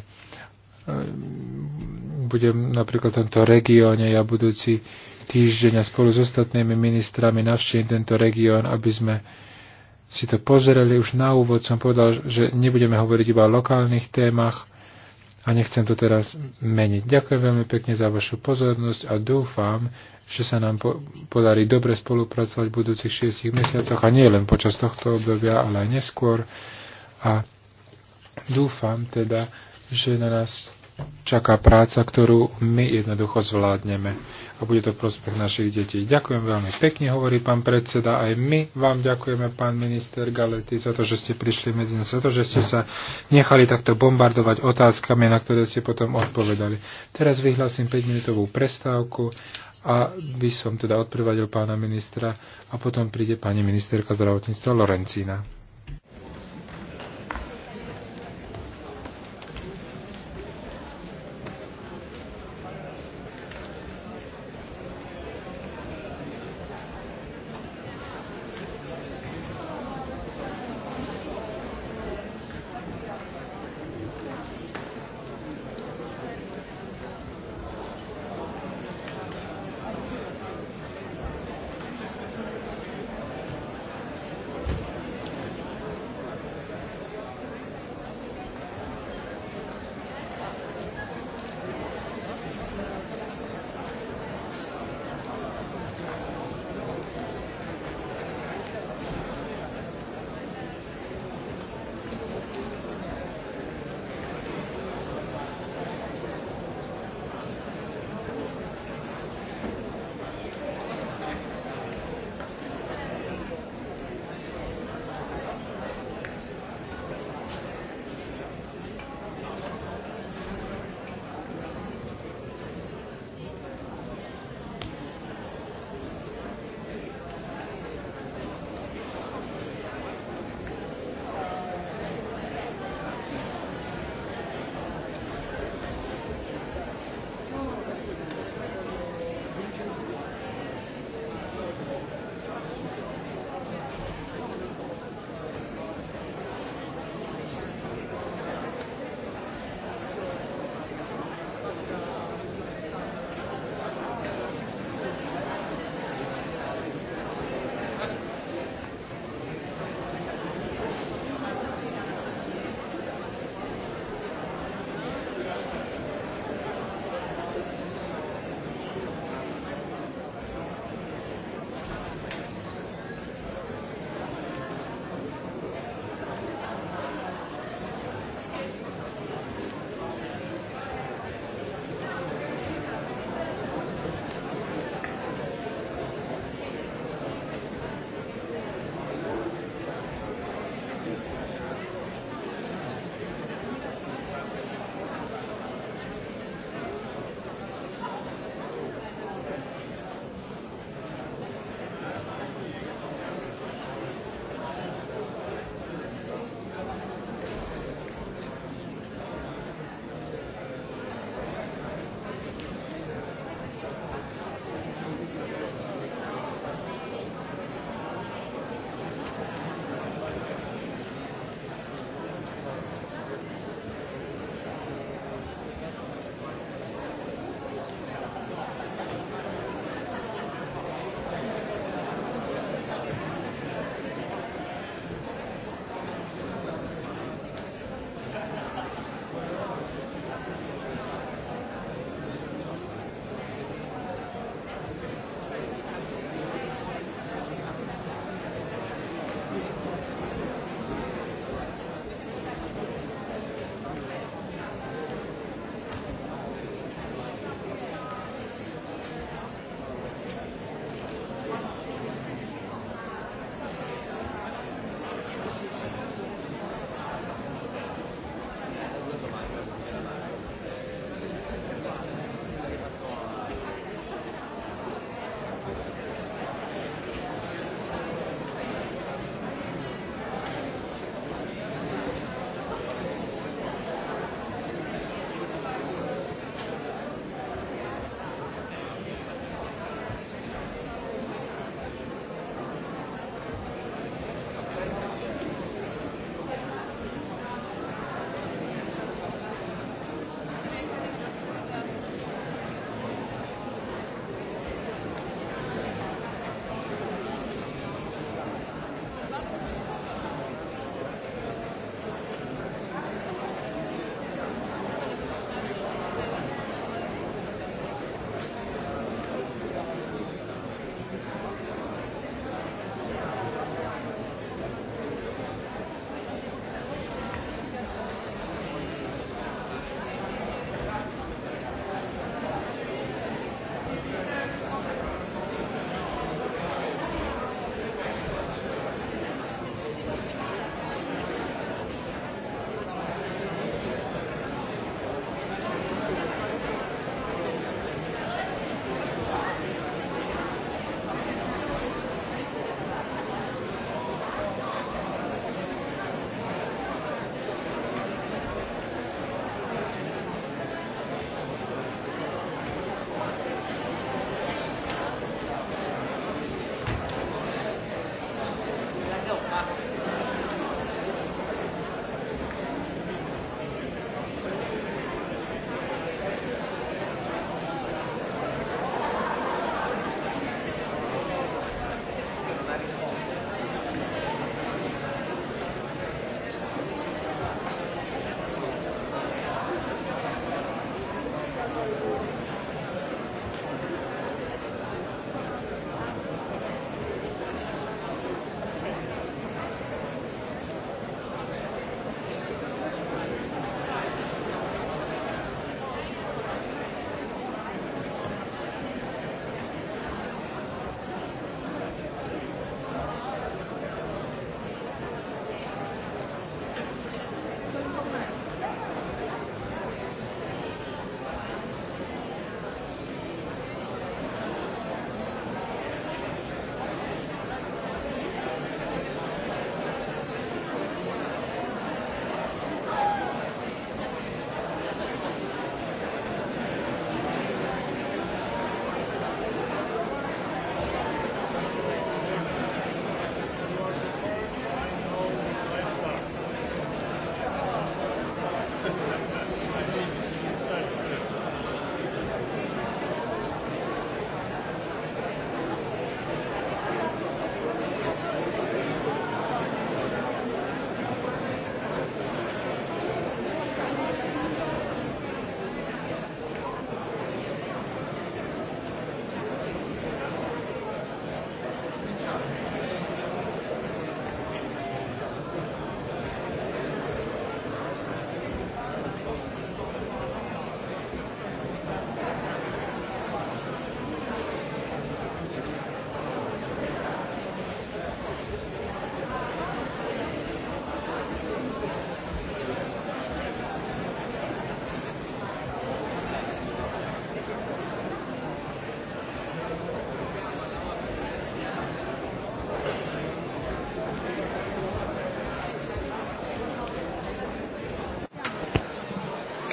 budem napríklad v tomto regióne, ja budúci týždeň a spolu s ostatnými ministrami navštívim tento región, aby sme si to pozreli. Už na úvod som povedal, že nebudeme hovoriť iba o lokálnych témach, a nechcem to teraz meniť. Ďakujem veľmi pekne za vašu pozornosť a dúfam, že sa nám po- podarí dobre spolupracovať v budúcich šiestich mesiacoch a nie len počas tohto obdobia, ale aj neskôr. A dúfam teda, že na nás čaká práca, ktorú my jednoducho zvládneme. A bude to prospech našich detí. Ďakujem veľmi pekne, hovorí pán predseda. Aj my vám ďakujeme, pán minister Galety, za to, že ste prišli medzi nás, za to, že ste sa nechali takto bombardovať otázkami, na ktoré ste potom odpovedali. Teraz vyhlásim 5-minútovú prestávku a by som teda odprevadil pána ministra a potom príde pani ministerka zdravotníctva Lorencína.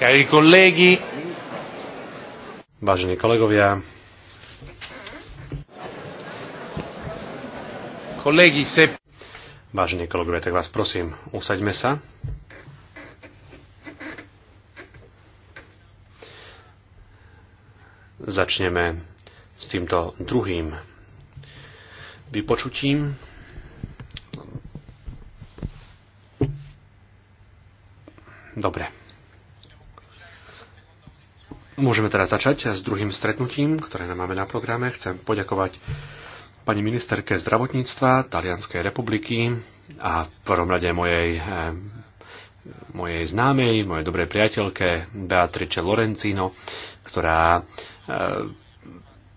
Cari colleghi, vážení kolegovia, kolegi se... Vážení kolegovia, tak vás prosím, usaďme sa. Začneme s týmto druhým vypočutím Môžeme teraz začať s druhým stretnutím, ktoré máme na programe. Chcem poďakovať pani ministerke zdravotníctva Talianskej republiky a v prvom rade mojej, eh, mojej známej, mojej dobrej priateľke Beatrice Lorenzino, ktorá eh,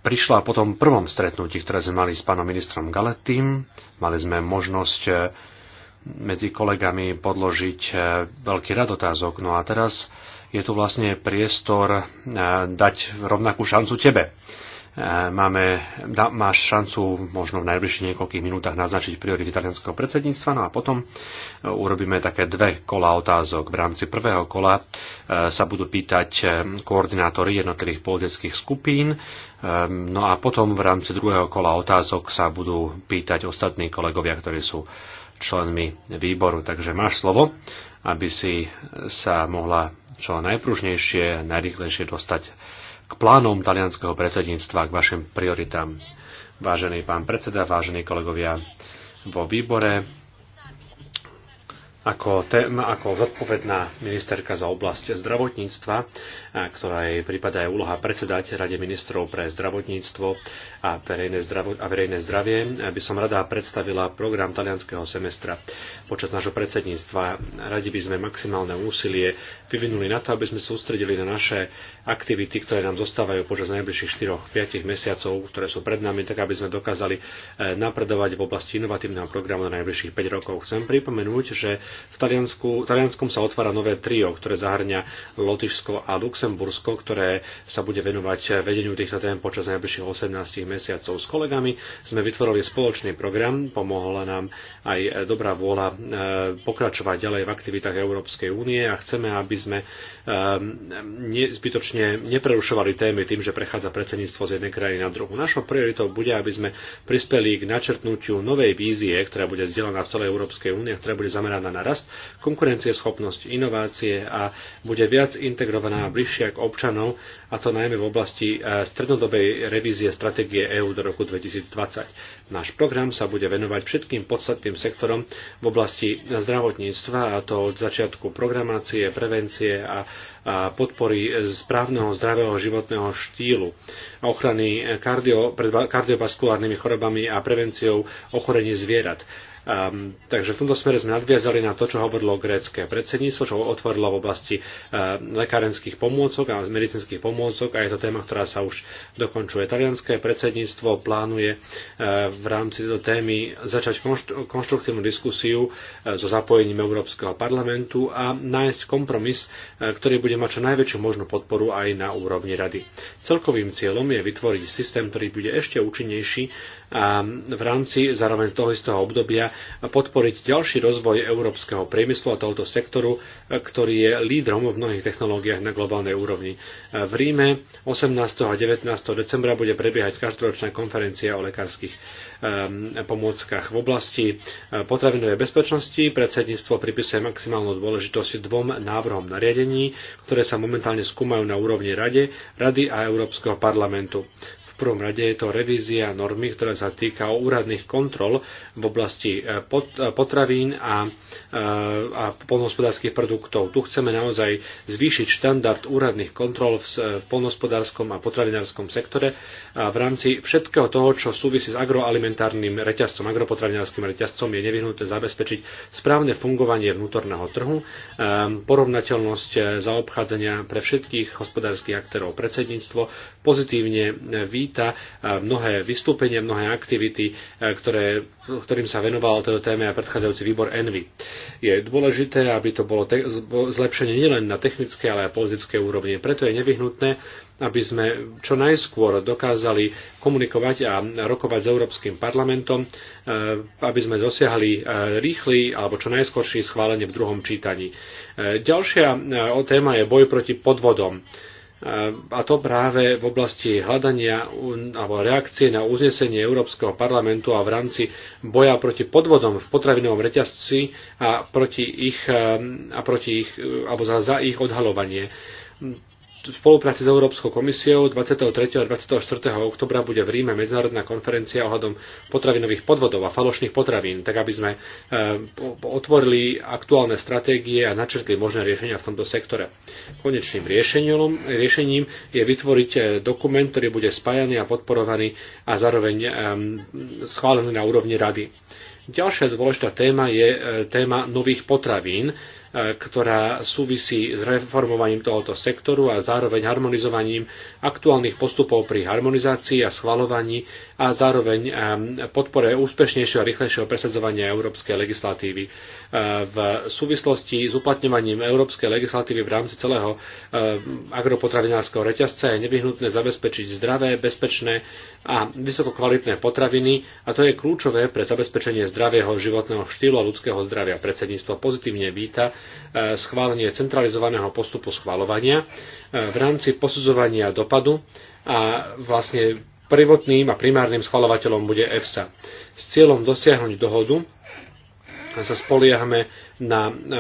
prišla po tom prvom stretnutí, ktoré sme mali s pánom ministrom Galettim. Mali sme možnosť eh, medzi kolegami podložiť veľký rad otázok. No a teraz je tu vlastne priestor eh, dať rovnakú šancu tebe. Eh, máme, da, máš šancu možno v najbližších niekoľkých minútach naznačiť priority italianského predsedníctva, no a potom eh, urobíme také dve kola otázok. V rámci prvého kola sa budú pýtať koordinátory jednotlivých politických skupín, no a potom v rámci druhého kola otázok sa budú pýtať ostatní kolegovia, ktorí sú členmi výboru. Takže máš slovo aby si sa mohla čo najpružnejšie, najrychlejšie dostať k plánom talianského predsedníctva, k vašim prioritám. Vážený pán predseda, vážení kolegovia, vo výbore ako, tém, ako zodpovedná ministerka za oblasť zdravotníctva, ktorá jej pripadá aj úloha predsedať Rade ministrov pre zdravotníctvo a verejné, zdravo, a verejné zdravie, by som rada predstavila program talianského semestra. Počas nášho predsedníctva radi by sme maximálne úsilie vyvinuli na to, aby sme sústredili na naše aktivity, ktoré nám zostávajú počas najbližších 4-5 mesiacov, ktoré sú pred nami, tak aby sme dokázali e, napredovať v oblasti inovatívneho programu na najbližších 5 rokov. Chcem pripomenúť, že v Taliansku, Talianskom sa otvára nové trio, ktoré zahrňa Lotyšsko a Luxembursko, ktoré sa bude venovať vedeniu týchto tém počas najbližších 18 mesiacov. S kolegami sme vytvorili spoločný program, pomohla nám aj dobrá vôľa e, pokračovať ďalej v aktivitách Európskej únie a chceme, aby sme e, zbytočne neprerušovali témy tým, že prechádza predsedníctvo z jednej krajiny na druhú. Našou prioritou bude, aby sme prispeli k načrtnutiu novej vízie, ktorá bude zdieľaná v celej Európskej únie, ktorá bude zameraná na rast, konkurencieschopnosť, inovácie a bude viac integrovaná a bližšia k občanov, a to najmä v oblasti e, strednodobej revízie stratégie EÚ do roku 2020. Náš program sa bude venovať všetkým podstatným sektorom v oblasti zdravotníctva, a to od začiatku programácie, prevencie a podpory správneho zdravého životného štýlu, ochrany kardio, pred kardiovaskulárnymi chorobami a prevenciou ochorení zvierat. Um, takže v tomto smere sme nadviazali na to, čo hovorilo grécké predsedníctvo, čo otvorilo v oblasti uh, lekárenských pomôcok a medicínskych pomôcok a je to téma, ktorá sa už dokončuje. Talianské predsedníctvo plánuje uh, v rámci tejto témy začať konštru- konštruktívnu diskusiu uh, so zapojením Európskeho parlamentu a nájsť kompromis, uh, ktorý bude mať čo najväčšiu možnú podporu aj na úrovni rady. Celkovým cieľom je vytvoriť systém, ktorý bude ešte účinnejší v rámci zároveň toho istého obdobia podporiť ďalší rozvoj európskeho priemyslu a tohoto sektoru, ktorý je lídrom v mnohých technológiách na globálnej úrovni. V Ríme 18. a 19. decembra bude prebiehať každoročná konferencia o lekárskych pomôckach v oblasti eh, potravinovej bezpečnosti. Predsedníctvo pripisuje maximálnu dôležitosť dvom návrhom nariadení, ktoré sa momentálne skúmajú na úrovni Rade, Rady a Európskeho parlamentu prvom rade je to revízia normy, ktorá sa týka úradných kontrol v oblasti e, e, potravín a, e, a polnohospodárských produktov. Tu chceme naozaj zvýšiť štandard úradných kontrol v, v polnohospodárskom a potravinárskom sektore a v rámci všetkého toho, čo súvisí s agroalimentárnym reťazcom, agropotravinárskym reťazcom, je nevyhnuté zabezpečiť správne fungovanie vnútorného trhu, porovnateľnosť zaobchádzania pre všetkých hospodárskych aktérov predsedníctvo, pozitívne vý číta e, mnohé vystúpenia, mnohé aktivity, e, ktoré, ktorým sa venoval tejto téme a predchádzajúci výbor Envy. Je dôležité, aby to bolo zlepšenie nielen na technické, ale aj politické úrovni. Preto je nevyhnutné, aby sme čo najskôr dokázali komunikovať a rokovať s Európskym parlamentom, e, aby sme dosiahli rýchly alebo čo najskoršie schválenie v druhom čítaní. Ďalšia téma je boj proti podvodom a to práve v oblasti hľadania alebo reakcie na uznesenie Európskeho parlamentu a v rámci boja proti podvodom v potravinovom reťazci a proti ich, a proti ich alebo za, za ich odhalovanie v spolupráci s Európskou komisiou 23. a 24. oktobra bude v Ríme medzinárodná konferencia ohľadom potravinových podvodov a falošných potravín, tak aby sme eh, otvorili aktuálne stratégie a načrtli možné riešenia v tomto sektore. Konečným riešením, riešením je vytvoriť eh, dokument, ktorý bude spájaný a podporovaný a zároveň ehm, schválený na úrovni rady. Ďalšia dôležitá téma je eh, téma nových potravín, E, ktorá súvisí s reformovaním tohoto sektoru a zároveň harmonizovaním aktuálnych postupov pri harmonizácii a schvalovaní a zároveň podpore úspešnejšieho a rýchlejšieho presadzovania európskej legislatívy. V súvislosti s uplatňovaním európskej legislatívy v rámci celého agropotravinárskeho reťazca je nevyhnutné zabezpečiť zdravé, bezpečné a vysokokvalitné potraviny a to je kľúčové pre zabezpečenie zdravého životného štýlu a ľudského zdravia. Predsedníctvo pozitívne víta schválenie centralizovaného postupu schvalovania v rámci posudzovania dopadu a vlastne Prvotným a primárnym schvalovateľom bude EFSA. S cieľom dosiahnuť dohodu sa spoliehame na, e,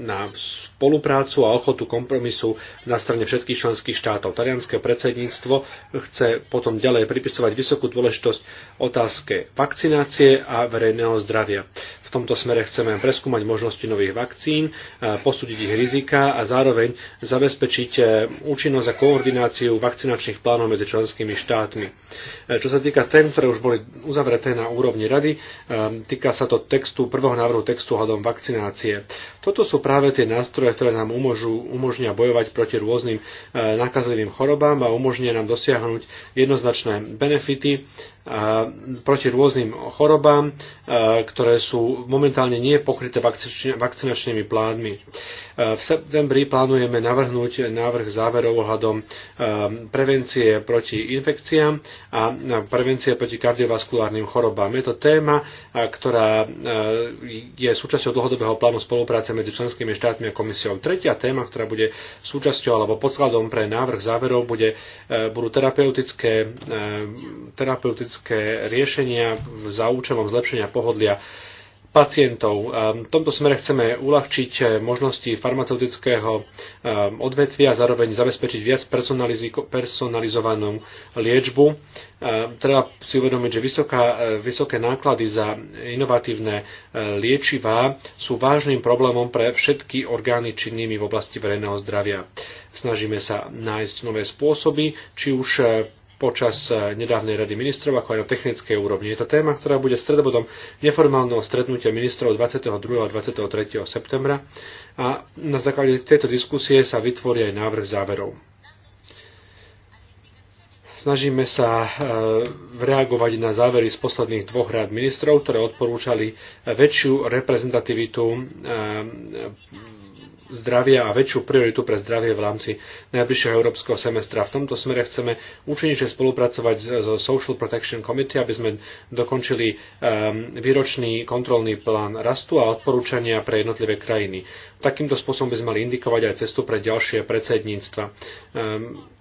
na spoluprácu a ochotu kompromisu na strane všetkých členských štátov. Talianské predsedníctvo chce potom ďalej pripisovať vysokú dôležitosť otázke vakcinácie a verejného zdravia. V tomto smere chceme preskúmať možnosti nových vakcín, e, posúdiť ich rizika a zároveň zabezpečiť e, účinnosť a koordináciu vakcinačných plánov medzi členskými štátmi. Čo sa týka tém, ktoré už boli uzavreté na úrovni rady, týka sa to textu, prvého návrhu textu hľadom vakcinácie informácie. Toto sú práve tie nástroje, ktoré nám umožú, umožnia bojovať proti rôznym e, nakazlivým chorobám a umožnia nám dosiahnuť jednoznačné benefity e, proti rôznym chorobám, e, ktoré sú momentálne nie pokryté vakcinačnými plánmi. V septembri plánujeme navrhnúť návrh záverov ohľadom prevencie proti infekciám a prevencie proti kardiovaskulárnym chorobám. Je to téma, ktorá je súčasťou dlhodobého plánu spolupráce medzi členskými štátmi a komisiou. Tretia téma, ktorá bude súčasťou alebo podkladom pre návrh záverov, bude, e, budú terapeutické, e, terapeutické riešenia za účelom zlepšenia pohodlia pacientov. V tomto smere chceme uľahčiť eh, možnosti farmaceutického eh, odvetvia a zároveň zabezpečiť viac personalizovanú liečbu. Eh, treba si uvedomiť, že vysoká, vysoké náklady za inovatívne liečivá sú vážnym problémom pre všetky orgány činnými v oblasti verejného zdravia. Snažíme sa nájsť nové spôsoby, či už počas eh, nedávnej rady ministrov, ako aj na technickej úrovni. Je to téma, ktorá bude stredobodom neformálneho stretnutia ministrov 22. a 23. septembra a na základe tejto diskusie sa vytvorí aj návrh záverov. Snažíme sa eh, reagovať na závery z posledných dvoch rád ministrov, ktoré odporúčali eh, väčšiu reprezentativitu zdravia a väčšiu prioritu pre zdravie v rámci najbližšieho európskeho semestra. V tomto smere chceme účinnejšie spolupracovať so Social Protection Committee, aby sme dokončili ehm, výročný kontrolný plán rastu a odporúčania pre jednotlivé krajiny. Takýmto spôsobom by sme mali indikovať aj cestu pre ďalšie predsedníctva ehm,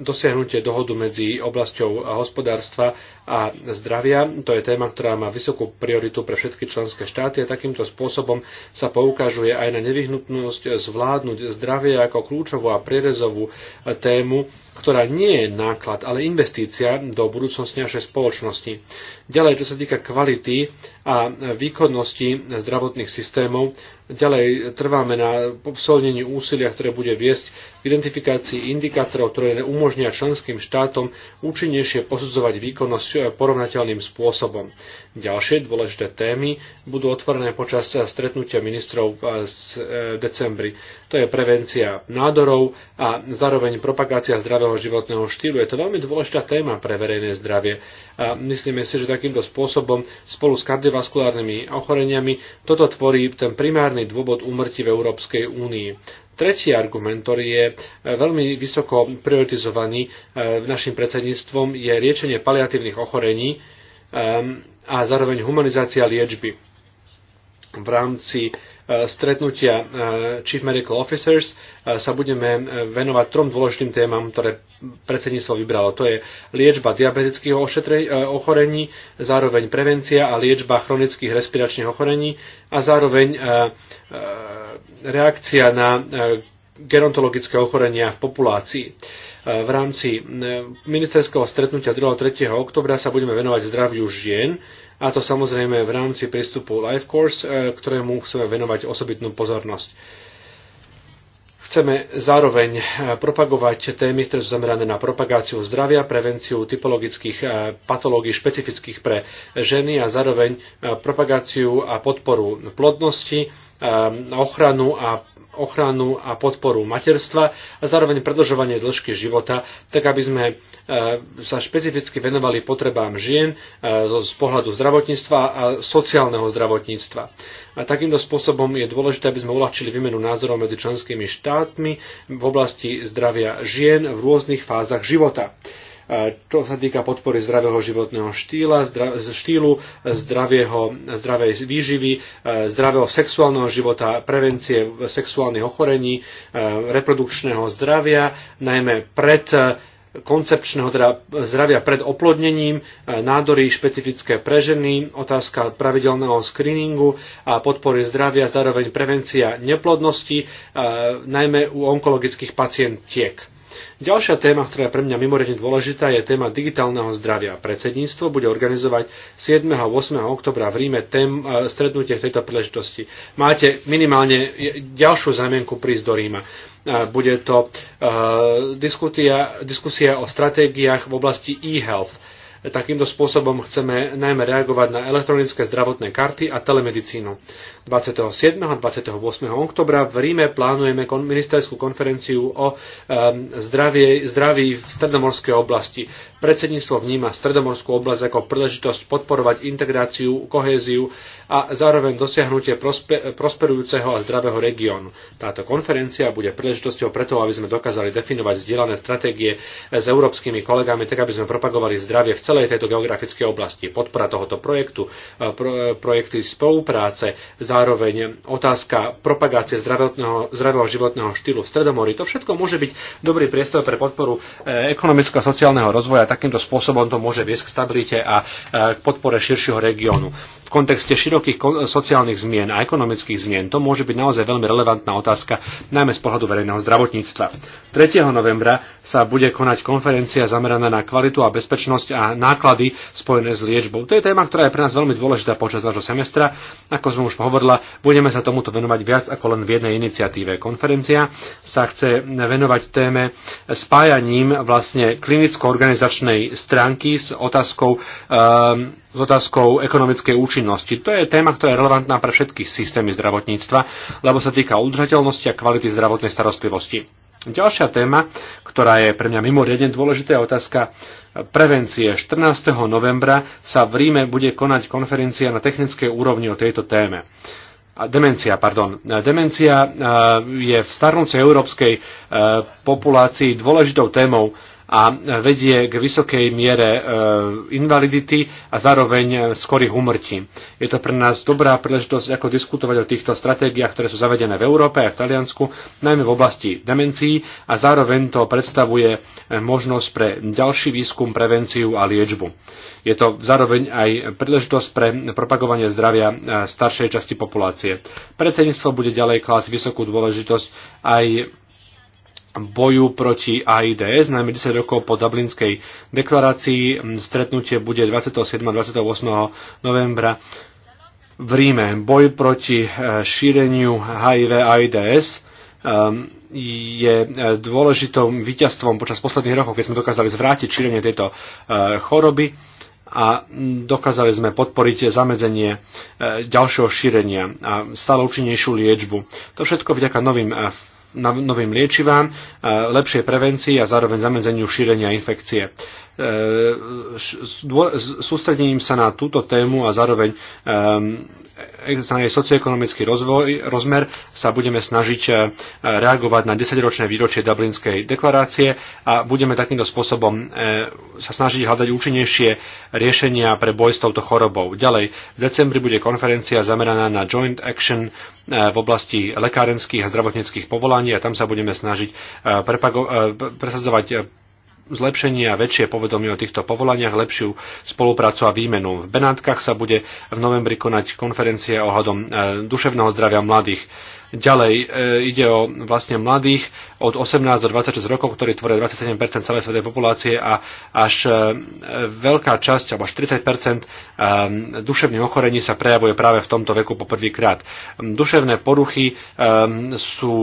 dosiahnutie dohodu medzi oblasťou hospodárstva a zdravia. To je téma, ktorá má vysokú prioritu pre všetky členské štáty a takýmto spôsobom sa poukážuje aj na nevyhnutnosť zvládnuť zdravie ako kľúčovú a prierezovú tému, ktorá nie je náklad, ale investícia do budúcnosti našej spoločnosti. Ďalej, čo sa týka kvality a výkonnosti zdravotných systémov, Ďalej trváme na obsolnení úsilia, ktoré bude viesť k identifikácii indikátorov, ktoré umožnia členským štátom účinnejšie posudzovať výkonnosť e, porovnateľným spôsobom. Ďalšie dôležité témy budú otvorené počas e, stretnutia ministrov e, z decembri. To je prevencia nádorov a zároveň propagácia zdravého životného štýlu. Je to veľmi dôležitá téma pre verejné zdravie. A myslíme si, že takýmto spôsobom spolu s kardiovaskulárnymi ochoreniami toto tvorí ten primárny hlavný dôvod úmrtí v Európskej únii. Tretí argument, ktorý je e, veľmi vysoko prioritizovaný e, našim predsedníctvom, je riečenie paliatívnych ochorení e, a zároveň humanizácia liečby. V rámci E, stretnutia e, Chief Medical Officers e, sa budeme venovať trom dôležitým témam, ktoré predsedníctvo vybralo. To je liečba diabetických ochorení, zároveň prevencia a liečba chronických respiračných ochorení a zároveň reakcia na gerontologické ochorenia v populácii v rámci ministerského stretnutia 2. a 3. oktobra sa budeme venovať zdraviu žien a to samozrejme v rámci prístupu Life Course, e, ktorému chceme venovať osobitnú pozornosť. Chceme zároveň e, propagovať témy, ktoré sú zamerané na propagáciu zdravia, prevenciu typologických e, patológií špecifických pre ženy a zároveň propagáciu a podporu plodnosti, Um, ochranu a ochranu a podporu materstva a zároveň predlžovanie dĺžky života, tak aby sme uh, sa špecificky venovali potrebám žien uh, z pohľadu zdravotníctva a sociálneho zdravotníctva. A takýmto spôsobom je dôležité, aby sme uľahčili výmenu názorov medzi členskými štátmi v oblasti zdravia žien v rôznych fázach života čo sa týka podpory zdravého životného štýla, zdra, štýlu, zdravého, zdravej výživy, e, zdravého sexuálneho života, prevencie sexuálnych ochorení, e, reprodukčného zdravia, najmä pred e, koncepčného teda zdravia pred oplodnením, nádory špecifické pre ženy, otázka pravidelného screeningu a podpory zdravia, zároveň prevencia neplodnosti, najmä u onkologických pacientiek Ďalšia téma, ktorá je pre mňa mimoriadne dôležitá, je téma digitálneho zdravia. Predsedníctvo bude organizovať 7. a 8. oktobra v Ríme tém, e, strednutie v tejto príležitosti. Máte minimálne ďalšiu zamienku prísť do Ríma. E, bude to e, diskusia, diskusia o stratégiách v oblasti e-health Takýmto spôsobom chceme najmä reagovať na elektronické zdravotné karty a telemedicínu. 27. a 28. oktobra v Ríme plánujeme ministerskú konferenciu o ehm, zdravie, zdraví v Strednomorskej oblasti. Predsedníctvo vníma stredomorskú oblasť ako príležitosť podporovať integráciu, kohéziu a zároveň dosiahnutie prospe- prosperujúceho a zdravého regiónu. Táto konferencia bude príležitosťou preto, aby sme dokázali definovať zdieľané stratégie s európskymi kolegami, tak aby sme propagovali zdravie v celej tejto geografickej oblasti. Podpora tohoto projektu, e, pro- e, projekty spolupráce, zároveň otázka propagácie zdravotného, zdravého životného štýlu v Stredomorí. To všetko môže byť dobrý priestor pre podporu e, ekonomicko-sociálneho rozvoja takýmto spôsobom to môže viesť k stabilite a e, k podpore širšieho regiónu. V kontexte širokých sociálnych zmien a ekonomických zmien to môže byť naozaj veľmi relevantná otázka, najmä z pohľadu verejného zdravotníctva. 3. novembra sa bude konať konferencia zameraná na kvalitu a bezpečnosť a náklady spojené s liečbou. To je téma, ktorá je pre nás veľmi dôležitá počas nášho semestra. Ako som už hovorila, budeme sa tomuto venovať viac ako len v jednej iniciatíve. Konferencia sa chce venovať téme spájaním vlastne klinicko-organizačných finančnej stránky s otázkou, ehm, s otázkou ekonomickej účinnosti. To je téma, ktorá je relevantná pre všetky systémy zdravotníctva, lebo sa týka udržateľnosti a kvality zdravotnej starostlivosti. Ďalšia téma, ktorá je pre mňa mimoriadne dôležitá, je otázka prevencie. 14. novembra sa v Ríme bude konať konferencia na technickej úrovni o tejto téme. Demencia, pardon. Demencia eh, je v starnúcej európskej eh, populácii dôležitou témou a vedie k vysokej miere e, invalidity a zároveň skorých umrtí. Je to pre nás dobrá príležitosť, ako diskutovať o týchto stratégiách, ktoré sú zavedené v Európe a v Taliansku, najmä v oblasti demencií a zároveň to predstavuje e, možnosť pre ďalší výskum, prevenciu a liečbu. Je to zároveň aj príležitosť pre propagovanie zdravia e, staršej časti populácie. Predsedníctvo bude ďalej klásť vysokú dôležitosť aj boju proti AIDS, najmä 10 rokov po Dublinskej deklarácii. Stretnutie bude 27. a 28. novembra v Ríme. Boj proti e, šíreniu HIV AIDS ehm, je e, dôležitým víťazstvom počas posledných rokov, keď sme dokázali zvrátiť šírenie tejto e, choroby a dokázali sme podporiť zamedzenie ďalšieho šírenia a stále účinnejšiu liečbu. To všetko vďaka novým novým liečivám, e, lepšej prevencii a zároveň zamedzeniu šírenia infekcie. E, sústredením sa na túto tému a zároveň na jej socioekonomický rozvoj, rozmer sa budeme snažiť e, reagovať na 10-ročné výročie Dublinskej deklarácie a budeme takýmto spôsobom e, sa snažiť hľadať účinnejšie riešenia pre boj s touto chorobou. Ďalej, v decembri bude konferencia zameraná na joint action e, v oblasti lekárenských a zdravotníckých povolaní a tam sa budeme snažiť presadzovať zlepšenie a väčšie povedomie o týchto povolaniach, lepšiu spoluprácu a výmenu. V Benátkach sa bude v novembri konať konferencia ohľadom e, duševného zdravia mladých. Ďalej e, ide o vlastne mladých od 18 do 26 rokov, ktorí tvoria 27 celej svetej populácie a až e, veľká časť, alebo až 30 e, duševných ochorení sa prejavuje práve v tomto veku poprvýkrát. Duševné poruchy sú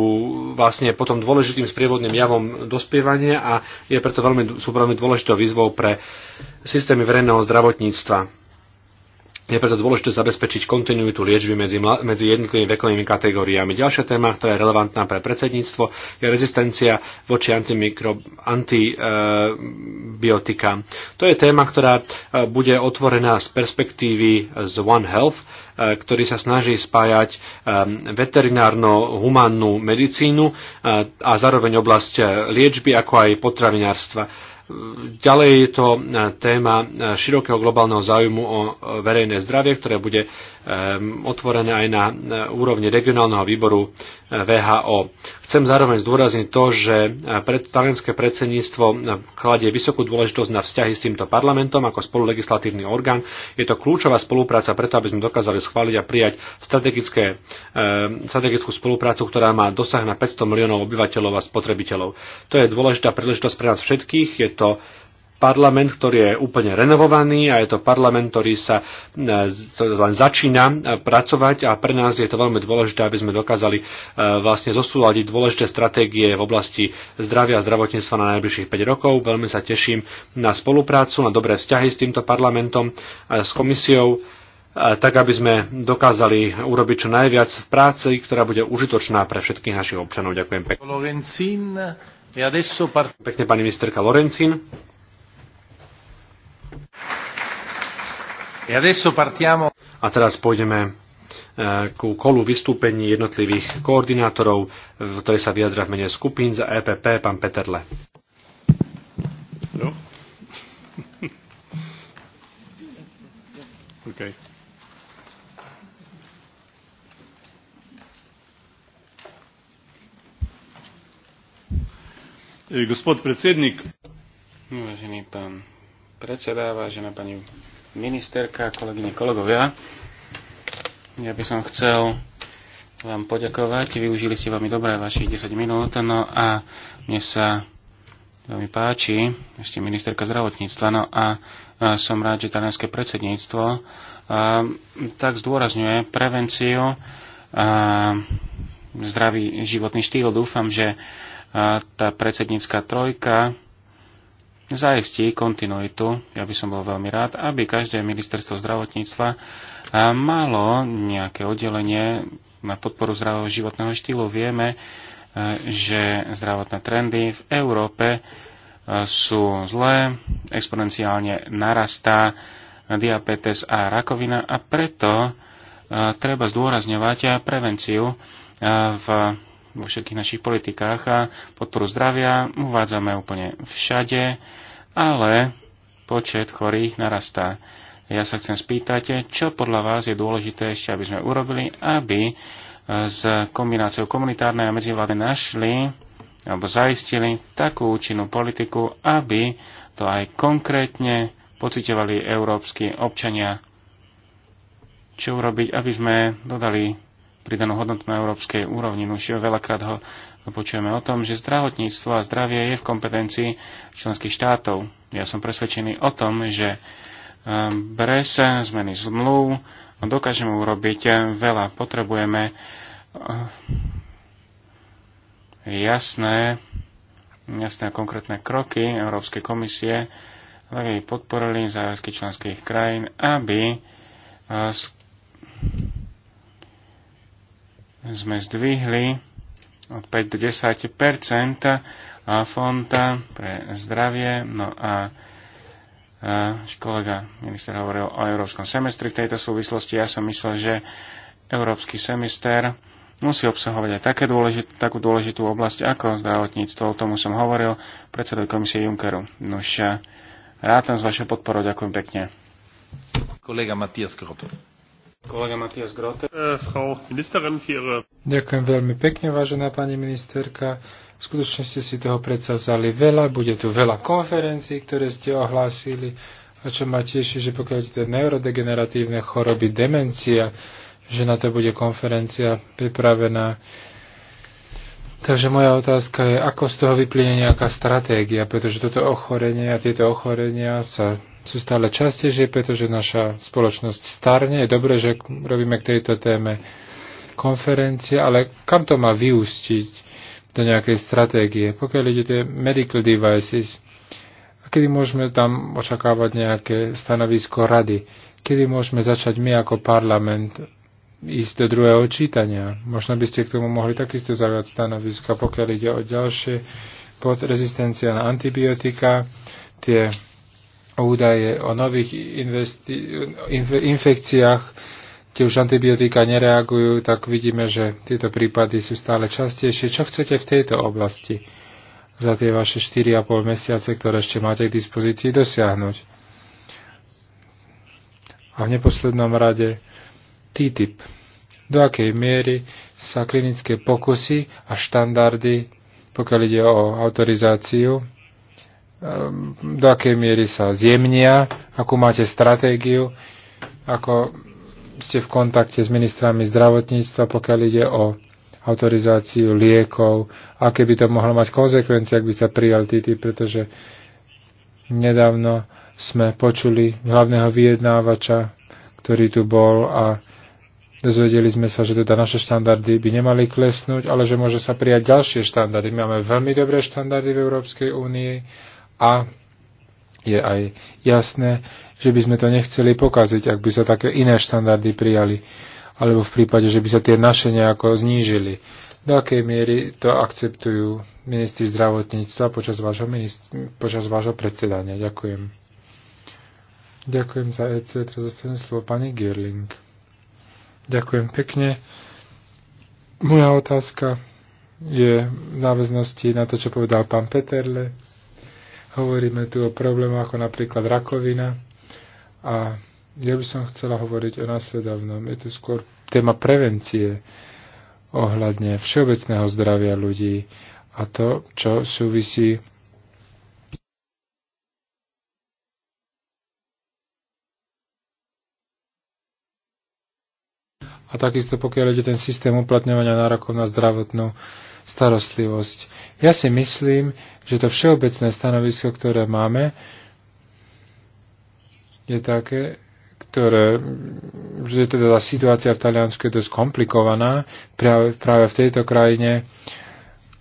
vlastne potom dôležitým sprievodným javom dospievania a je preto veľmi, sú veľmi dôležitou výzvou pre systémy verejného zdravotníctva je preto dôležité zabezpečiť kontinuitu liečby medzi, medzi jednotlivými vekovými kategóriami. Ďalšia téma, ktorá je relevantná pre predsedníctvo, je rezistencia voči antibiotikám. To je téma, ktorá e, bude otvorená z perspektívy z One Health, e, ktorý sa snaží spájať e, veterinárno-humánnu medicínu a zároveň oblasť liečby, ako aj potravinárstva. Ďalej je to e, téma e, širokého globálneho záujmu o e, verejné zdravie, ktoré bude Ehm, otvorené aj na úrovni regionálneho výboru e, VHO. Chcem zároveň zdôrazniť to, že e, talianské predsedníctvo e, kladie vysokú dôležitosť na vzťahy s týmto parlamentom ako spolulegislatívny orgán. Je to kľúčová spolupráca preto, aby sme dokázali schváliť a prijať strategické, strategickú spoluprácu, ktorá má dosah na 500 miliónov obyvateľov a spotrebiteľov. To je dôležitá príležitosť pre nás všetkých. Je to parlament, ktorý je úplne renovovaný a je to parlament, ktorý sa e, len začína e, pracovať a pre nás je to veľmi dôležité, aby sme dokázali e, vlastne zosúľadiť dôležité stratégie v oblasti zdravia a zdravotníctva na najbližších 5 rokov. Veľmi sa teším na spoluprácu, na dobré vzťahy s týmto parlamentom, s komisiou tak aby sme dokázali urobiť čo najviac v práci, ktorá bude užitočná pre všetkých našich občanov. Ďakujem pekne. Pekne pani ministerka Lorencín. E A teraz pôjdeme e, ku kolu vystúpení jednotlivých koordinátorov, ktoré sa vyjadra v mene skupín za EPP, pán Peterle. No. okay. E, gospod predsednik. Vážený pán predseda, vážená pani ministerka, kolegyne, kolegovia. Ja by som chcel vám poďakovať. Využili ste veľmi dobré vašich 10 minút. No a mne sa veľmi páči, ešte ministerka zdravotníctva. No a som rád, že talianské predsedníctvo tak zdôrazňuje prevenciu a zdravý životný štýl. Dúfam, že tá predsednícka trojka zaistí kontinuitu. Ja by som bol veľmi rád, aby každé ministerstvo zdravotníctva malo nejaké oddelenie na podporu zdravého životného štýlu. Vieme, že zdravotné trendy v Európe sú zlé, exponenciálne narastá diabetes a rakovina a preto treba zdôrazňovať prevenciu v vo všetkých našich politikách a podporu zdravia uvádzame úplne všade, ale počet chorých narastá. Ja sa chcem spýtať, čo podľa vás je dôležité ešte, aby sme urobili, aby e, s kombináciou komunitárnej a medzivlády našli alebo zaistili takú účinnú politiku, aby to aj konkrétne pocitovali európsky občania. Čo urobiť, aby sme dodali pridanú hodnotu na európskej úrovni. No už veľakrát ho počujeme o tom, že zdravotníctvo a zdravie je v kompetencii členských štátov. Ja som presvedčený o tom, že eh, bez zmeny zmluv dokážeme urobiť veľa. Potrebujeme eh, jasné, jasné a konkrétne kroky Európskej komisie, aby podporili záväzky členských krajín, aby eh, sme zdvihli od 5 do 10 fond pre zdravie. No a kolega minister hovoril o európskom semestri v tejto súvislosti. Ja som myslel, že európsky semester musí obsahovať aj také dôležit, takú dôležitú oblasť ako zdravotníctvo. O tomu som hovoril predsedovi komisie Junckeru. Nož, tam s vašou podporou. Ďakujem pekne. Kolega Matias Krotov. Kolega Matias Grote. Äh, Ďakujem veľmi pekne, vážená pani ministerka. Skutočne ste si toho predsa vzali veľa, bude tu veľa konferencií, ktoré ste ohlásili. A čo ma teší, že pokiaľ to neurodegeneratívne choroby, demencia, že na to bude konferencia pripravená. Takže moja otázka je, ako z toho vyplyne nejaká stratégia, pretože toto ochorenie a tieto ochorenia sa sú stále častejšie, pretože naša spoločnosť starne. Je dobré, že robíme k tejto téme konferencie, ale kam to má vyústiť do nejakej stratégie? Pokiaľ ide tie medical devices, a kedy môžeme tam očakávať nejaké stanovisko rady? Kedy môžeme začať my ako parlament ísť do druhého čítania? Možno by ste k tomu mohli takisto zaviať stanoviska, pokiaľ ide o ďalšie pod rezistencia na antibiotika, tie údaje o nových infekciách, kde už antibiotika nereagujú, tak vidíme, že tieto prípady sú stále častejšie. Čo chcete v tejto oblasti za tie vaše 4,5 mesiace, ktoré ešte máte k dispozícii, dosiahnuť? A v neposlednom rade TTIP. Do akej miery sa klinické pokusy a štandardy, pokiaľ ide o autorizáciu, Ehm, do akej miery sa zjemnia, akú máte stratégiu, ako ste v kontakte s ministrami zdravotníctva, pokiaľ ide o autorizáciu liekov, aké by to mohlo mať konsekvencie, ak by sa prijal TTIP, pretože nedávno sme počuli hlavného vyjednávača, ktorý tu bol a dozvedeli sme sa, že teda naše štandardy by nemali klesnúť, ale že môže sa prijať ďalšie štandardy. My máme veľmi dobré štandardy v Európskej únii, a je aj jasné, že by sme to nechceli pokaziť, ak by sa také iné štandardy prijali, alebo v prípade, že by sa tie naše nejako znížili. Do akej miery to akceptujú ministri zdravotníctva počas vášho, minist- počas vášho predsedania? Ďakujem. Ďakujem za EC, teraz zostane slovo pani Gierling. Ďakujem pekne. Moja otázka je v náväznosti na to, čo povedal pán Peterle Hovoríme tu o problémoch ako napríklad rakovina a ja by som chcela hovoriť o následovnom. Je to skôr téma prevencie ohľadne všeobecného zdravia ľudí a to, čo súvisí a takisto pokiaľ ide ten systém uplatňovania nárokov na zdravotnú starostlivosť. Ja si myslím, že to všeobecné stanovisko, ktoré máme, je také, ktoré, že teda tá situácia v Taliansku je dosť komplikovaná práve, práve v tejto krajine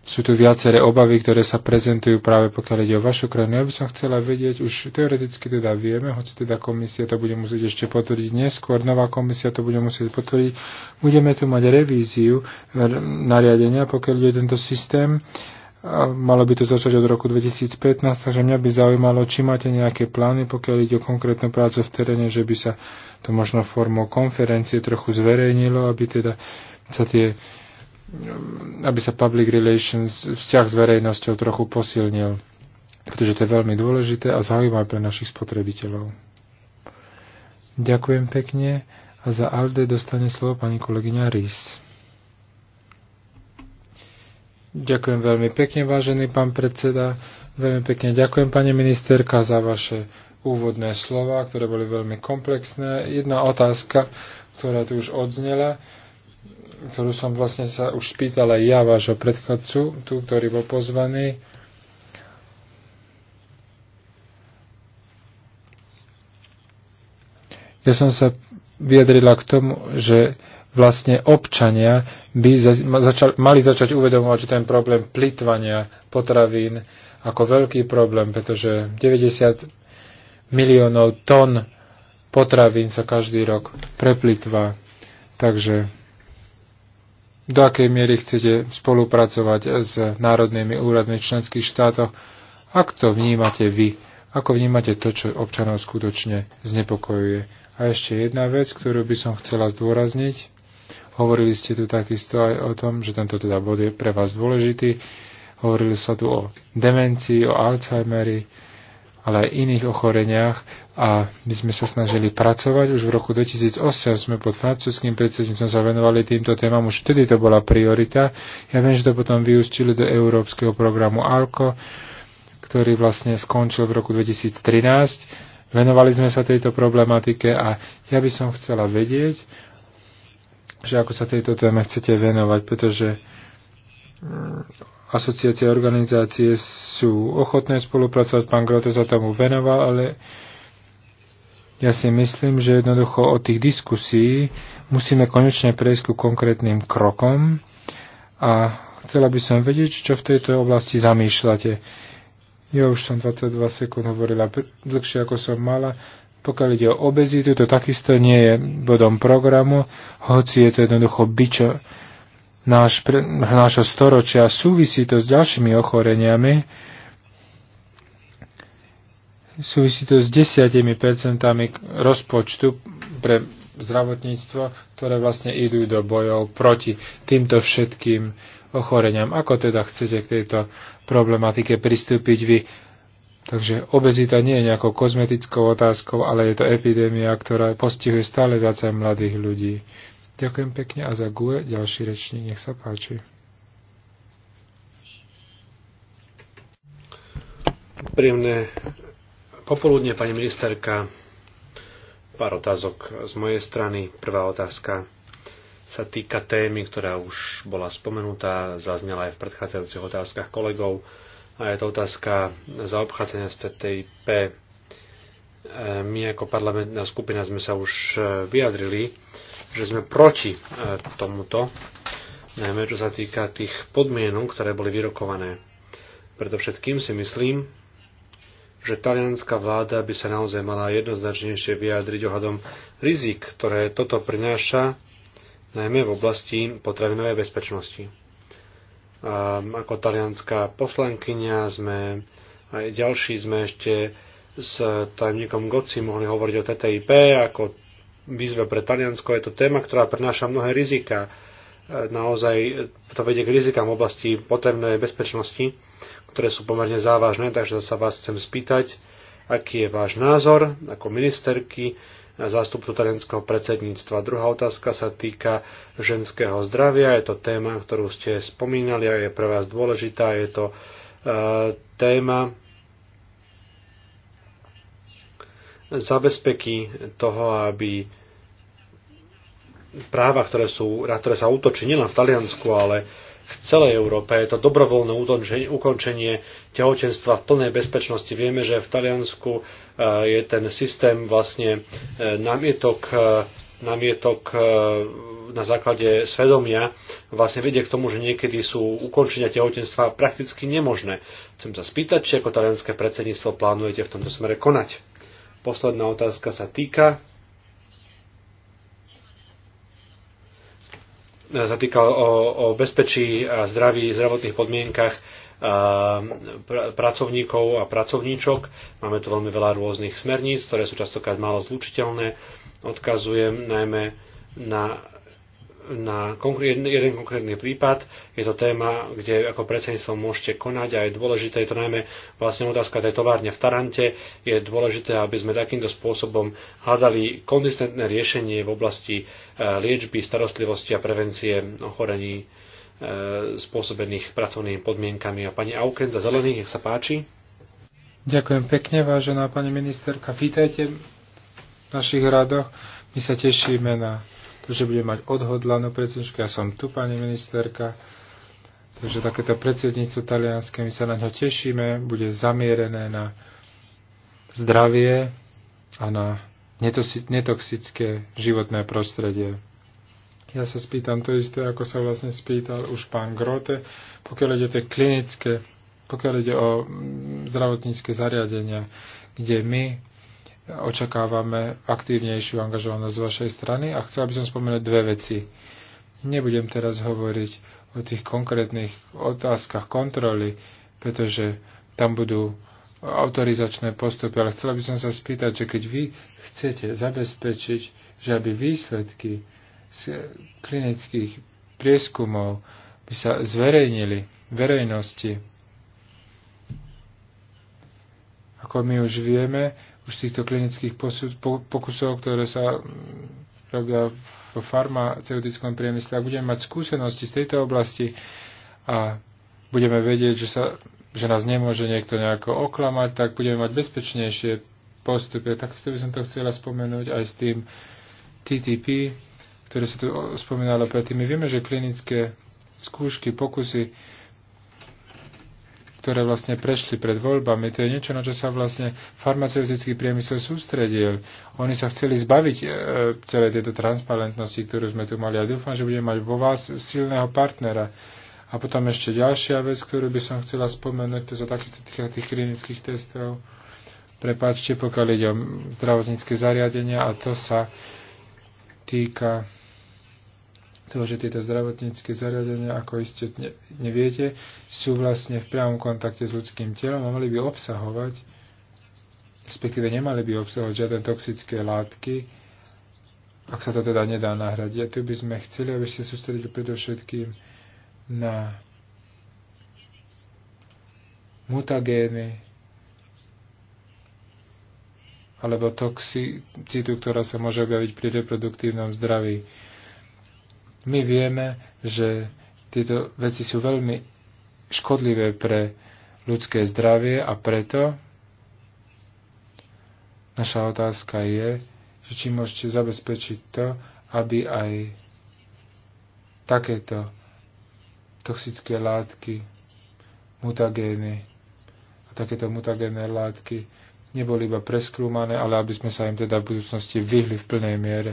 sú tu viaceré obavy, ktoré sa prezentujú práve pokiaľ ide o vašu krajinu. Ja by som chcela vedieť, už teoreticky teda vieme, hoci teda komisia to bude musieť ešte potvrdiť neskôr, nová komisia to bude musieť potvrdiť. Budeme tu mať revíziu eh, nariadenia, pokiaľ ide tento systém. Malo by to začať od roku 2015, takže mňa by zaujímalo, či máte nejaké plány, pokiaľ ide o konkrétnu prácu v teréne, že by sa to možno formou konferencie trochu zverejnilo, aby teda sa tie Um, aby sa public relations, vzťah s verejnosťou trochu posilnil, pretože to je veľmi dôležité a zaujímavé pre našich spotrebiteľov. Ďakujem pekne a za ALDE dostane slovo pani kolegyňa Rís. Ďakujem veľmi pekne, vážený pán predseda. Veľmi pekne ďakujem, pani ministerka, za vaše úvodné slova, ktoré boli veľmi komplexné. Jedna otázka, ktorá tu už odznela ktorú som vlastne sa už spýtal aj ja vášho predchodcu, tu, ktorý bol pozvaný. Ja som sa vyjadrila k tomu, že vlastne občania by začal, mali začať uvedomovať, že ten problém plitvania potravín ako veľký problém, pretože 90 miliónov tón potravín sa každý rok preplitvá. Takže do akej miery chcete spolupracovať s národnými úradmi v členských štátoch, ak to vnímate vy, ako vnímate to, čo občanov skutočne znepokojuje. A ešte jedna vec, ktorú by som chcela zdôrazniť. Hovorili ste tu takisto aj o tom, že tento teda bod je pre vás dôležitý. Hovorili sa tu o demencii, o Alzheimeri, ale aj iných ochoreniach a my sme sa snažili pracovať. Už v roku 2008 sme pod francúzským predsedníctvom sa venovali týmto témam, už vtedy to bola priorita. Ja viem, že to potom vyústili do európskeho programu ALCO, ktorý vlastne skončil v roku 2013. Venovali sme sa tejto problematike a ja by som chcela vedieť, že ako sa tejto téme chcete venovať, pretože mm, asociácie a organizácie sú ochotné spolupracovať. Pán Grote sa tomu venoval, ale ja si myslím, že jednoducho od tých diskusí musíme konečne prejsť ku konkrétnym krokom a chcela by som vedieť, čo v tejto oblasti zamýšľate. Ja už som 22 sekúnd hovorila dlhšie, ako som mala. Pokiaľ ide o obezitu, to takisto nie je bodom programu, hoci je to jednoducho bičo náš, nášho storočia. Súvisí to s ďalšími ochoreniami, súvisí to s desiatimi percentami rozpočtu pre zdravotníctvo, ktoré vlastne idú do bojov proti týmto všetkým ochoreniam. Ako teda chcete k tejto problematike pristúpiť vy? Takže obezita nie je nejakou kozmetickou otázkou, ale je to epidémia, ktorá postihuje stále viacej mladých ľudí. Ďakujem pekne a za GUE ďalší rečník, nech sa páči. Príjemné popoludne, pani ministerka. Pár otázok z mojej strany. Prvá otázka sa týka témy, ktorá už bola spomenutá, zaznela aj v predchádzajúcich otázkach kolegov. A je to otázka zaobchádzania z TTIP. E, my ako parlamentná skupina sme sa už e, vyjadrili že sme proti e, tomuto, najmä čo sa týka tých podmienok, ktoré boli vyrokované. Predovšetkým si myslím, že talianská vláda by sa naozaj mala jednoznačnejšie vyjadriť ohľadom rizik, ktoré toto prináša, najmä v oblasti potravinovej bezpečnosti. A ako talianská poslankyňa sme, aj ďalší sme ešte s tajomníkom Goci mohli hovoriť o TTIP, ako výzva pre Taliansko. Je to téma, ktorá prináša mnohé rizika. E, naozaj to vedie k rizikám v oblasti potrebnej bezpečnosti, ktoré sú pomerne závažné, takže sa vás chcem spýtať, aký je váš názor ako ministerky na zástupcu talianského predsedníctva. Druhá otázka sa týka ženského zdravia. Je to téma, ktorú ste spomínali a je pre vás dôležitá. Je to e, téma, zabezpeky toho, aby práva, ktoré sú, na ktoré sa útočí nielen v Taliansku, ale v celej Európe. Je to dobrovoľné ukončenie tehotenstva v plnej bezpečnosti. Vieme, že v Taliansku e, je ten systém vlastne e, namietok, e, namietok na základe svedomia vlastne vedie k tomu, že niekedy sú ukončenia tehotenstva prakticky nemožné. Chcem sa spýtať, či ako talianské predsedníctvo plánujete v tomto smere konať. Posledná otázka sa týka sa týka o, o bezpečí a zdraví, zdravotných podmienkach a pr- pracovníkov a pracovníčok. Máme tu veľmi veľa rôznych smerníc, ktoré sú častokrát málo zlučiteľné. Odkazujem najmä na na jeden konkrétny prípad. Je to téma, kde ako predsedníctvo môžete konať a je dôležité, je to najmä vlastne otázka tej továrne v Tarante, je dôležité, aby sme takýmto spôsobom hľadali konzistentné riešenie v oblasti e, liečby, starostlivosti a prevencie ochorení e, spôsobených pracovnými podmienkami. A pani Auken za zelených, nech sa páči. Ďakujem pekne, vážená pani ministerka. Vítajte v našich radoch. My sa tešíme na pretože bude mať odhodlanú predsedničku. Ja som tu, pani ministerka. Takže takéto predsedníctvo talianské, my sa na ňo tešíme, bude zamierené na zdravie a na netoxické životné prostredie. Ja sa spýtam to isté, ako sa vlastne spýtal už pán Grote, pokiaľ ide o tie klinické, pokiaľ ide o mm, zdravotnícke zariadenia, kde my očakávame aktívnejšiu angažovanosť z vašej strany a chcela by som spomenúť dve veci. Nebudem teraz hovoriť o tých konkrétnych otázkach kontroly, pretože tam budú autorizačné postupy, ale chcela by som sa spýtať, že keď vy chcete zabezpečiť, že aby výsledky z klinických prieskumov by sa zverejnili verejnosti, ako my už vieme, už z týchto klinických pokusov, ktoré sa mm, robia v farmaceutickom priemysle. Ak budeme mať skúsenosti z tejto oblasti a budeme vedieť, že, sa, že nás nemôže niekto nejako oklamať, tak budeme mať bezpečnejšie postupy. Takto by som to chcela spomenúť aj s tým TTP, ktoré sa tu spomínalo predtým. My vieme, že klinické skúšky, pokusy ktoré vlastne prešli pred voľbami. To je niečo, na čo sa vlastne farmaceutický priemysel sústredil. Oni sa chceli zbaviť e, celej tejto transparentnosti, ktorú sme tu mali. A dúfam, že budeme mať vo vás silného partnera. A potom ešte ďalšia vec, ktorú by som chcela spomenúť, to sa takisto týka tých klinických testov. Prepačte, pokiaľ ide o zdravotnícke zariadenia a to sa týka toho, že tieto zdravotnícke zariadenia, ako iste neviete, sú vlastne v priamom kontakte s ľudským telom a mali by obsahovať, respektíve nemali by obsahovať žiadne toxické látky, ak sa to teda nedá nahradiť. A tu by sme chceli, aby ste sústredili predovšetkým na mutagény alebo toxicitu, ktorá sa môže objaviť pri reproduktívnom zdraví. My vieme, že tieto veci sú veľmi škodlivé pre ľudské zdravie a preto naša otázka je, že či môžete zabezpečiť to, aby aj takéto toxické látky, mutagény a takéto mutagénne látky neboli iba preskrúmané, ale aby sme sa im teda v budúcnosti vyhli v plnej miere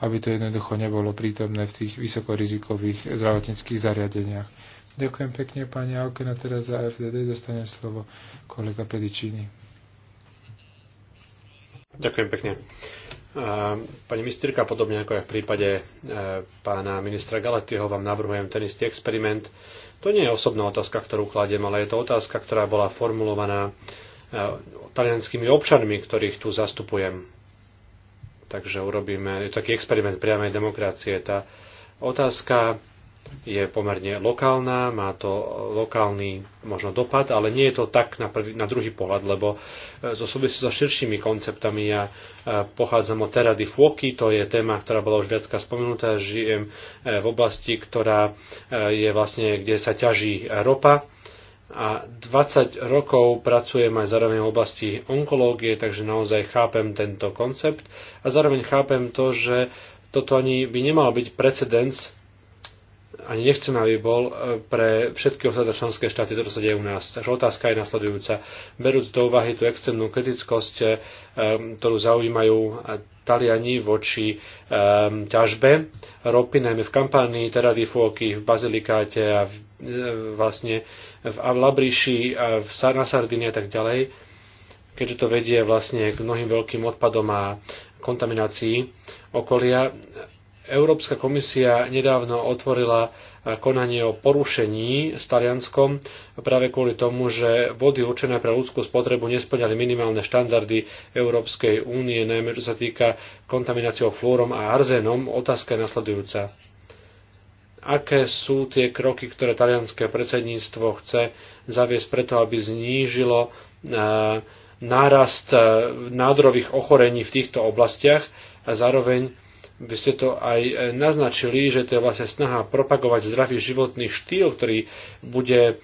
aby to jednoducho nebolo prítomné v tých vysokorizikových zdravotníckých zariadeniach. Ďakujem pekne, pani Aukena, teraz za FDD dostane slovo kolega Pedičíny. Ďakujem pekne. Pani ministerka, podobne ako aj v prípade e, pána ministra Galetieho, vám navrhujem ten istý experiment. To nie je osobná otázka, ktorú kladiem, ale je to otázka, ktorá bola formulovaná e, talianskými občanmi, ktorých tu zastupujem. Takže urobíme taký experiment priamej demokracie. Tá otázka je pomerne lokálna, má to lokálny možno dopad, ale nie je to tak na, prvý, na druhý pohľad, lebo e, zo súvisí so širšími konceptami. Ja e, pochádzam od Terady Fuoky, to je téma, ktorá bola už viacka spomenutá. Žijem e, v oblasti, ktorá je vlastne, kde sa ťaží ropa a 20 rokov pracujem aj zároveň v oblasti onkológie, takže naozaj chápem tento koncept a zároveň chápem to, že toto ani by nemal byť precedens ani nechceme, aby bol e, pre všetky ostatné členské štáty, ktoré sa deje u nás. Takže otázka je nasledujúca. Berúc do úvahy tú extrémnu kritickosť, e, ktorú zaujímajú e, Taliani voči ťažbe ropy, najmä v kampánii Teradifuoky, v Bazilikáte a v, vlastne v Avlabriši, v, na a tak ďalej, keďže to vedie vlastne k mnohým veľkým odpadom a kontaminácii okolia Európska komisia nedávno otvorila eh, konanie o porušení s Talianskom práve kvôli tomu, že vody určené pre ľudskú spotrebu nesplňali minimálne štandardy Európskej únie, najmä čo sa týka kontamináciou flórom a arzénom. Otázka je nasledujúca. Aké sú tie kroky, ktoré talianské predsedníctvo chce zaviesť preto, aby znížilo eh, nárast eh, nádorových ochorení v týchto oblastiach a zároveň vy ste to aj e, naznačili, že to je vlastne snaha propagovať zdravý životný štýl, ktorý bude e,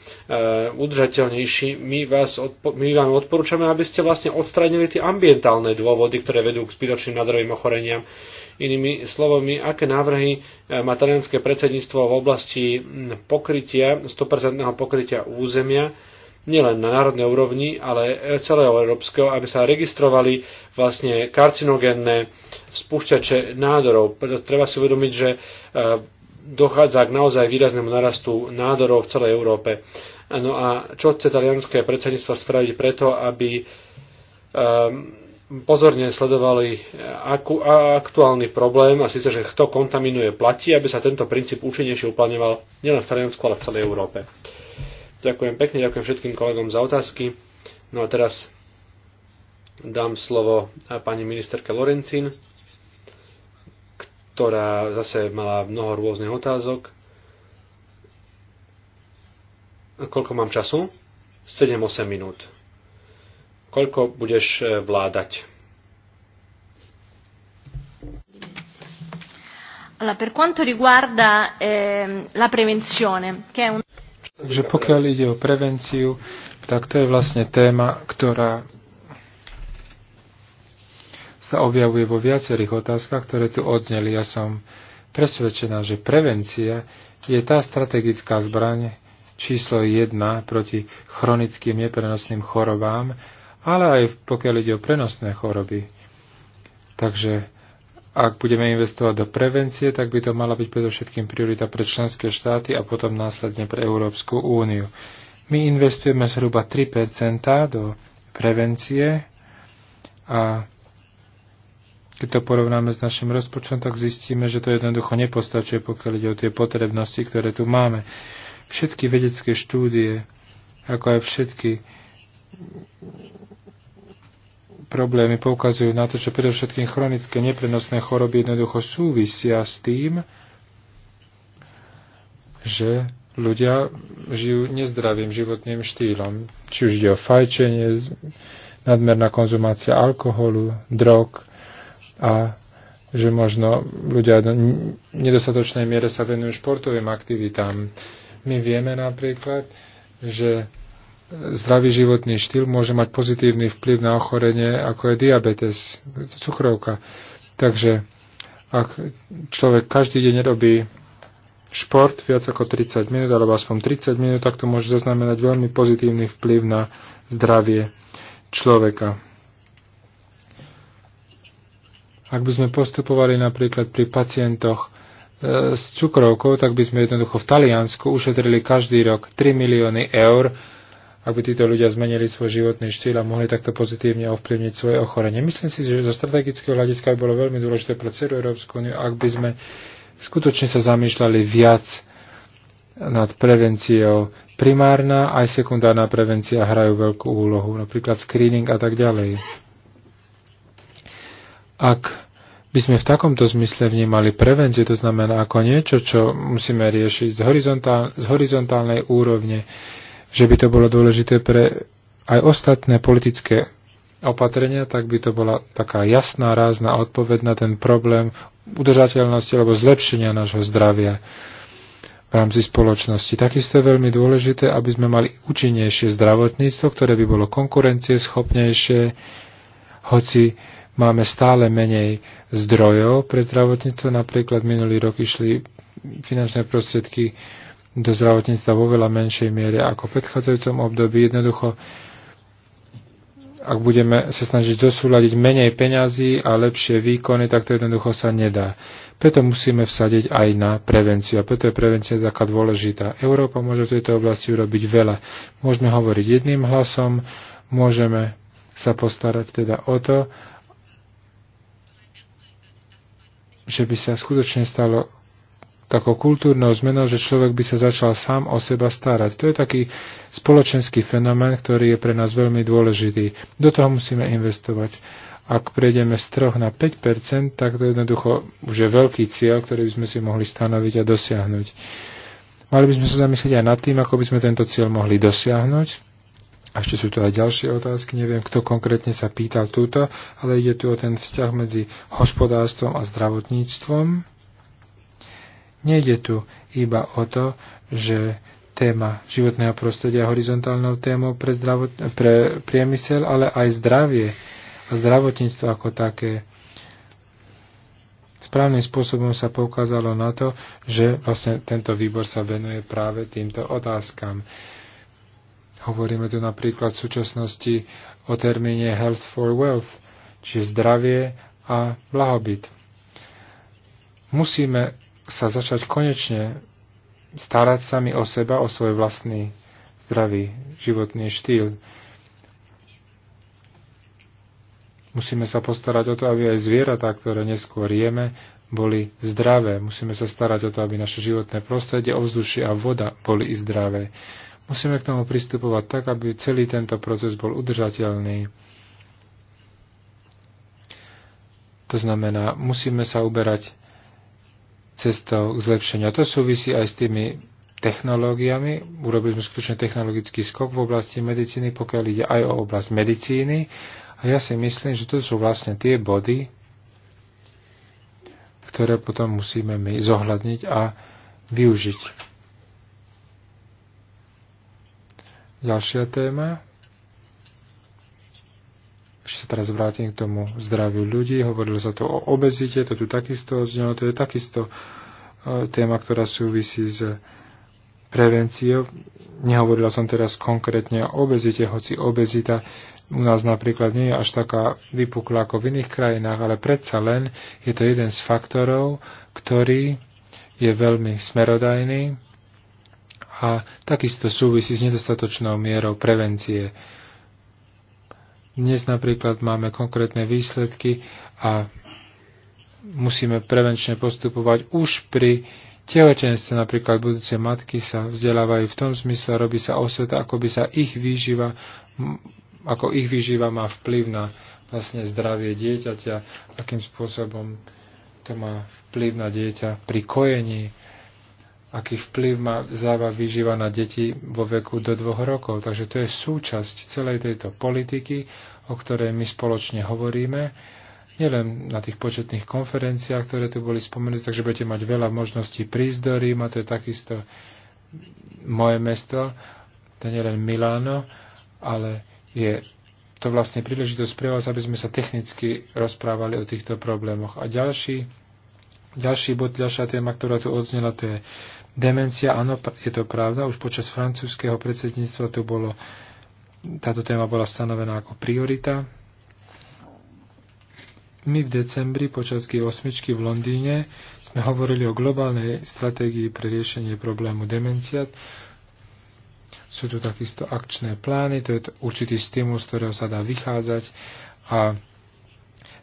udržateľnejší. My, vás odpo- my vám odporúčame, aby ste vlastne odstránili tie ambientálne dôvody, ktoré vedú k spíročným nadrovým ochoreniam. Inými slovami, aké návrhy e, má talianské predsedníctvo v oblasti pokrytia, 100% pokrytia územia, nielen na národnej úrovni, ale celého európskeho, aby sa registrovali vlastne karcinogénne spúšťače nádorov. Treba si uvedomiť, že e, dochádza k naozaj výraznému narastu nádorov v celej Európe. No a čo chce talianské predsedníctvo spraviť preto, aby e, pozorne sledovali e, akú, aktuálny problém a síce, že kto kontaminuje platí, aby sa tento princíp účinnejšie uplňoval nielen v Taliansku, ale v celej Európe. Ďakujem pekne, ďakujem všetkým kolegom za otázky. No a teraz dám slovo pani ministerke Lorencin, ktorá zase mala mnoho rôznych otázok. Koľko mám času? 7-8 minút. Koľko budeš e, vládať? Allora, per quanto riguarda eh, la prevenzione, che è un... Takže pokiaľ ide o prevenciu, tak to je vlastne téma, ktorá sa objavuje vo viacerých otázkach, ktoré tu odzneli. Ja som presvedčená, že prevencia je tá strategická zbraň číslo jedna proti chronickým neprenosným chorobám, ale aj pokiaľ ide o prenosné choroby. Takže ak budeme investovať do prevencie, tak by to mala byť predovšetkým priorita pre členské štáty a potom následne pre Európsku úniu. My investujeme zhruba 3% do prevencie a keď to porovnáme s našim rozpočtom, tak zistíme, že to jednoducho nepostačuje, pokiaľ ide o tie potrebnosti, ktoré tu máme. Všetky vedecké štúdie, ako aj všetky problémy poukazujú na to, že predovšetkým chronické neprenosné choroby jednoducho súvisia s tým, že ľudia žijú nezdravým životným štýlom. Či už ide o fajčenie, nadmerná konzumácia alkoholu, drog a že možno ľudia v nedostatočnej miere sa venujú športovým aktivitám. My vieme napríklad, že zdravý životný štýl môže mať pozitívny vplyv na ochorenie, ako je diabetes, cukrovka. Takže ak človek každý deň nerobí šport viac ako 30 minút, alebo aspoň 30 minút, tak to môže zaznamenať veľmi pozitívny vplyv na zdravie človeka. Ak by sme postupovali napríklad pri pacientoch e, s cukrovkou, tak by sme jednoducho v Taliansku ušetrili každý rok 3 milióny eur aby títo ľudia zmenili svoj životný štýl a mohli takto pozitívne ovplyvniť svoje ochorenie. Myslím si, že zo strategického hľadiska by bolo veľmi dôležité pre celú Európsku úniu, ak by sme skutočne sa zamýšľali viac nad prevenciou. Primárna aj sekundárna prevencia hrajú veľkú úlohu, napríklad screening a tak ďalej. Ak by sme v takomto zmysle vnímali prevenciu, to znamená ako niečo, čo musíme riešiť z, horizontál, z horizontálnej úrovne, že by to bolo dôležité pre aj ostatné politické opatrenia, tak by to bola taká jasná, rázna odpoveď na ten problém udržateľnosti alebo zlepšenia nášho zdravia v rámci spoločnosti. Takisto je veľmi dôležité, aby sme mali účinnejšie zdravotníctvo, ktoré by bolo konkurencieschopnejšie, hoci máme stále menej zdrojov pre zdravotníctvo. Napríklad minulý rok išli finančné prostriedky do zdravotníctva vo veľa menšej miere ako v predchádzajúcom období. Jednoducho, ak budeme sa snažiť dosúľadiť menej peňazí a lepšie výkony, tak to jednoducho sa nedá. Preto musíme vsadiť aj na prevenciu. A preto je prevencia taká dôležitá. Európa môže v tejto oblasti urobiť veľa. Môžeme hovoriť jedným hlasom, môžeme sa postarať teda o to, že by sa skutočne stalo takou kultúrnou zmenou, že človek by sa začal sám o seba starať. To je taký spoločenský fenomén, ktorý je pre nás veľmi dôležitý. Do toho musíme investovať. Ak prejdeme z 3 na 5 tak to jednoducho už je veľký cieľ, ktorý by sme si mohli stanoviť a dosiahnuť. Mali by sme sa zamyslieť aj nad tým, ako by sme tento cieľ mohli dosiahnuť. A ešte sú tu aj ďalšie otázky, neviem, kto konkrétne sa pýtal túto, ale ide tu o ten vzťah medzi hospodárstvom a zdravotníctvom. Nejde tu iba o to, že téma životného prostredia horizontálnou témou pre, zdravot, pre priemysel, ale aj zdravie a zdravotníctvo ako také. Správnym spôsobom sa poukázalo na to, že vlastne tento výbor sa venuje práve týmto otázkam. Hovoríme tu napríklad v súčasnosti o termíne health for wealth, čiže zdravie a blahobyt. Musíme sa začať konečne starať sami o seba, o svoj vlastný zdravý životný štýl. Musíme sa postarať o to, aby aj zvieratá, ktoré neskôr jeme, boli zdravé. Musíme sa starať o to, aby naše životné prostredie, ovzdušie a voda boli i zdravé. Musíme k tomu pristupovať tak, aby celý tento proces bol udržateľný. To znamená, musíme sa uberať cestou k zlepšeniu. A to súvisí aj s tými technológiami. Urobili sme skutočne technologický skok v oblasti medicíny, pokiaľ ide aj o oblasť medicíny. A ja si myslím, že to sú vlastne tie body, ktoré potom musíme my zohľadniť a využiť. Ďalšia téma. Ešte sa teraz vrátim k tomu zdraviu ľudí. Hovorilo sa to o obezite, to tu takisto odznelo, to je takisto uh, Eh, téma, ktorá súvisí s prevenciou. Nehovorila som teraz konkrétne o obezite, hoci obezita u nás napríklad nie je až taká vypukla ako v iných krajinách, ale predsa len je to jeden z faktorov, ktorý je veľmi smerodajný a takisto súvisí s nedostatočnou mierou prevencie. Dnes napríklad máme konkrétne výsledky a musíme prevenčne postupovať už pri tehotenstve. Napríklad budúce matky sa vzdelávajú v tom zmysle, robí sa osveta, ako by sa ich výživa, ako ich výživa má vplyv na vlastne zdravie dieťaťa, akým spôsobom to má vplyv na dieťa pri kojení, aký vplyv má záva výživa na deti vo veku do dvoch rokov. Takže to je súčasť celej tejto politiky, o ktorej my spoločne hovoríme nielen na tých početných konferenciách, ktoré tu boli spomenuté, takže budete mať veľa možností prísť do Ríma, to je takisto moje mesto, to nie len Miláno, ale je to vlastne príležitosť pre vás, aby sme sa technicky rozprávali o týchto problémoch. A ďalší, ďalší bod, ďalšia téma, ktorá tu odznela, to je demencia. Áno, je to pravda, už počas francúzského predsedníctva tu bolo, táto téma bola stanovená ako priorita my v decembri počas G8 v Londýne sme hovorili o globálnej stratégii pre riešenie problému demencia. Sú tu takisto akčné plány, to je to určitý stimul, z ktorého sa dá vychádzať a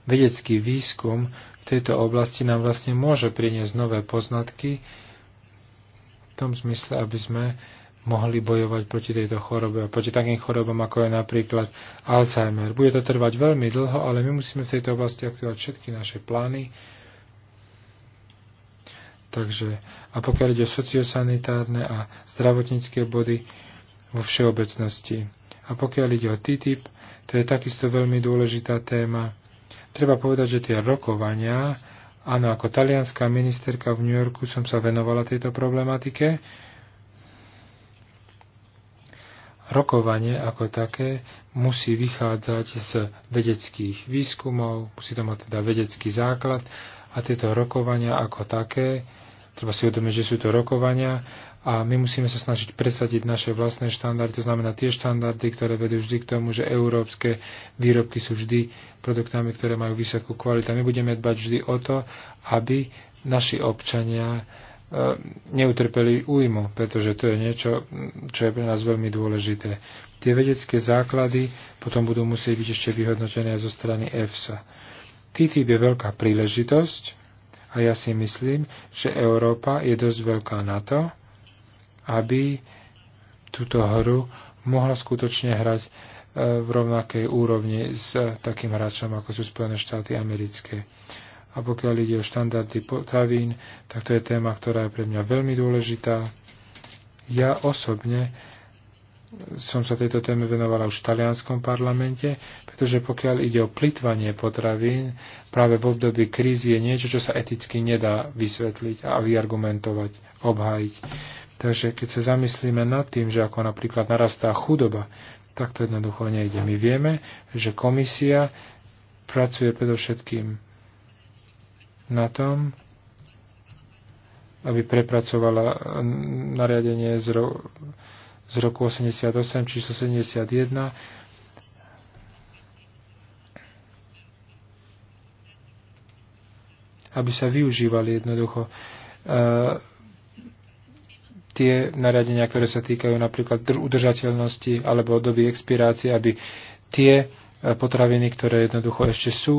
vedecký výskum v tejto oblasti nám vlastne môže priniesť nové poznatky v tom zmysle, aby sme mohli bojovať proti tejto chorobe a proti takým chorobám, ako je napríklad Alzheimer. Bude to trvať veľmi dlho, ale my musíme v tejto oblasti aktivovať všetky naše plány. Takže, a pokiaľ ide o sociosanitárne a zdravotnícke body vo všeobecnosti. A pokiaľ ide o TTIP, to je takisto veľmi dôležitá téma. Treba povedať, že tie rokovania, áno, ako talianská ministerka v New Yorku som sa venovala tejto problematike, rokovanie ako také musí vychádzať z vedeckých výskumov, musí to mať teda vedecký základ a tieto rokovania ako také, treba si uvedomiť, že sú to rokovania a my musíme sa snažiť presadiť naše vlastné štandardy, to znamená tie štandardy, ktoré vedú vždy k tomu, že európske výrobky sú vždy produktami, ktoré majú vysokú kvalitu. My budeme dbať vždy o to, aby naši občania neutrpeli újmu, pretože to je niečo, čo je pre nás veľmi dôležité. Tie vedecké základy potom budú musieť byť ešte vyhodnotené zo strany EFSA. TTIP je veľká príležitosť a ja si myslím, že Európa je dosť veľká na to, aby túto hru mohla skutočne hrať e, v rovnakej úrovni s takým hráčom, ako sú Spojené štáty americké. A pokiaľ ide o štandardy potravín, tak to je téma, ktorá je pre mňa veľmi dôležitá. Ja osobne som sa tejto téme venovala už v talianskom parlamente, pretože pokiaľ ide o plitvanie potravín, práve v období krízy je niečo, čo sa eticky nedá vysvetliť a vyargumentovať, obhájiť. Takže keď sa zamyslíme nad tým, že ako napríklad narastá chudoba, tak to jednoducho nejde. My vieme, že komisia pracuje predovšetkým na tom, aby prepracovala eh, nariadenie z, ro- z roku 88 číslo 71. aby sa využívali jednoducho uh, tie nariadenia, ktoré sa týkajú napríklad udržateľnosti alebo doby expirácie, aby tie E, potraviny, ktoré jednoducho ešte sú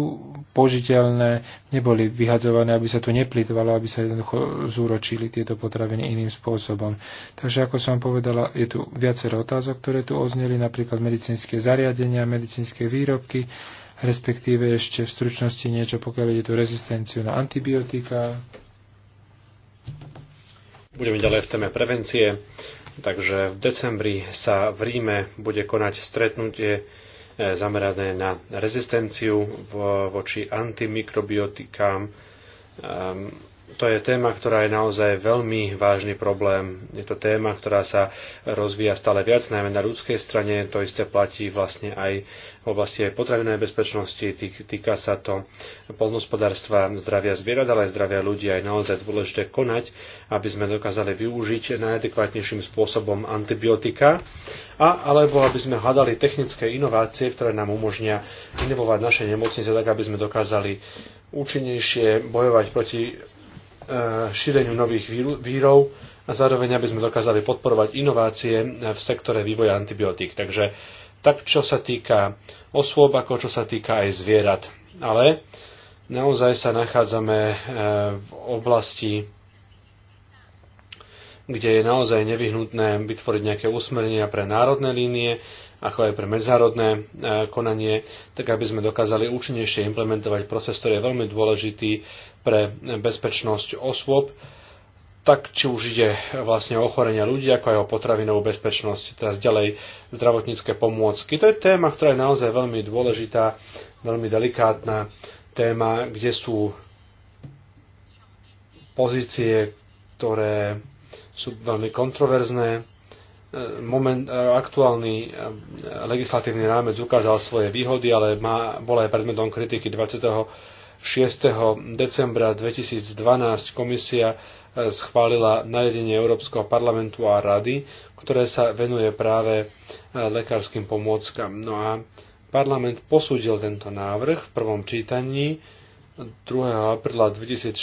požiteľné, neboli vyhadzované, aby sa tu neplýtvalo, aby sa jednoducho zúročili tieto potraviny iným spôsobom. Takže ako som povedala, je tu viacero otázok, ktoré tu ozneli, napríklad medicínske zariadenia, medicínske výrobky, respektíve ešte v stručnosti niečo, pokiaľ ide tu rezistenciu na antibiotika. Budeme ďalej v téme prevencie. Takže v decembri sa v Ríme bude konať stretnutie zamerané na rezistenciu voči antimikrobiotikám ehm, to je téma, ktorá je naozaj veľmi vážny problém. Je to téma, ktorá sa rozvíja stále viac, najmä na ľudskej strane. To isté platí vlastne aj v oblasti aj potravinovej bezpečnosti. Týka sa to polnospodárstva, zdravia zvierat, ale aj zdravia ľudí. Je naozaj dôležité konať, aby sme dokázali využiť najadekvátnejším spôsobom antibiotika, a alebo aby sme hľadali technické inovácie, ktoré nám umožnia inovovať naše nemocnice tak, aby sme dokázali účinnejšie bojovať proti Eh, šíreniu nových vírov a zároveň, aby sme dokázali podporovať inovácie v sektore vývoja antibiotík. Takže tak, čo sa týka osôb, ako čo sa týka aj zvierat. Ale naozaj sa nachádzame eh, v oblasti, kde je naozaj nevyhnutné vytvoriť nejaké usmerenia pre národné línie, ako aj pre medzárodné e, konanie, tak aby sme dokázali účinnejšie implementovať proces, ktorý je veľmi dôležitý pre bezpečnosť osôb, tak či už ide vlastne o ochorenia ľudí, ako aj o potravinovú bezpečnosť, teraz ďalej zdravotnícke pomôcky. To je téma, ktorá je naozaj veľmi dôležitá, veľmi delikátna téma, kde sú pozície, ktoré sú veľmi kontroverzné, moment, e, aktuálny e, legislatívny rámec ukázal svoje výhody, ale má, bol aj predmetom kritiky 26. decembra 2012 komisia e, schválila nariadenie Európskeho parlamentu a rady, ktoré sa venuje práve lekárskym pomôckam. No a parlament posúdil tento návrh v prvom čítaní 2. apríla 2014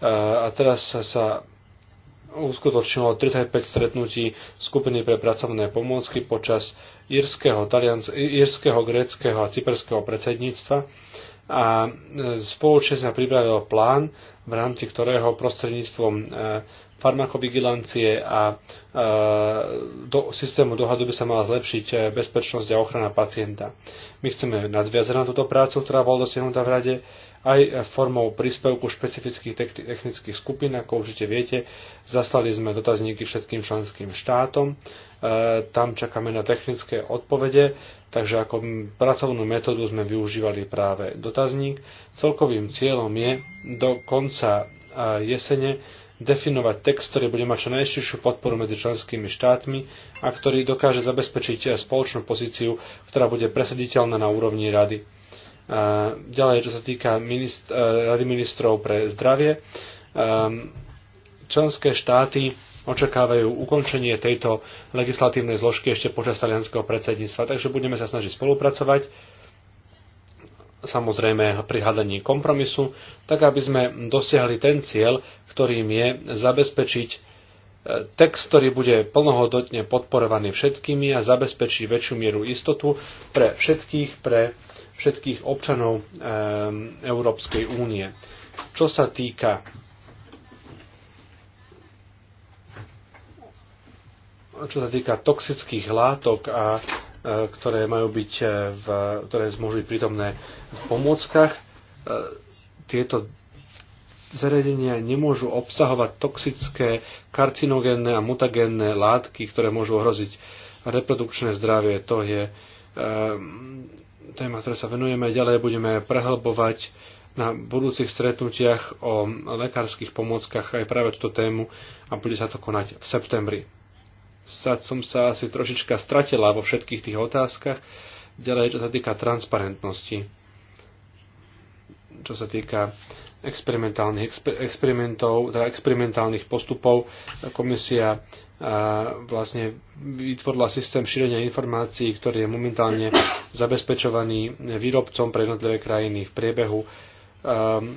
a teraz sa uskutočnilo 35 stretnutí skupiny pre pracovné pomôcky počas írskeho, írskeho gréckého a cyperského predsedníctva a e, spoločne sa pripravil plán, v rámci ktorého prostredníctvom e, farmakovigilancie a e, do, systému dohadu by sa mala zlepšiť bezpečnosť a ochrana pacienta. My chceme nadviazať na túto prácu, ktorá bola dosiahnutá v rade aj formou príspevku špecifických technických skupín, ako určite viete. Zaslali sme dotazníky všetkým členským štátom, e, tam čakáme na technické odpovede, takže ako pracovnú metódu sme využívali práve dotazník. Celkovým cieľom je do konca e, jesene definovať text, ktorý bude mať čo najširšiu podporu medzi členskými štátmi a ktorý dokáže zabezpečiť spoločnú pozíciu, ktorá bude presaditeľná na úrovni rady. Ďalej, čo sa týka minist- e, Rady ministrov pre zdravie, e, členské štáty očakávajú ukončenie tejto legislatívnej zložky ešte počas talianského predsedníctva, takže budeme sa snažiť spolupracovať samozrejme pri hľadaní kompromisu, tak aby sme dosiahli ten cieľ, ktorým je zabezpečiť e, text, ktorý bude plnohodnotne podporovaný všetkými a zabezpečí väčšiu mieru istotu pre všetkých, pre všetkých občanov ehm, Európskej únie. Čo sa týka čo sa týka toxických látok, a, e, ktoré majú byť e, v, ktoré môžu byť prítomné v pomôckach, e, tieto zariadenia nemôžu obsahovať toxické, karcinogénne a mutagénne látky, ktoré môžu ohroziť reprodukčné zdravie. To je ehm, téma, ktoré sa venujeme. Ďalej budeme prehlbovať na budúcich stretnutiach o lekárskych pomôckach aj práve túto tému a bude sa to konať v septembri. Sad som sa asi trošička stratila vo všetkých tých otázkach. Ďalej, čo sa týka transparentnosti, čo sa týka experimentálnych, experimentov, teda experimentálnych postupov. Komisia vlastne vytvorila systém šírenia informácií, ktorý je momentálne zabezpečovaný výrobcom pre jednotlivé krajiny v priebehu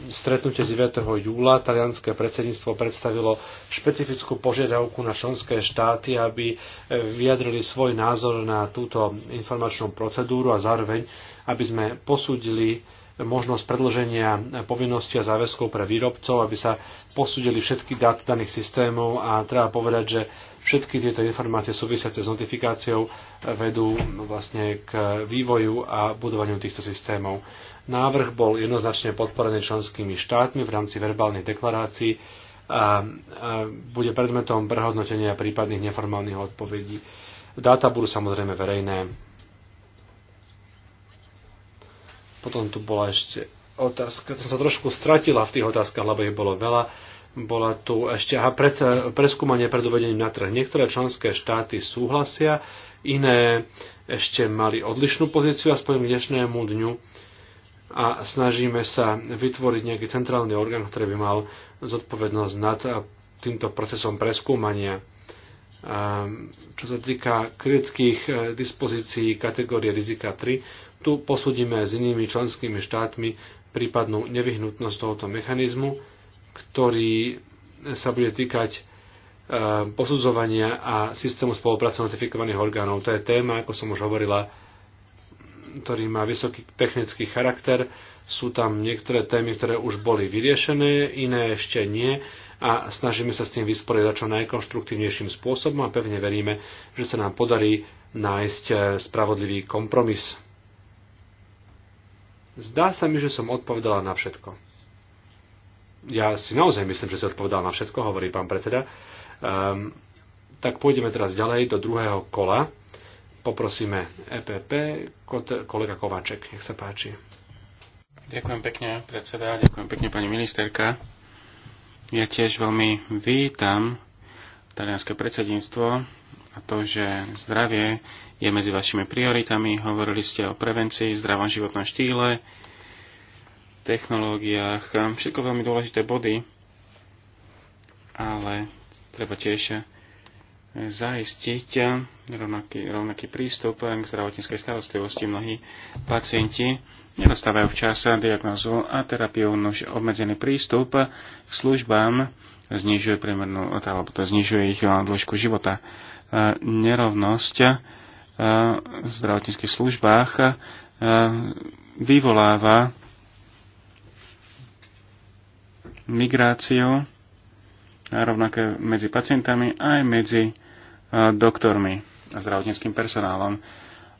stretnutie 9. júla talianské predsedníctvo predstavilo špecifickú požiadavku na členské štáty, aby vyjadrili svoj názor na túto informačnú procedúru a zároveň, aby sme posúdili možnosť predlženia povinnosti a záväzkov pre výrobcov, aby sa posúdili všetky dáta daných systémov a treba povedať, že všetky tieto informácie súvisiace s notifikáciou vedú vlastne k vývoju a budovaniu týchto systémov. Návrh bol jednoznačne podporený členskými štátmi v rámci verbálnej deklarácii a, bude predmetom prehodnotenia prípadných neformálnych odpovedí. Dáta budú samozrejme verejné. Potom tu bola ešte otázka, som sa trošku stratila v tých otázkach, lebo ich bolo veľa. Bola tu ešte aha, pred, preskúmanie pred uvedením na trh. Niektoré členské štáty súhlasia, iné ešte mali odlišnú pozíciu, aspoň k dnešnému dňu a snažíme sa vytvoriť nejaký centrálny orgán, ktorý by mal zodpovednosť nad týmto procesom preskúmania. Čo sa týka kritických eh, dispozícií kategórie rizika 3, tu posúdime s inými členskými štátmi prípadnú nevyhnutnosť tohoto mechanizmu, ktorý sa bude týkať e, posudzovania a systému spolupráce notifikovaných orgánov. To je téma, ako som už hovorila, ktorý má vysoký technický charakter. Sú tam niektoré témy, ktoré už boli vyriešené, iné ešte nie a snažíme sa s tým vysporiadať čo najkonštruktívnejším spôsobom a pevne veríme, že sa nám podarí nájsť e, spravodlivý kompromis. Zdá sa mi, že som odpovedala na všetko. Ja si naozaj myslím, že si odpovedal na všetko, hovorí pán predseda. Um, tak pôjdeme teraz ďalej do druhého kola. Poprosíme EPP, kolega Kováček, nech sa páči. Ďakujem pekne, predseda, ďakujem pekne, pani ministerka. Ja tiež veľmi vítam talianské predsedníctvo a to, že zdravie je medzi vašimi prioritami. Hovorili ste o prevencii, zdravom životnom štýle, technológiách, všetko veľmi dôležité body, ale treba tiež zaistiť rovnaký, rovnaký prístup k zdravotníckej starostlivosti. Mnohí pacienti nedostávajú včas diagnózu a terapiu, nož obmedzený prístup k službám znižuje priemernú, alebo to znižuje ich dĺžku života nerovnosť v zdravotníckých službách vyvoláva migráciu rovnaké medzi pacientami aj medzi doktormi a zdravotníckým personálom.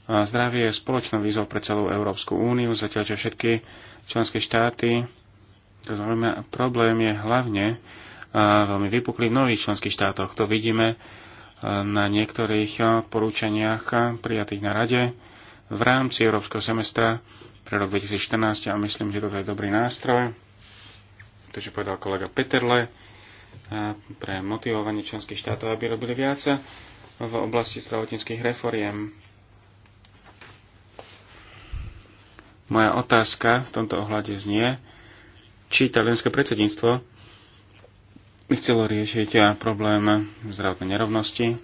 Zdravie je spoločnou výzvou pre celú Európsku úniu, zatiaľ čo všetky členské štáty, to znamená, problém je hlavne veľmi vypuklý v nových členských štátoch. To vidíme na niektorých eh, porúčaniach eh, prijatých na rade v rámci Európskeho semestra pre rok 2014 a myslím, že toto je dobrý nástroj. To, čo povedal kolega Peterle, eh, pre motivovanie členských štátov, aby robili viac v oblasti zdravotníckých reforiem. Moja otázka v tomto ohľade znie, či talianské predsedníctvo by chcelo riešiť eh, problém zdravotnej nerovnosti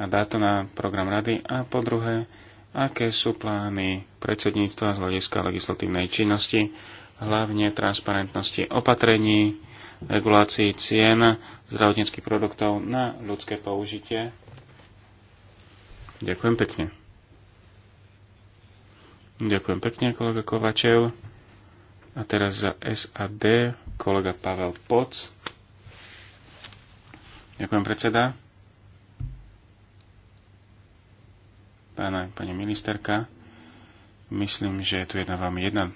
a dá to na program rady a po druhé, aké sú plány predsedníctva z hľadiska legislatívnej činnosti, hlavne transparentnosti opatrení, regulácii cien zdravotníckých produktov na ľudské použitie. Ďakujem pekne. Ďakujem pekne, kolega Kovačev. A teraz za SAD kolega Pavel Poc. Ďakujem predseda. Pána, pani ministerka, myslím, že je tu jedna vám jedna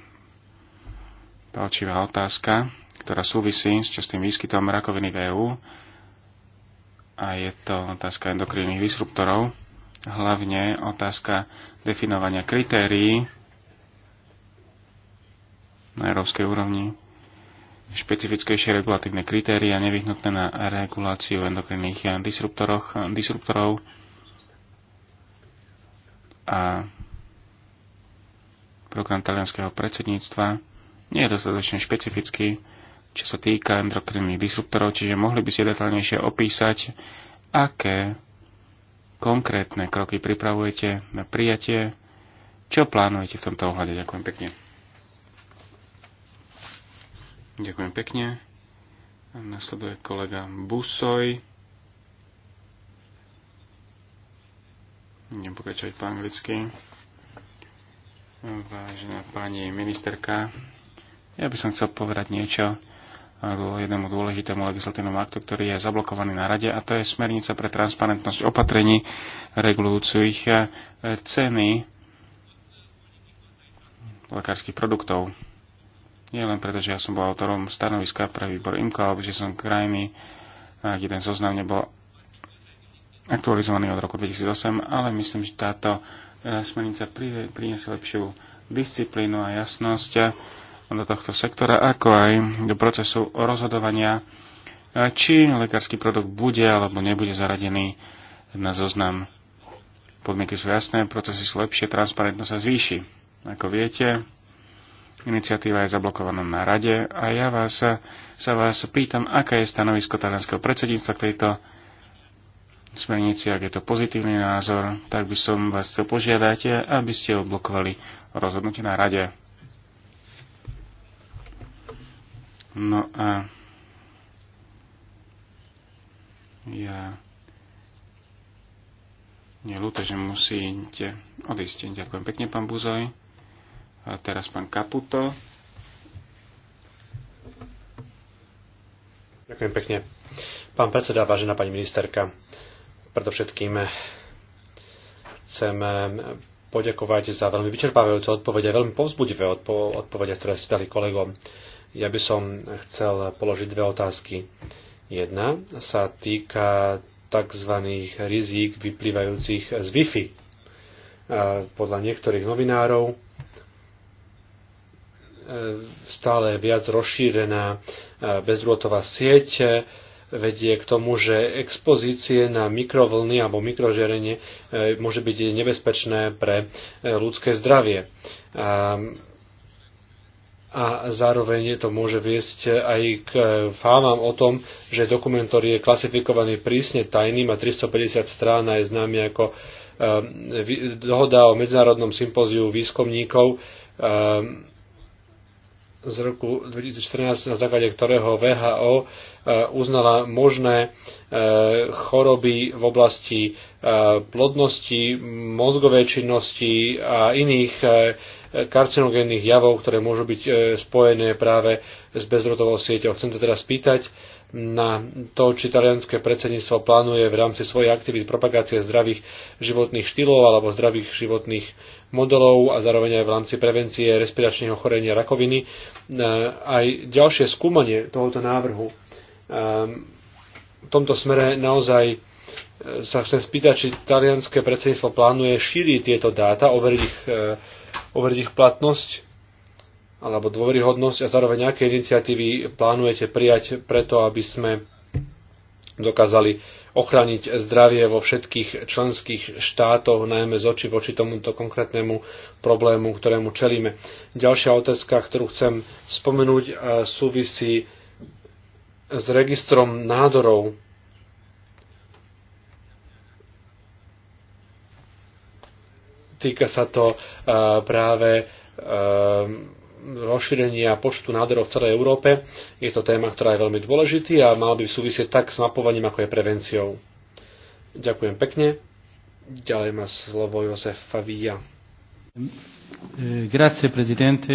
palčivá otázka, ktorá súvisí s častým výskytom rakoviny v EÚ a je to otázka endokrinných disruptorov, hlavne otázka definovania kritérií na európskej úrovni špecifickejšie regulatívne kritéria nevyhnutné na reguláciu endokrinných disruptorov a program talianského predsedníctva nie je dostatočne špecifický, čo sa týka endokrinných disruptorov, čiže mohli by ste detaľnejšie opísať, aké konkrétne kroky pripravujete na prijatie, čo plánujete v tomto ohľade. Ďakujem pekne. Ďakujem pekne. Nasleduje kolega Busoj. Budem pokračovať po anglicky. Vážená pani ministerka, ja by som chcel povedať niečo k jednému dôležitému legislatívnemu aktu, ktorý je zablokovaný na rade, a to je smernica pre transparentnosť opatrení regulujúcich ceny lekárskych produktov. Nie len preto, že ja som bol autorom stanoviska pre výbor IMKO, alebo že som krajiny, kde ten zoznam nebol aktualizovaný od roku 2008, ale myslím, že táto e, smernica priniesie lepšiu disciplínu a jasnosť e, do tohto sektora, ako aj do procesu rozhodovania, e, či lekársky produkt bude alebo nebude zaradený na zoznam. Podmienky sú jasné, procesy sú lepšie, transparentnosť sa zvýši. Ako viete, Iniciatíva je zablokovaná na rade a ja vás, sa vás pýtam, aké je stanovisko talianského predsedníctva k tejto smernici. Ak je to pozitívny názor, tak by som vás chcel požiadať, aby ste oblokovali rozhodnutie na rade. No a ja nelúte, že musíte odísť. Ďakujem pekne, pán Buzoj. A teraz pán Kaputo. Ďakujem pekne. Pán predseda, vážená pani ministerka, predovšetkým chcem poďakovať za veľmi vyčerpávajúce odpovede, veľmi povzbudivé odpo- odpovede, ktoré ste dali kolegom. Ja by som chcel položiť dve otázky. Jedna sa týka tzv. rizík vyplývajúcich z Wi-Fi. Podľa niektorých novinárov stále viac rozšírená e, bezdrôtová sieť e, vedie k tomu, že expozície na mikrovlny alebo mikrožerenie e, môže byť nebezpečné pre ľudské zdravie. A zároveň to môže viesť aj k fámam o tom, že dokument, ktorý je klasifikovaný prísne tajným a 350 strán a je známy ako dohoda o medzinárodnom sympóziu výskumníkov z roku 2014, na základe ktorého VHO e, uznala možné e, choroby v oblasti e, plodnosti, mozgovej činnosti a iných karcinogénnych javov, ktoré môžu byť spojené práve s bezrotovou sieťou. Chcem sa teda spýtať, na to, či talianské predsedníctvo plánuje v rámci svojej aktivity propagácie zdravých životných štýlov alebo zdravých životných modelov a zároveň aj v rámci prevencie respiračného chorenia rakoviny. E, aj ďalšie skúmanie tohoto návrhu. E, v tomto smere naozaj e, sa chcem spýtať, či talianské predsedníctvo plánuje šíriť tieto dáta, overiť ich, overiť ich platnosť alebo dôveryhodnosť a zároveň aké iniciatívy plánujete prijať preto, aby sme dokázali ochrániť zdravie vo všetkých členských štátoch, najmä z oči voči tomuto konkrétnemu problému, ktorému čelíme. Ďalšia otázka, ktorú chcem spomenúť, súvisí s registrom nádorov. Týka sa to práve rozšírenia počtu nádorov v celej Európe. Je to téma, ktorá je veľmi dôležitý a mal by súvisieť tak s mapovaním, ako je prevenciou. Ďakujem pekne. Ďalej má slovo Jozef Favia. Grazie, prezidente.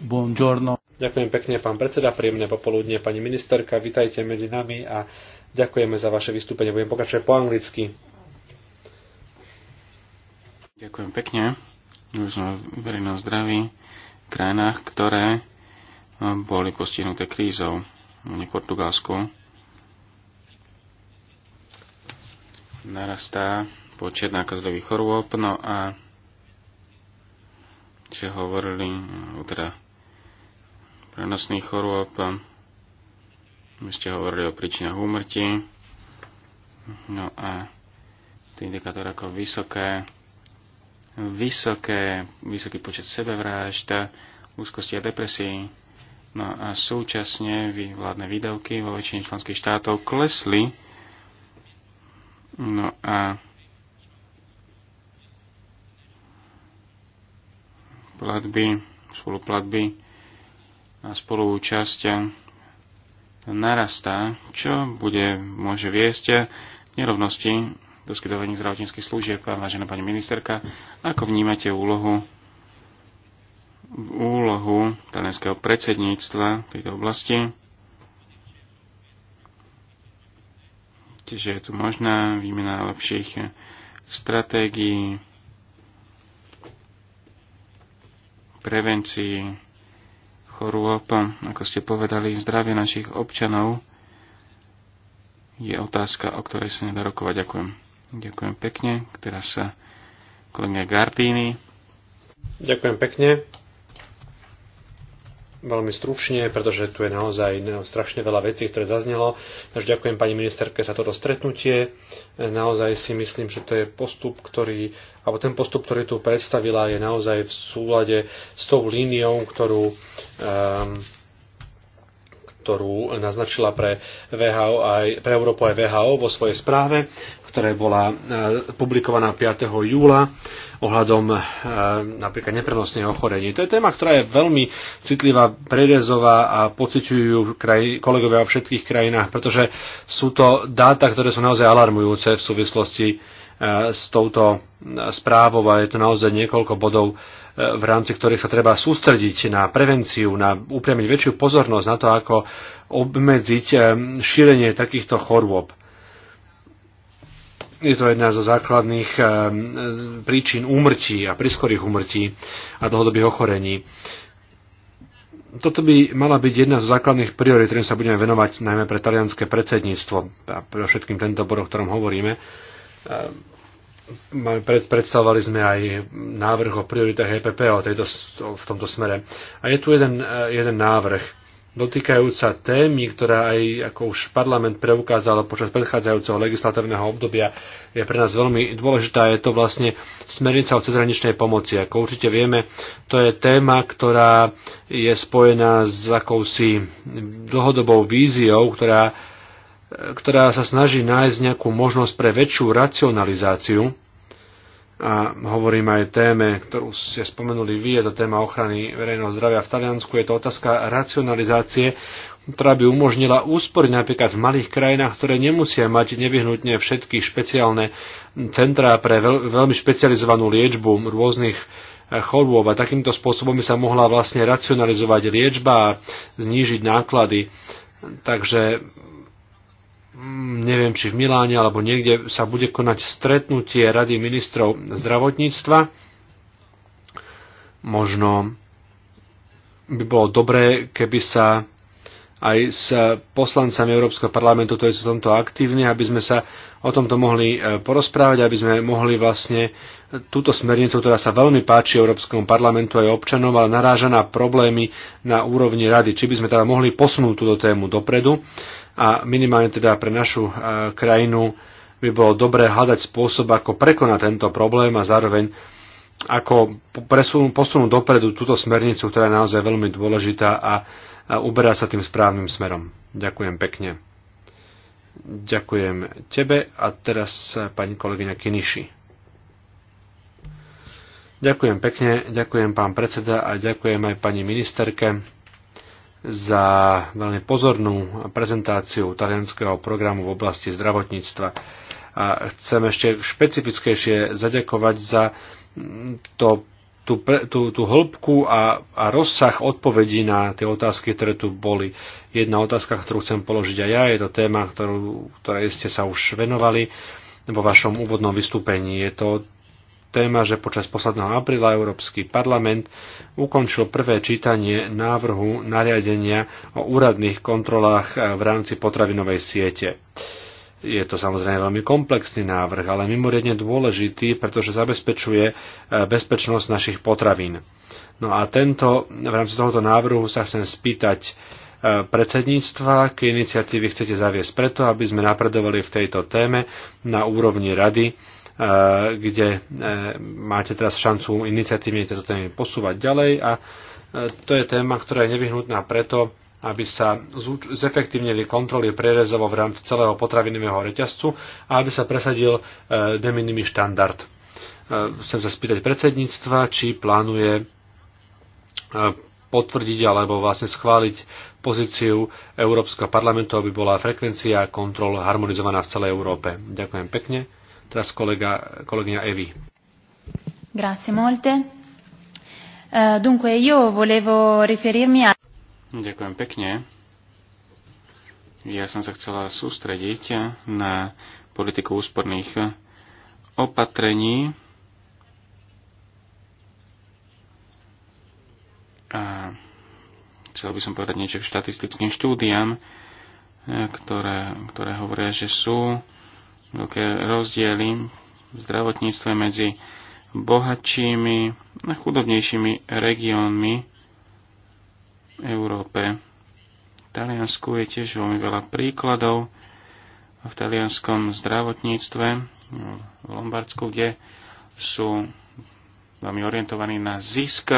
Buongiorno. Ďakujem pekne, pán predseda. Príjemné popoludne, pani ministerka. Vitajte medzi nami a ďakujeme za vaše vystúpenie. Budem pokračovať po anglicky. Ďakujem pekne. Už sme verejného zdraví krajinách, ktoré eh, boli postihnuté krízou, hlavne Portugalsku. Narastá počet nákazlivých chorôb, no a čo hovorili eh, o teda prenosných chorôb, my eh, ste hovorili o príčinách úmrtí, no a indikátory ako vysoké vysoké, vysoký počet sebevrážd, úzkosti a depresí. No a súčasne vládne výdavky vo väčšine členských štátov klesli. No a platby, spoluplatby a spoluúčasť narastá, čo bude, môže viesť nerovnosti poskytovaní zdravotníckých služieb. A vážená pani ministerka, ako vnímate úlohu úlohu talianského predsedníctva v tejto oblasti? Čiže je tu možná výmena lepších stratégií, prevencii chorôb, ako ste povedali, zdravie našich občanov je otázka, o ktorej sa nedá rokovať. Ďakujem. Ďakujem pekne. Teraz sa kolega Gardíny. Ďakujem pekne. Veľmi stručne, pretože tu je naozaj strašne veľa vecí, ktoré zaznelo. Takže ďakujem pani ministerke za toto stretnutie. Naozaj si myslím, že to je postup, ktorý, alebo ten postup, ktorý tu predstavila, je naozaj v súlade s tou líniou, ktorú um, ktorú naznačila pre, VHO aj, pre Európu aj VHO vo svojej správe ktorá bola e, publikovaná 5. júla ohľadom e, napríklad neprenosných ochorení. To je téma, ktorá je veľmi citlivá, prerezová a pociťujú kraj, kolegovia vo všetkých krajinách, pretože sú to dáta, ktoré sú naozaj alarmujúce v súvislosti e, s touto správou a je to naozaj niekoľko bodov, v rámci ktorých sa treba sústrediť na prevenciu, na upriamiť väčšiu pozornosť na to, ako obmedziť šírenie takýchto chorôb. Je to jedna zo základných eh, príčin úmrtí a priskorých úmrtí a dlhodobých ochorení. Toto by mala byť jedna zo základných priorít, ktorým sa budeme venovať najmä pre talianské predsedníctvo a pre všetkým tento bod, o ktorom hovoríme. Eh, predstavovali sme aj návrh o prioritách EPP o tejto, v tomto smere. A je tu jeden, eh, jeden návrh, dotýkajúca témy, ktorá aj ako už parlament preukázal počas predchádzajúceho legislatívneho obdobia, je pre nás veľmi dôležitá. Je to vlastne smernica o cezhraničnej pomoci. Ako určite vieme, to je téma, ktorá je spojená s akousi dlhodobou víziou, ktorá, ktorá sa snaží nájsť nejakú možnosť pre väčšiu racionalizáciu a hovorím aj téme, ktorú ste spomenuli vy, je to téma ochrany verejného zdravia v Taliansku, je to otázka racionalizácie, ktorá by umožnila úspory napríklad v malých krajinách, ktoré nemusia mať nevyhnutne všetky špeciálne centrá pre veľ, veľmi špecializovanú liečbu rôznych eh, chorôb a takýmto spôsobom by sa mohla vlastne racionalizovať liečba a znížiť náklady. Takže Mm, neviem či v Miláne alebo niekde sa bude konať stretnutie Rady ministrov zdravotníctva. Možno by bolo dobré, keby sa aj s poslancami Európskeho parlamentu, to je v tomto aktívne, aby sme sa o tomto mohli e, porozprávať, aby sme mohli vlastne túto smernicu, ktorá sa veľmi páči Európskom parlamentu aj občanom, ale naráža na problémy na úrovni rady. Či by sme teda mohli posunúť túto tému dopredu a minimálne teda pre našu e, krajinu by bolo dobré hľadať spôsob, ako prekonať tento problém a zároveň ako posunúť dopredu túto smernicu, ktorá je naozaj veľmi dôležitá a uberá sa tým správnym smerom. Ďakujem pekne. Ďakujem tebe a teraz e, pani kolegyňa Kiniši. Ďakujem pekne, ďakujem pán predseda a ďakujem aj pani ministerke za veľmi pozornú prezentáciu talianského programu v oblasti zdravotníctva. A chcem ešte špecifickejšie zaďakovať za to, tú, tú, tú hĺbku a, a rozsah odpovedí na tie otázky, ktoré tu boli. Jedna otázka, ktorú chcem položiť aj ja, je to téma, ktorú, ktorej ste sa už venovali vo vašom úvodnom vystúpení. Je to téma, že počas posledného apríla Európsky parlament ukončil prvé čítanie návrhu nariadenia o úradných kontrolách eh, v rámci potravinovej siete. Je to samozrejme veľmi komplexný návrh, ale mimoriadne dôležitý, pretože zabezpečuje eh, bezpečnosť našich potravín. No a tento, v rámci tohoto návrhu sa chcem spýtať, eh, predsedníctva, aké iniciatívy chcete zaviesť preto, aby sme napredovali v tejto téme na úrovni rady Eh, kde eh, máte teraz šancu iniciatívne tieto témy posúvať ďalej a eh, to je téma, ktorá je nevyhnutná preto, aby sa zefektívnili kontroly prierezovo v rámci celého potravinového reťazcu a aby sa presadil de minimis štandard. Chcem sa spýtať predsedníctva, či plánuje potvrdiť alebo vlastne schváliť pozíciu Európskeho parlamentu, aby bola frekvencia kontrol harmonizovaná v celej Európe. Ďakujem pekne. Teraz kolega, kolegyňa Evi. Grazie molte. Uh, Dunque io volevo riferirmi a... Ďakujem pekne. Ja som sa chcela sústrediť na politiku úsporných opatrení a chcel by som povedať niečo k štatistickým štúdiám, eh, ktoré, ktoré hovoria, že sú veľké rozdiely v zdravotníctve medzi bohatšími a chudobnejšími regiónmi Európe. V Taliansku je tiež veľmi veľa príkladov v talianskom zdravotníctve, v Lombardsku, kde sú veľmi orientovaní na zisk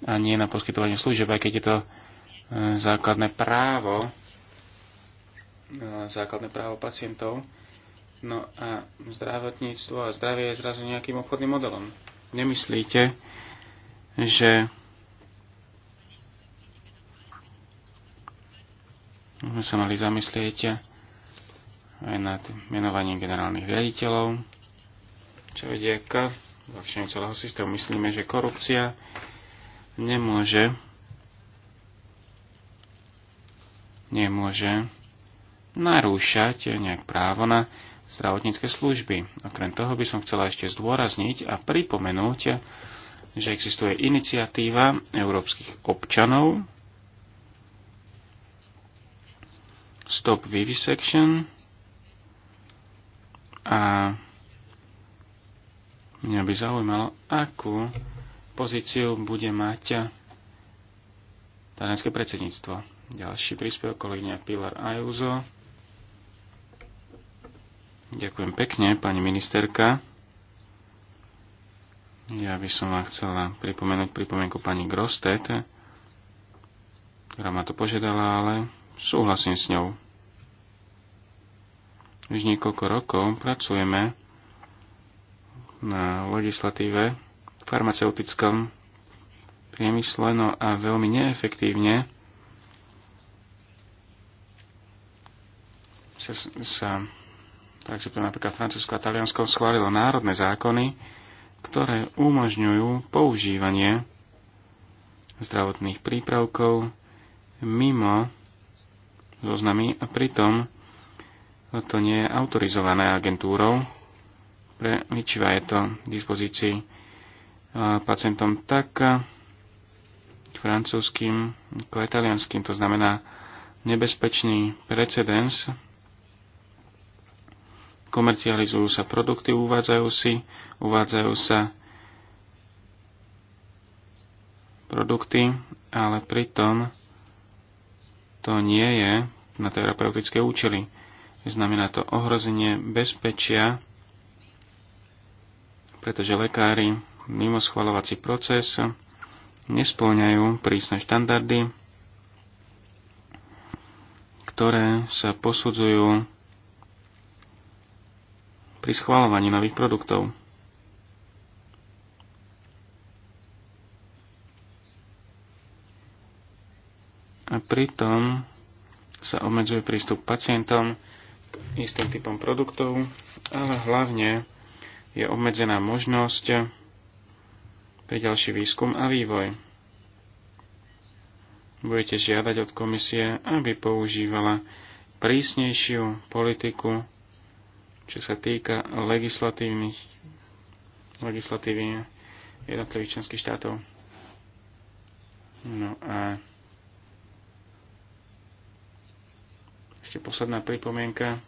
a nie na poskytovanie služieb, aj keď je to e, základné právo základné právo pacientov. No a zdravotníctvo a zdravie je zrazu nejakým obchodným modelom. Nemyslíte, že sme sa mali zamyslieť aj nad menovaním generálnych riaditeľov, čo vedie k zlepšeniu celého systému. Myslíme, že korupcia nemôže nemôže narúšať nejak právo na zdravotnícke služby. Okrem toho by som chcela ešte zdôrazniť a pripomenúť, že existuje iniciatíva európskych občanov Stop Vivisection a mňa by zaujímalo, akú pozíciu bude mať talianské predsedníctvo. Ďalší príspevok kolegyňa Pilar Ajuzo Ďakujem pekne, pani ministerka. Ja by som vám chcela pripomenúť pripomienku pani Grostet, ktorá ma to požiadala, ale súhlasím s ňou. Už niekoľko rokov pracujeme na legislatíve v farmaceutickom priemysle, no a veľmi neefektívne sa, sa Takže to napríklad Francúzsko a Taliansko schválilo národné zákony, ktoré umožňujú používanie zdravotných prípravkov mimo zoznamy a pritom to nie je autorizované agentúrou. Pre ličiva je to v dispozícii pacientom tak francúzským ako italianským, to znamená nebezpečný precedens komercializujú sa produkty, uvádzajú, si, uvádzajú sa produkty, ale pritom to nie je na terapeutické účely. Znamená to ohrozenie bezpečia, pretože lekári mimo schvalovací proces nesplňajú prísne štandardy, ktoré sa posudzujú pri schváľovaní nových produktov. A pritom sa obmedzuje prístup pacientom k istým typom produktov, ale hlavne je obmedzená možnosť pre ďalší výskum a vývoj. Budete žiadať od komisie, aby používala prísnejšiu politiku čo sa týka legislatívnych legislatívy jednotlivých členských štátov. No a ešte posledná pripomienka.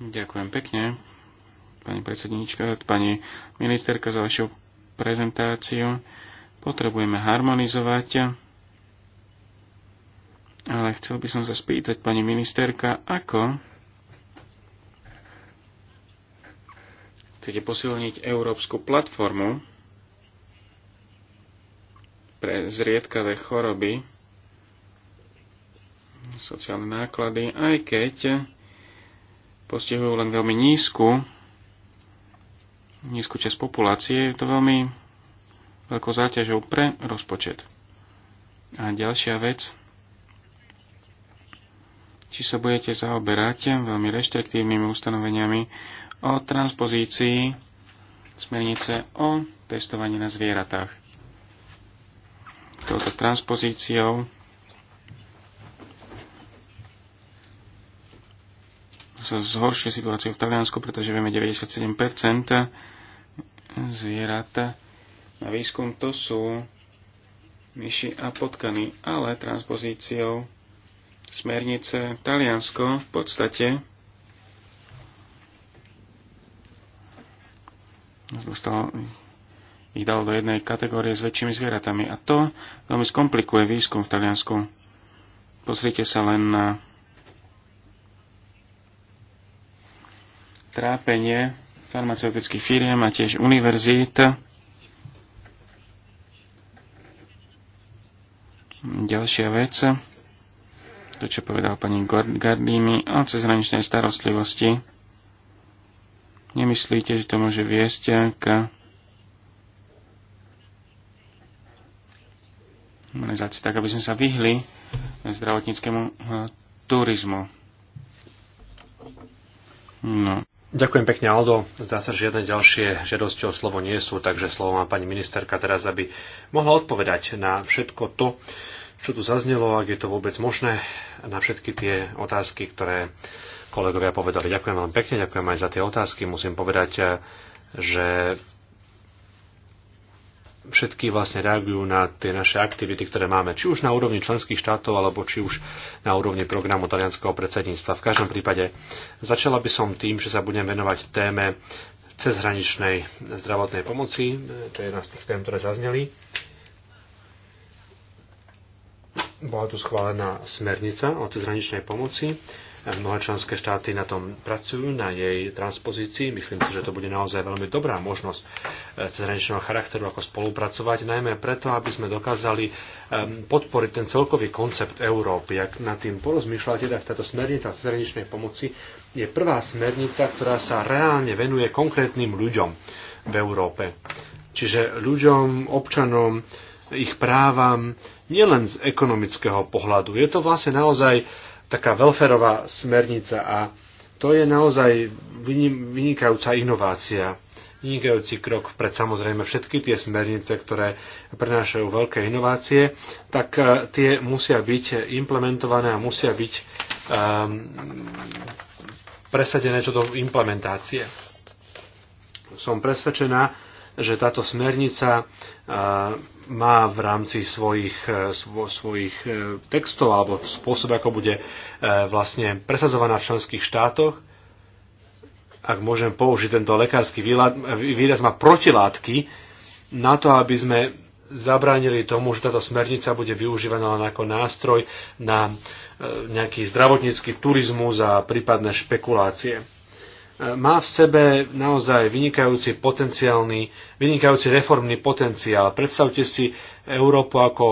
Ďakujem pekne, pani predsednička, pani ministerka za vašu prezentáciu. Potrebujeme harmonizovať ale chcel by som sa spýtať, pani ministerka, ako chcete posilniť európsku platformu pre zriedkavé choroby, sociálne náklady, aj keď postihujú len veľmi nízku, nízku časť populácie, je to veľmi veľkou záťažou pre rozpočet. A ďalšia vec, či sa budete zaoberať veľmi reštriktívnymi ustanoveniami o transpozícii smernice o testovaní na zvieratách. Touto transpozíciou sa zhoršuje situáciu v Taliansku, pretože vieme 97% zvierat na výskum to sú myši a potkany, ale transpozíciou smernice Taliansko v podstate dostalo, ich dal do jednej kategórie s väčšími zvieratami. A to veľmi skomplikuje výskum v Taliansku. Pozrite sa len na trápenie farmaceutických firiem a tiež univerzít. Ďalšia vec to, čo povedal pani Gardini o cezhraničnej starostlivosti. Nemyslíte, že to môže viesť k humanizácii tak aby sme sa vyhli zdravotníckému e, turizmu. No. Ďakujem pekne, Aldo. Zdá sa, že žiadne ďalšie žiadosti o slovo nie sú, takže slovo má pani ministerka teraz, aby mohla odpovedať na všetko to, čo tu zaznelo, ak je to vôbec možné, na všetky tie otázky, ktoré kolegovia povedali. Ďakujem veľmi pekne, ďakujem aj za tie otázky. Musím povedať, eh, že všetky vlastne reagujú na tie naše aktivity, ktoré máme, či už na úrovni členských štátov, alebo či už na úrovni programu talianského predsedníctva. V každom prípade začala by som tým, že sa budem venovať téme cezhraničnej zdravotnej pomoci. To je jedna z tých tém, ktoré zazneli. Bola tu schválená smernica o cezhraničnej pomoci. Mnohé členské štáty na tom pracujú, na jej transpozícii. Myslím si, že to bude naozaj veľmi dobrá možnosť eh, cezhraničného charakteru, ako spolupracovať, najmä preto, aby sme dokázali podporiť ten celkový koncept Európy. Ak nad tým porozmýšľate, tak táto smernica o cezhraničnej pomoci je prvá smernica, ktorá sa reálne venuje konkrétnym ľuďom v Európe. Čiže ľuďom, občanom, ich právam nielen z ekonomického pohľadu. Je to vlastne naozaj taká welfareová smernica a to je naozaj vynikajúca inovácia, vynikajúci krok vpred. Samozrejme, všetky tie smernice, ktoré prenášajú veľké inovácie, tak e, tie musia byť implementované a musia byť um, presadené čo do implementácie. Som presvedčená, že táto smernica má v rámci svojich, e, svo, svojich e, textov alebo v spôsobe, ako bude e, vlastne presadzovaná v členských štátoch, ak môžem použiť tento lekársky výraz, má protilátky na to, aby sme zabránili tomu, že táto smernica bude využívaná len ako nástroj na nejaký zdravotnícky turizmus a prípadné špekulácie má v sebe naozaj vynikajúci potenciálny, vynikajúci reformný potenciál. Predstavte si Európu ako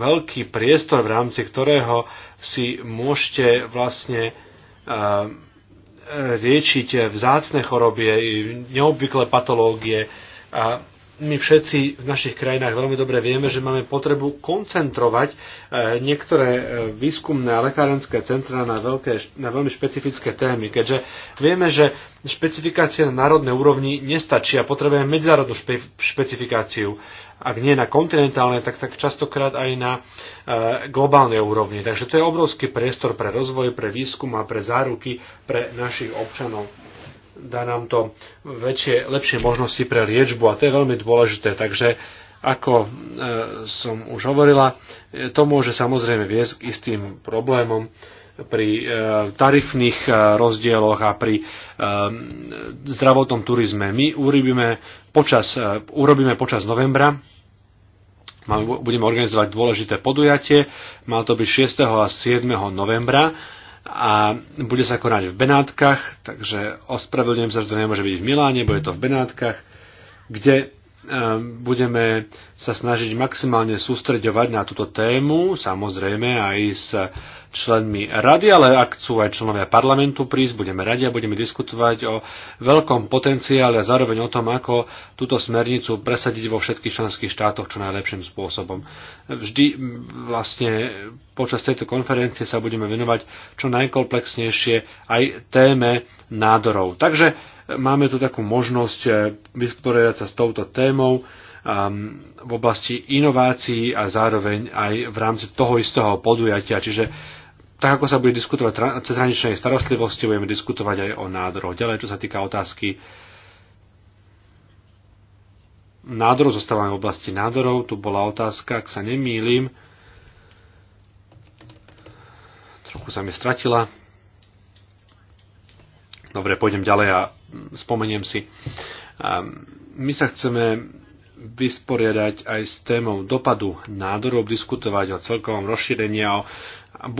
veľký priestor, v rámci ktorého si môžete vlastne eh, riešiť vzácne chorobie, neobvyklé patológie a my všetci v našich krajinách veľmi dobre vieme, že máme potrebu koncentrovať e, niektoré e, výskumné a lekárenské centra na, veľké, na veľmi špecifické témy, keďže vieme, že špecifikácie na národnej úrovni nestačia, potrebujeme medzinárodnú špe, špecifikáciu. Ak nie na kontinentálnej, tak, tak častokrát aj na e, globálnej úrovni. Takže to je obrovský priestor pre rozvoj, pre výskum a pre záruky pre našich občanov dá nám to väčšie, lepšie možnosti pre liečbu a to je veľmi dôležité. Takže ako e, som už hovorila, e, to môže samozrejme viesť k istým problémom pri e, tarifných rozdieloch a pri zdravotnom turizme. My urobíme počas, urobíme počas novembra budeme organizovať dôležité podujatie. Má to byť 6. a 7. novembra a bude sa konať v Benátkach, takže ospravedlňujem sa, že to nemôže byť v Miláne, bude to v Benátkach, kde Ehm, budeme sa snažiť maximálne sústreďovať na túto tému, samozrejme aj s členmi rady, ale ak chcú aj členovia parlamentu prísť, budeme radi a budeme diskutovať o veľkom potenciále a zároveň o tom, ako túto smernicu presadiť vo všetkých členských štátoch čo najlepším spôsobom. Vždy vlastne počas tejto konferencie sa budeme venovať čo najkomplexnejšie aj téme nádorov. Takže Máme tu takú možnosť eh, vysporiadať sa s touto témou eh, v oblasti inovácií a zároveň aj v rámci toho istého podujatia. Čiže tak ako sa bude diskutovať cez hraničnej starostlivosti, budeme diskutovať aj o nádoroch. Ďalej, čo sa týka otázky nádorov, zostávame v oblasti nádorov. Tu bola otázka, ak sa nemýlim, trochu sa mi stratila. Dobre, pôjdem ďalej a spomeniem si. My sa chceme vysporiadať aj s témou dopadu nádorov, diskutovať o celkovom rozšírení a o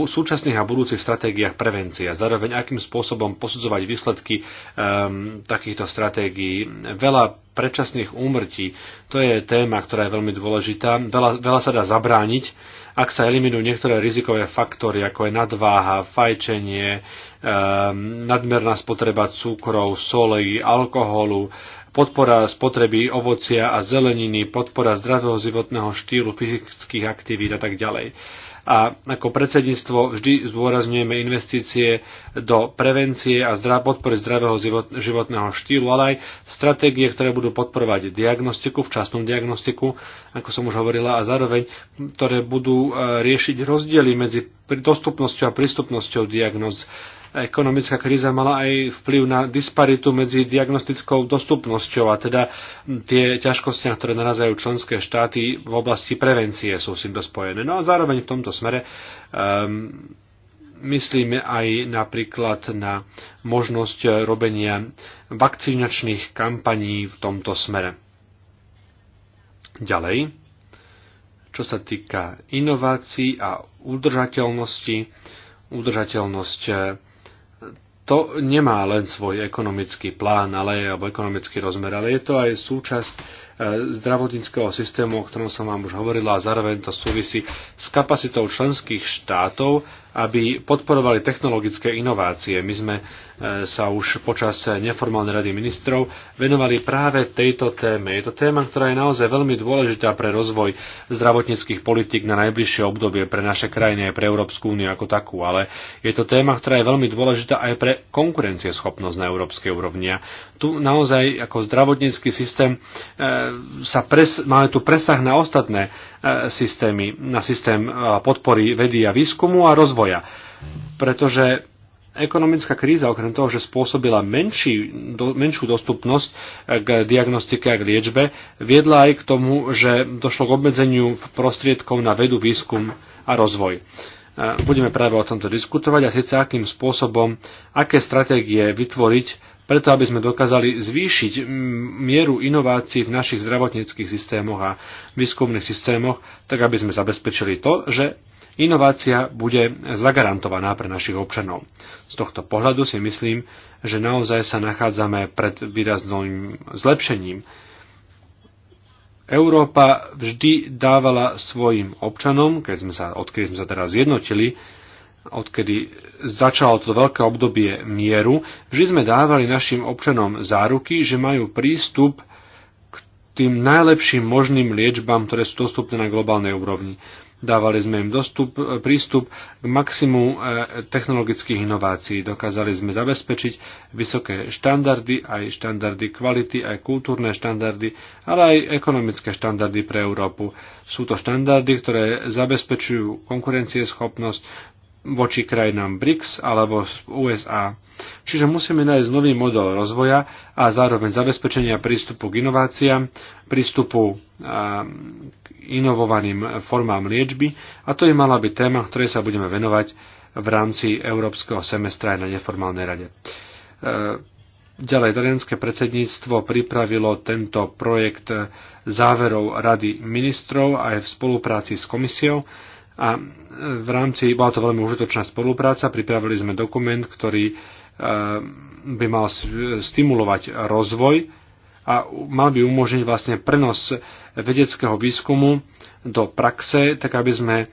súčasných a budúcich stratégiách prevencie a zároveň akým spôsobom posudzovať výsledky um, takýchto stratégií. Veľa predčasných úmrtí, to je téma, ktorá je veľmi dôležitá. Veľa, veľa sa dá zabrániť ak sa eliminujú niektoré rizikové faktory, ako je nadváha, fajčenie, ehm, nadmerná spotreba cukrov, solej, alkoholu, podpora spotreby ovocia a zeleniny, podpora zdravého životného štýlu, fyzických aktivít a tak ďalej a ako predsedníctvo vždy zdôrazňujeme investície do prevencie a zdra, podpory zdravého životného štýlu, ale aj stratégie, ktoré budú podporovať diagnostiku, včasnú diagnostiku, ako som už hovorila, a zároveň, ktoré budú e, riešiť rozdiely medzi dostupnosťou a prístupnosťou diagnóz. Ekonomická kríza mala aj vplyv na disparitu medzi diagnostickou dostupnosťou a teda tie ťažkosti, na ktoré narazajú členské štáty v oblasti prevencie sú s týmto spojené. No a zároveň v tomto smere um, myslíme aj napríklad na možnosť robenia vakcinačných kampaní v tomto smere. Ďalej čo sa týka inovácií a udržateľnosti. Udržateľnosť e, to nemá len svoj ekonomický plán ale, alebo ekonomický rozmer, ale je to aj súčasť zdravotníckého systému, o ktorom som vám už hovorila a zároveň to súvisí s kapacitou členských štátov, aby podporovali technologické inovácie. My sme e, sa už počas neformálnej rady ministrov venovali práve tejto téme. Je to téma, ktorá je naozaj veľmi dôležitá pre rozvoj zdravotníckých politík na najbližšie obdobie pre naše krajiny aj pre Európsku úniu ako takú, ale je to téma, ktorá je veľmi dôležitá aj pre konkurencieschopnosť na európskej úrovni. A tu naozaj ako zdravotnícky systém e, sa pres, máme tu presah na ostatné e, systémy, na systém e, podpory vedy a výskumu a rozvoja. Pretože ekonomická kríza, okrem toho, že spôsobila menší, do, menšiu dostupnosť e, k diagnostike a k liečbe, viedla aj k tomu, že došlo k obmedzeniu prostriedkov na vedu, výskum a rozvoj. Budeme práve o tomto diskutovať a síce akým spôsobom, aké stratégie vytvoriť preto aby sme dokázali zvýšiť mieru inovácií v našich zdravotníckých systémoch a výskumných systémoch, tak aby sme zabezpečili to, že inovácia bude zagarantovaná pre našich občanov. Z tohto pohľadu si myslím, že naozaj sa nachádzame pred výrazným zlepšením. Európa vždy dávala svojim občanom, keď sme sa, odkedy sme sa teraz zjednotili, odkedy začalo to veľké obdobie mieru, vždy sme dávali našim občanom záruky, že majú prístup k tým najlepším možným liečbám, ktoré sú dostupné na globálnej úrovni. Dávali sme im dostup, prístup k maximu e, technologických inovácií. Dokázali sme zabezpečiť vysoké štandardy, aj štandardy kvality, aj kultúrne štandardy, ale aj ekonomické štandardy pre Európu. Sú to štandardy, ktoré zabezpečujú konkurencieschopnosť, voči krajinám BRICS alebo USA. Čiže musíme nájsť nový model rozvoja a zároveň zabezpečenia prístupu k inováciám, prístupu k inovovaným formám liečby a to je mala byť téma, ktorej sa budeme venovať v rámci Európskeho semestra aj na neformálnej rade. E, ďalej, italianské predsedníctvo pripravilo tento projekt záverov Rady ministrov aj v spolupráci s komisiou a e, v rámci, bola to veľmi užitočná spolupráca, pripravili sme dokument, ktorý e, by mal stimulovať rozvoj a mal by umožniť vlastne prenos vedeckého výskumu do praxe, tak aby sme e,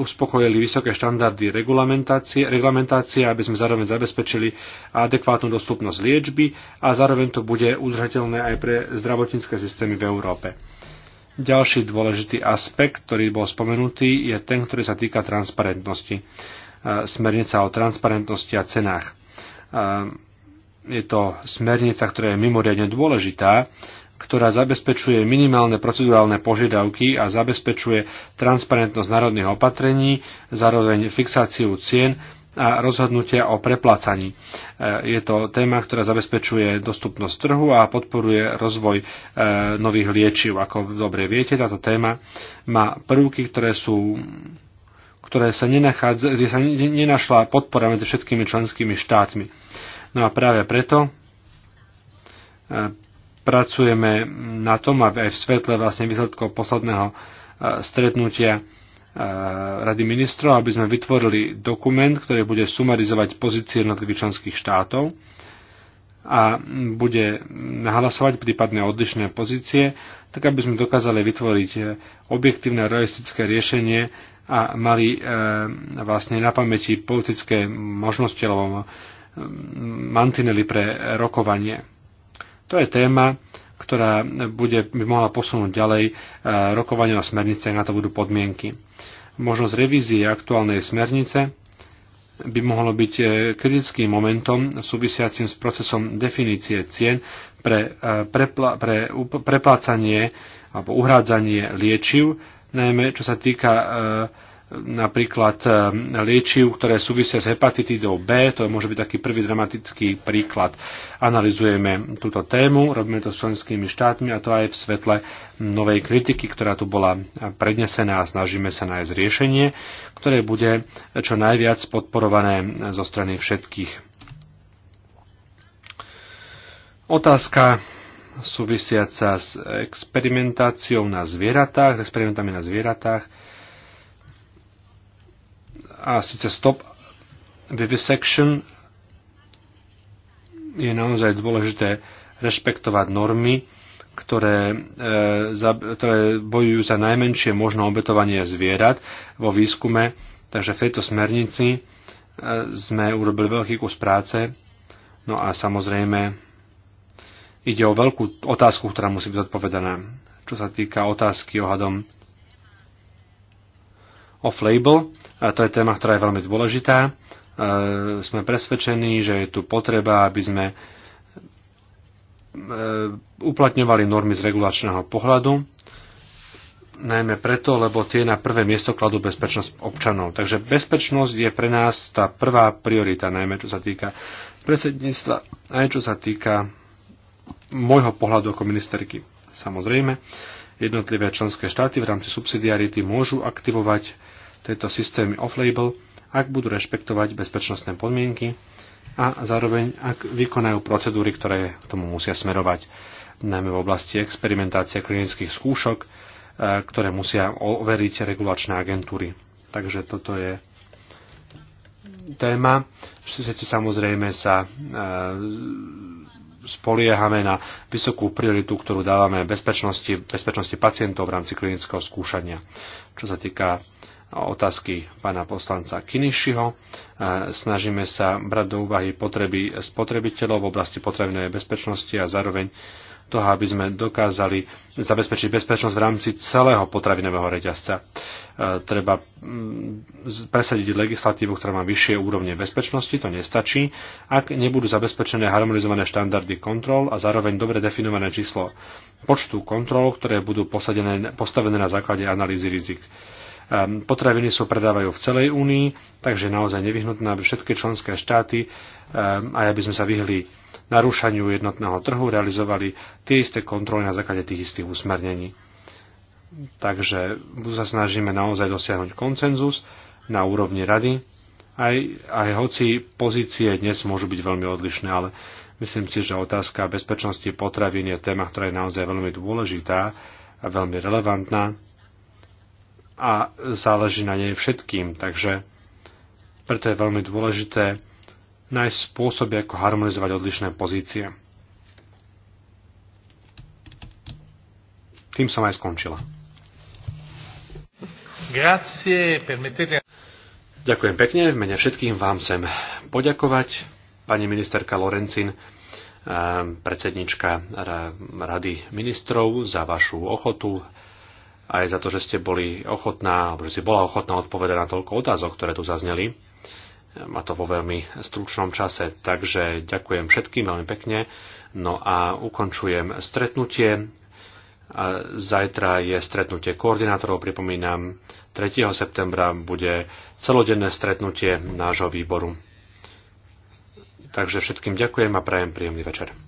uspokojili vysoké štandardy reglamentácie, reglamentácie, aby sme zároveň zabezpečili adekvátnu dostupnosť liečby a zároveň to bude udržateľné aj pre zdravotnícke systémy v Európe. Ďalší dôležitý aspekt, ktorý bol spomenutý, je ten, ktorý sa týka transparentnosti. E, smernica o transparentnosti a cenách. E, je to smernica, ktorá je mimoriadne dôležitá, ktorá zabezpečuje minimálne procedurálne požiadavky a zabezpečuje transparentnosť národných opatrení, zároveň fixáciu cien a rozhodnutia o preplácaní. E, je to téma, ktorá zabezpečuje dostupnosť trhu a podporuje rozvoj e, nových liečiv. Ako dobre viete, táto téma má prvky, ktoré sú ktoré sa nenachádza, kde sa nenašla podpora medzi všetkými členskými štátmi. No a práve preto e, pracujeme na tom, aby aj v svetle vlastne výsledkov posledného stretnutia Rady ministrov, aby sme vytvorili dokument, ktorý bude sumarizovať pozície jednotlivých členských štátov a bude nahlasovať prípadne odlišné pozície, tak aby sme dokázali vytvoriť objektívne realistické riešenie a mali e, vlastne na pamäti politické možnosti alebo mantinely pre rokovanie. To je téma, ktorá bude, by mohla posunúť ďalej e, rokovanie o smernice, na to budú podmienky. Možnosť revízie aktuálnej smernice by mohlo byť e, kritickým momentom súvisiacim s procesom definície cien pre, e, prepla, pre preplácanie alebo uhrádzanie liečiv, najmä čo sa týka e, napríklad e, liečiv, ktoré súvisia s hepatitidou B, to môže byť taký prvý dramatický príklad. Analizujeme túto tému, robíme to s členskými štátmi a to aj v svetle novej kritiky, ktorá tu bola prednesená a snažíme sa nájsť riešenie, ktoré bude čo najviac podporované zo strany všetkých. Otázka súvisiaca s experimentáciou na zvieratách, s experimentami na zvieratách a síce stop vivisection je naozaj dôležité rešpektovať normy, ktoré, e, za, ktoré bojujú za najmenšie možné obetovanie zvierat vo výskume. Takže v tejto smernici e, sme urobili veľký kus práce. No a samozrejme ide o veľkú otázku, ktorá musí byť odpovedaná. Čo sa týka otázky ohľadom off-label, a to je téma, ktorá je veľmi dôležitá. E, sme presvedčení, že je tu potreba, aby sme e, uplatňovali normy z regulačného pohľadu, najmä preto, lebo tie na prvé miesto kladú bezpečnosť občanov. Takže bezpečnosť je pre nás tá prvá priorita, najmä čo sa týka predsedníctva, aj čo sa týka môjho pohľadu ako ministerky. Samozrejme, jednotlivé členské štáty v rámci subsidiarity môžu aktivovať tieto systémy off-label, ak budú rešpektovať bezpečnostné podmienky a zároveň ak vykonajú procedúry, ktoré k tomu musia smerovať, najmä v oblasti experimentácie klinických skúšok, e, ktoré musia overiť regulačné agentúry. Takže toto je téma. Všetci samozrejme sa e, spoliehame na vysokú prioritu, ktorú dávame bezpečnosti, bezpečnosti pacientov v rámci klinického skúšania. Čo sa týka otázky pána poslanca Kinišiho. E, snažíme sa brať do úvahy potreby spotrebiteľov v oblasti potrebnej bezpečnosti a zároveň toho, aby sme dokázali zabezpečiť bezpečnosť v rámci celého potravinového reťazca. E, treba mm, presadiť legislatívu, ktorá má vyššie úrovne bezpečnosti, to nestačí, ak nebudú zabezpečené harmonizované štandardy kontrol a zároveň dobre definované číslo počtu kontrol, ktoré budú postavené na základe analýzy rizik. Ehm, potraviny sa so predávajú v celej únii, takže je naozaj nevyhnutné, aby všetky členské štáty, aj ehm, aby sme sa vyhli narúšaniu jednotného trhu, realizovali tie isté kontroly na základe tých istých usmernení. Takže sa snažíme naozaj dosiahnuť koncenzus na úrovni rady, aj, aj hoci pozície dnes môžu byť veľmi odlišné, ale myslím si, že otázka bezpečnosti potravín je téma, ktorá je naozaj veľmi dôležitá a veľmi relevantná a záleží na nej všetkým. Takže preto je veľmi dôležité nájsť spôsoby, ako harmonizovať odlišné pozície. Tým som aj skončila. Grazie, permettete... Ďakujem pekne, v mene všetkým vám chcem poďakovať. Pani ministerka Lorencin, eh, predsednička Rady ministrov, za vašu ochotu, aj za to, že ste boli ochotná, alebo že si bola ochotná odpovedať na toľko otázok, ktoré tu zazneli. A to vo veľmi stručnom čase. Takže ďakujem všetkým veľmi pekne. No a ukončujem stretnutie. Zajtra je stretnutie koordinátorov, pripomínam. 3. septembra bude celodenné stretnutie nášho výboru. Takže všetkým ďakujem a prajem príjemný večer.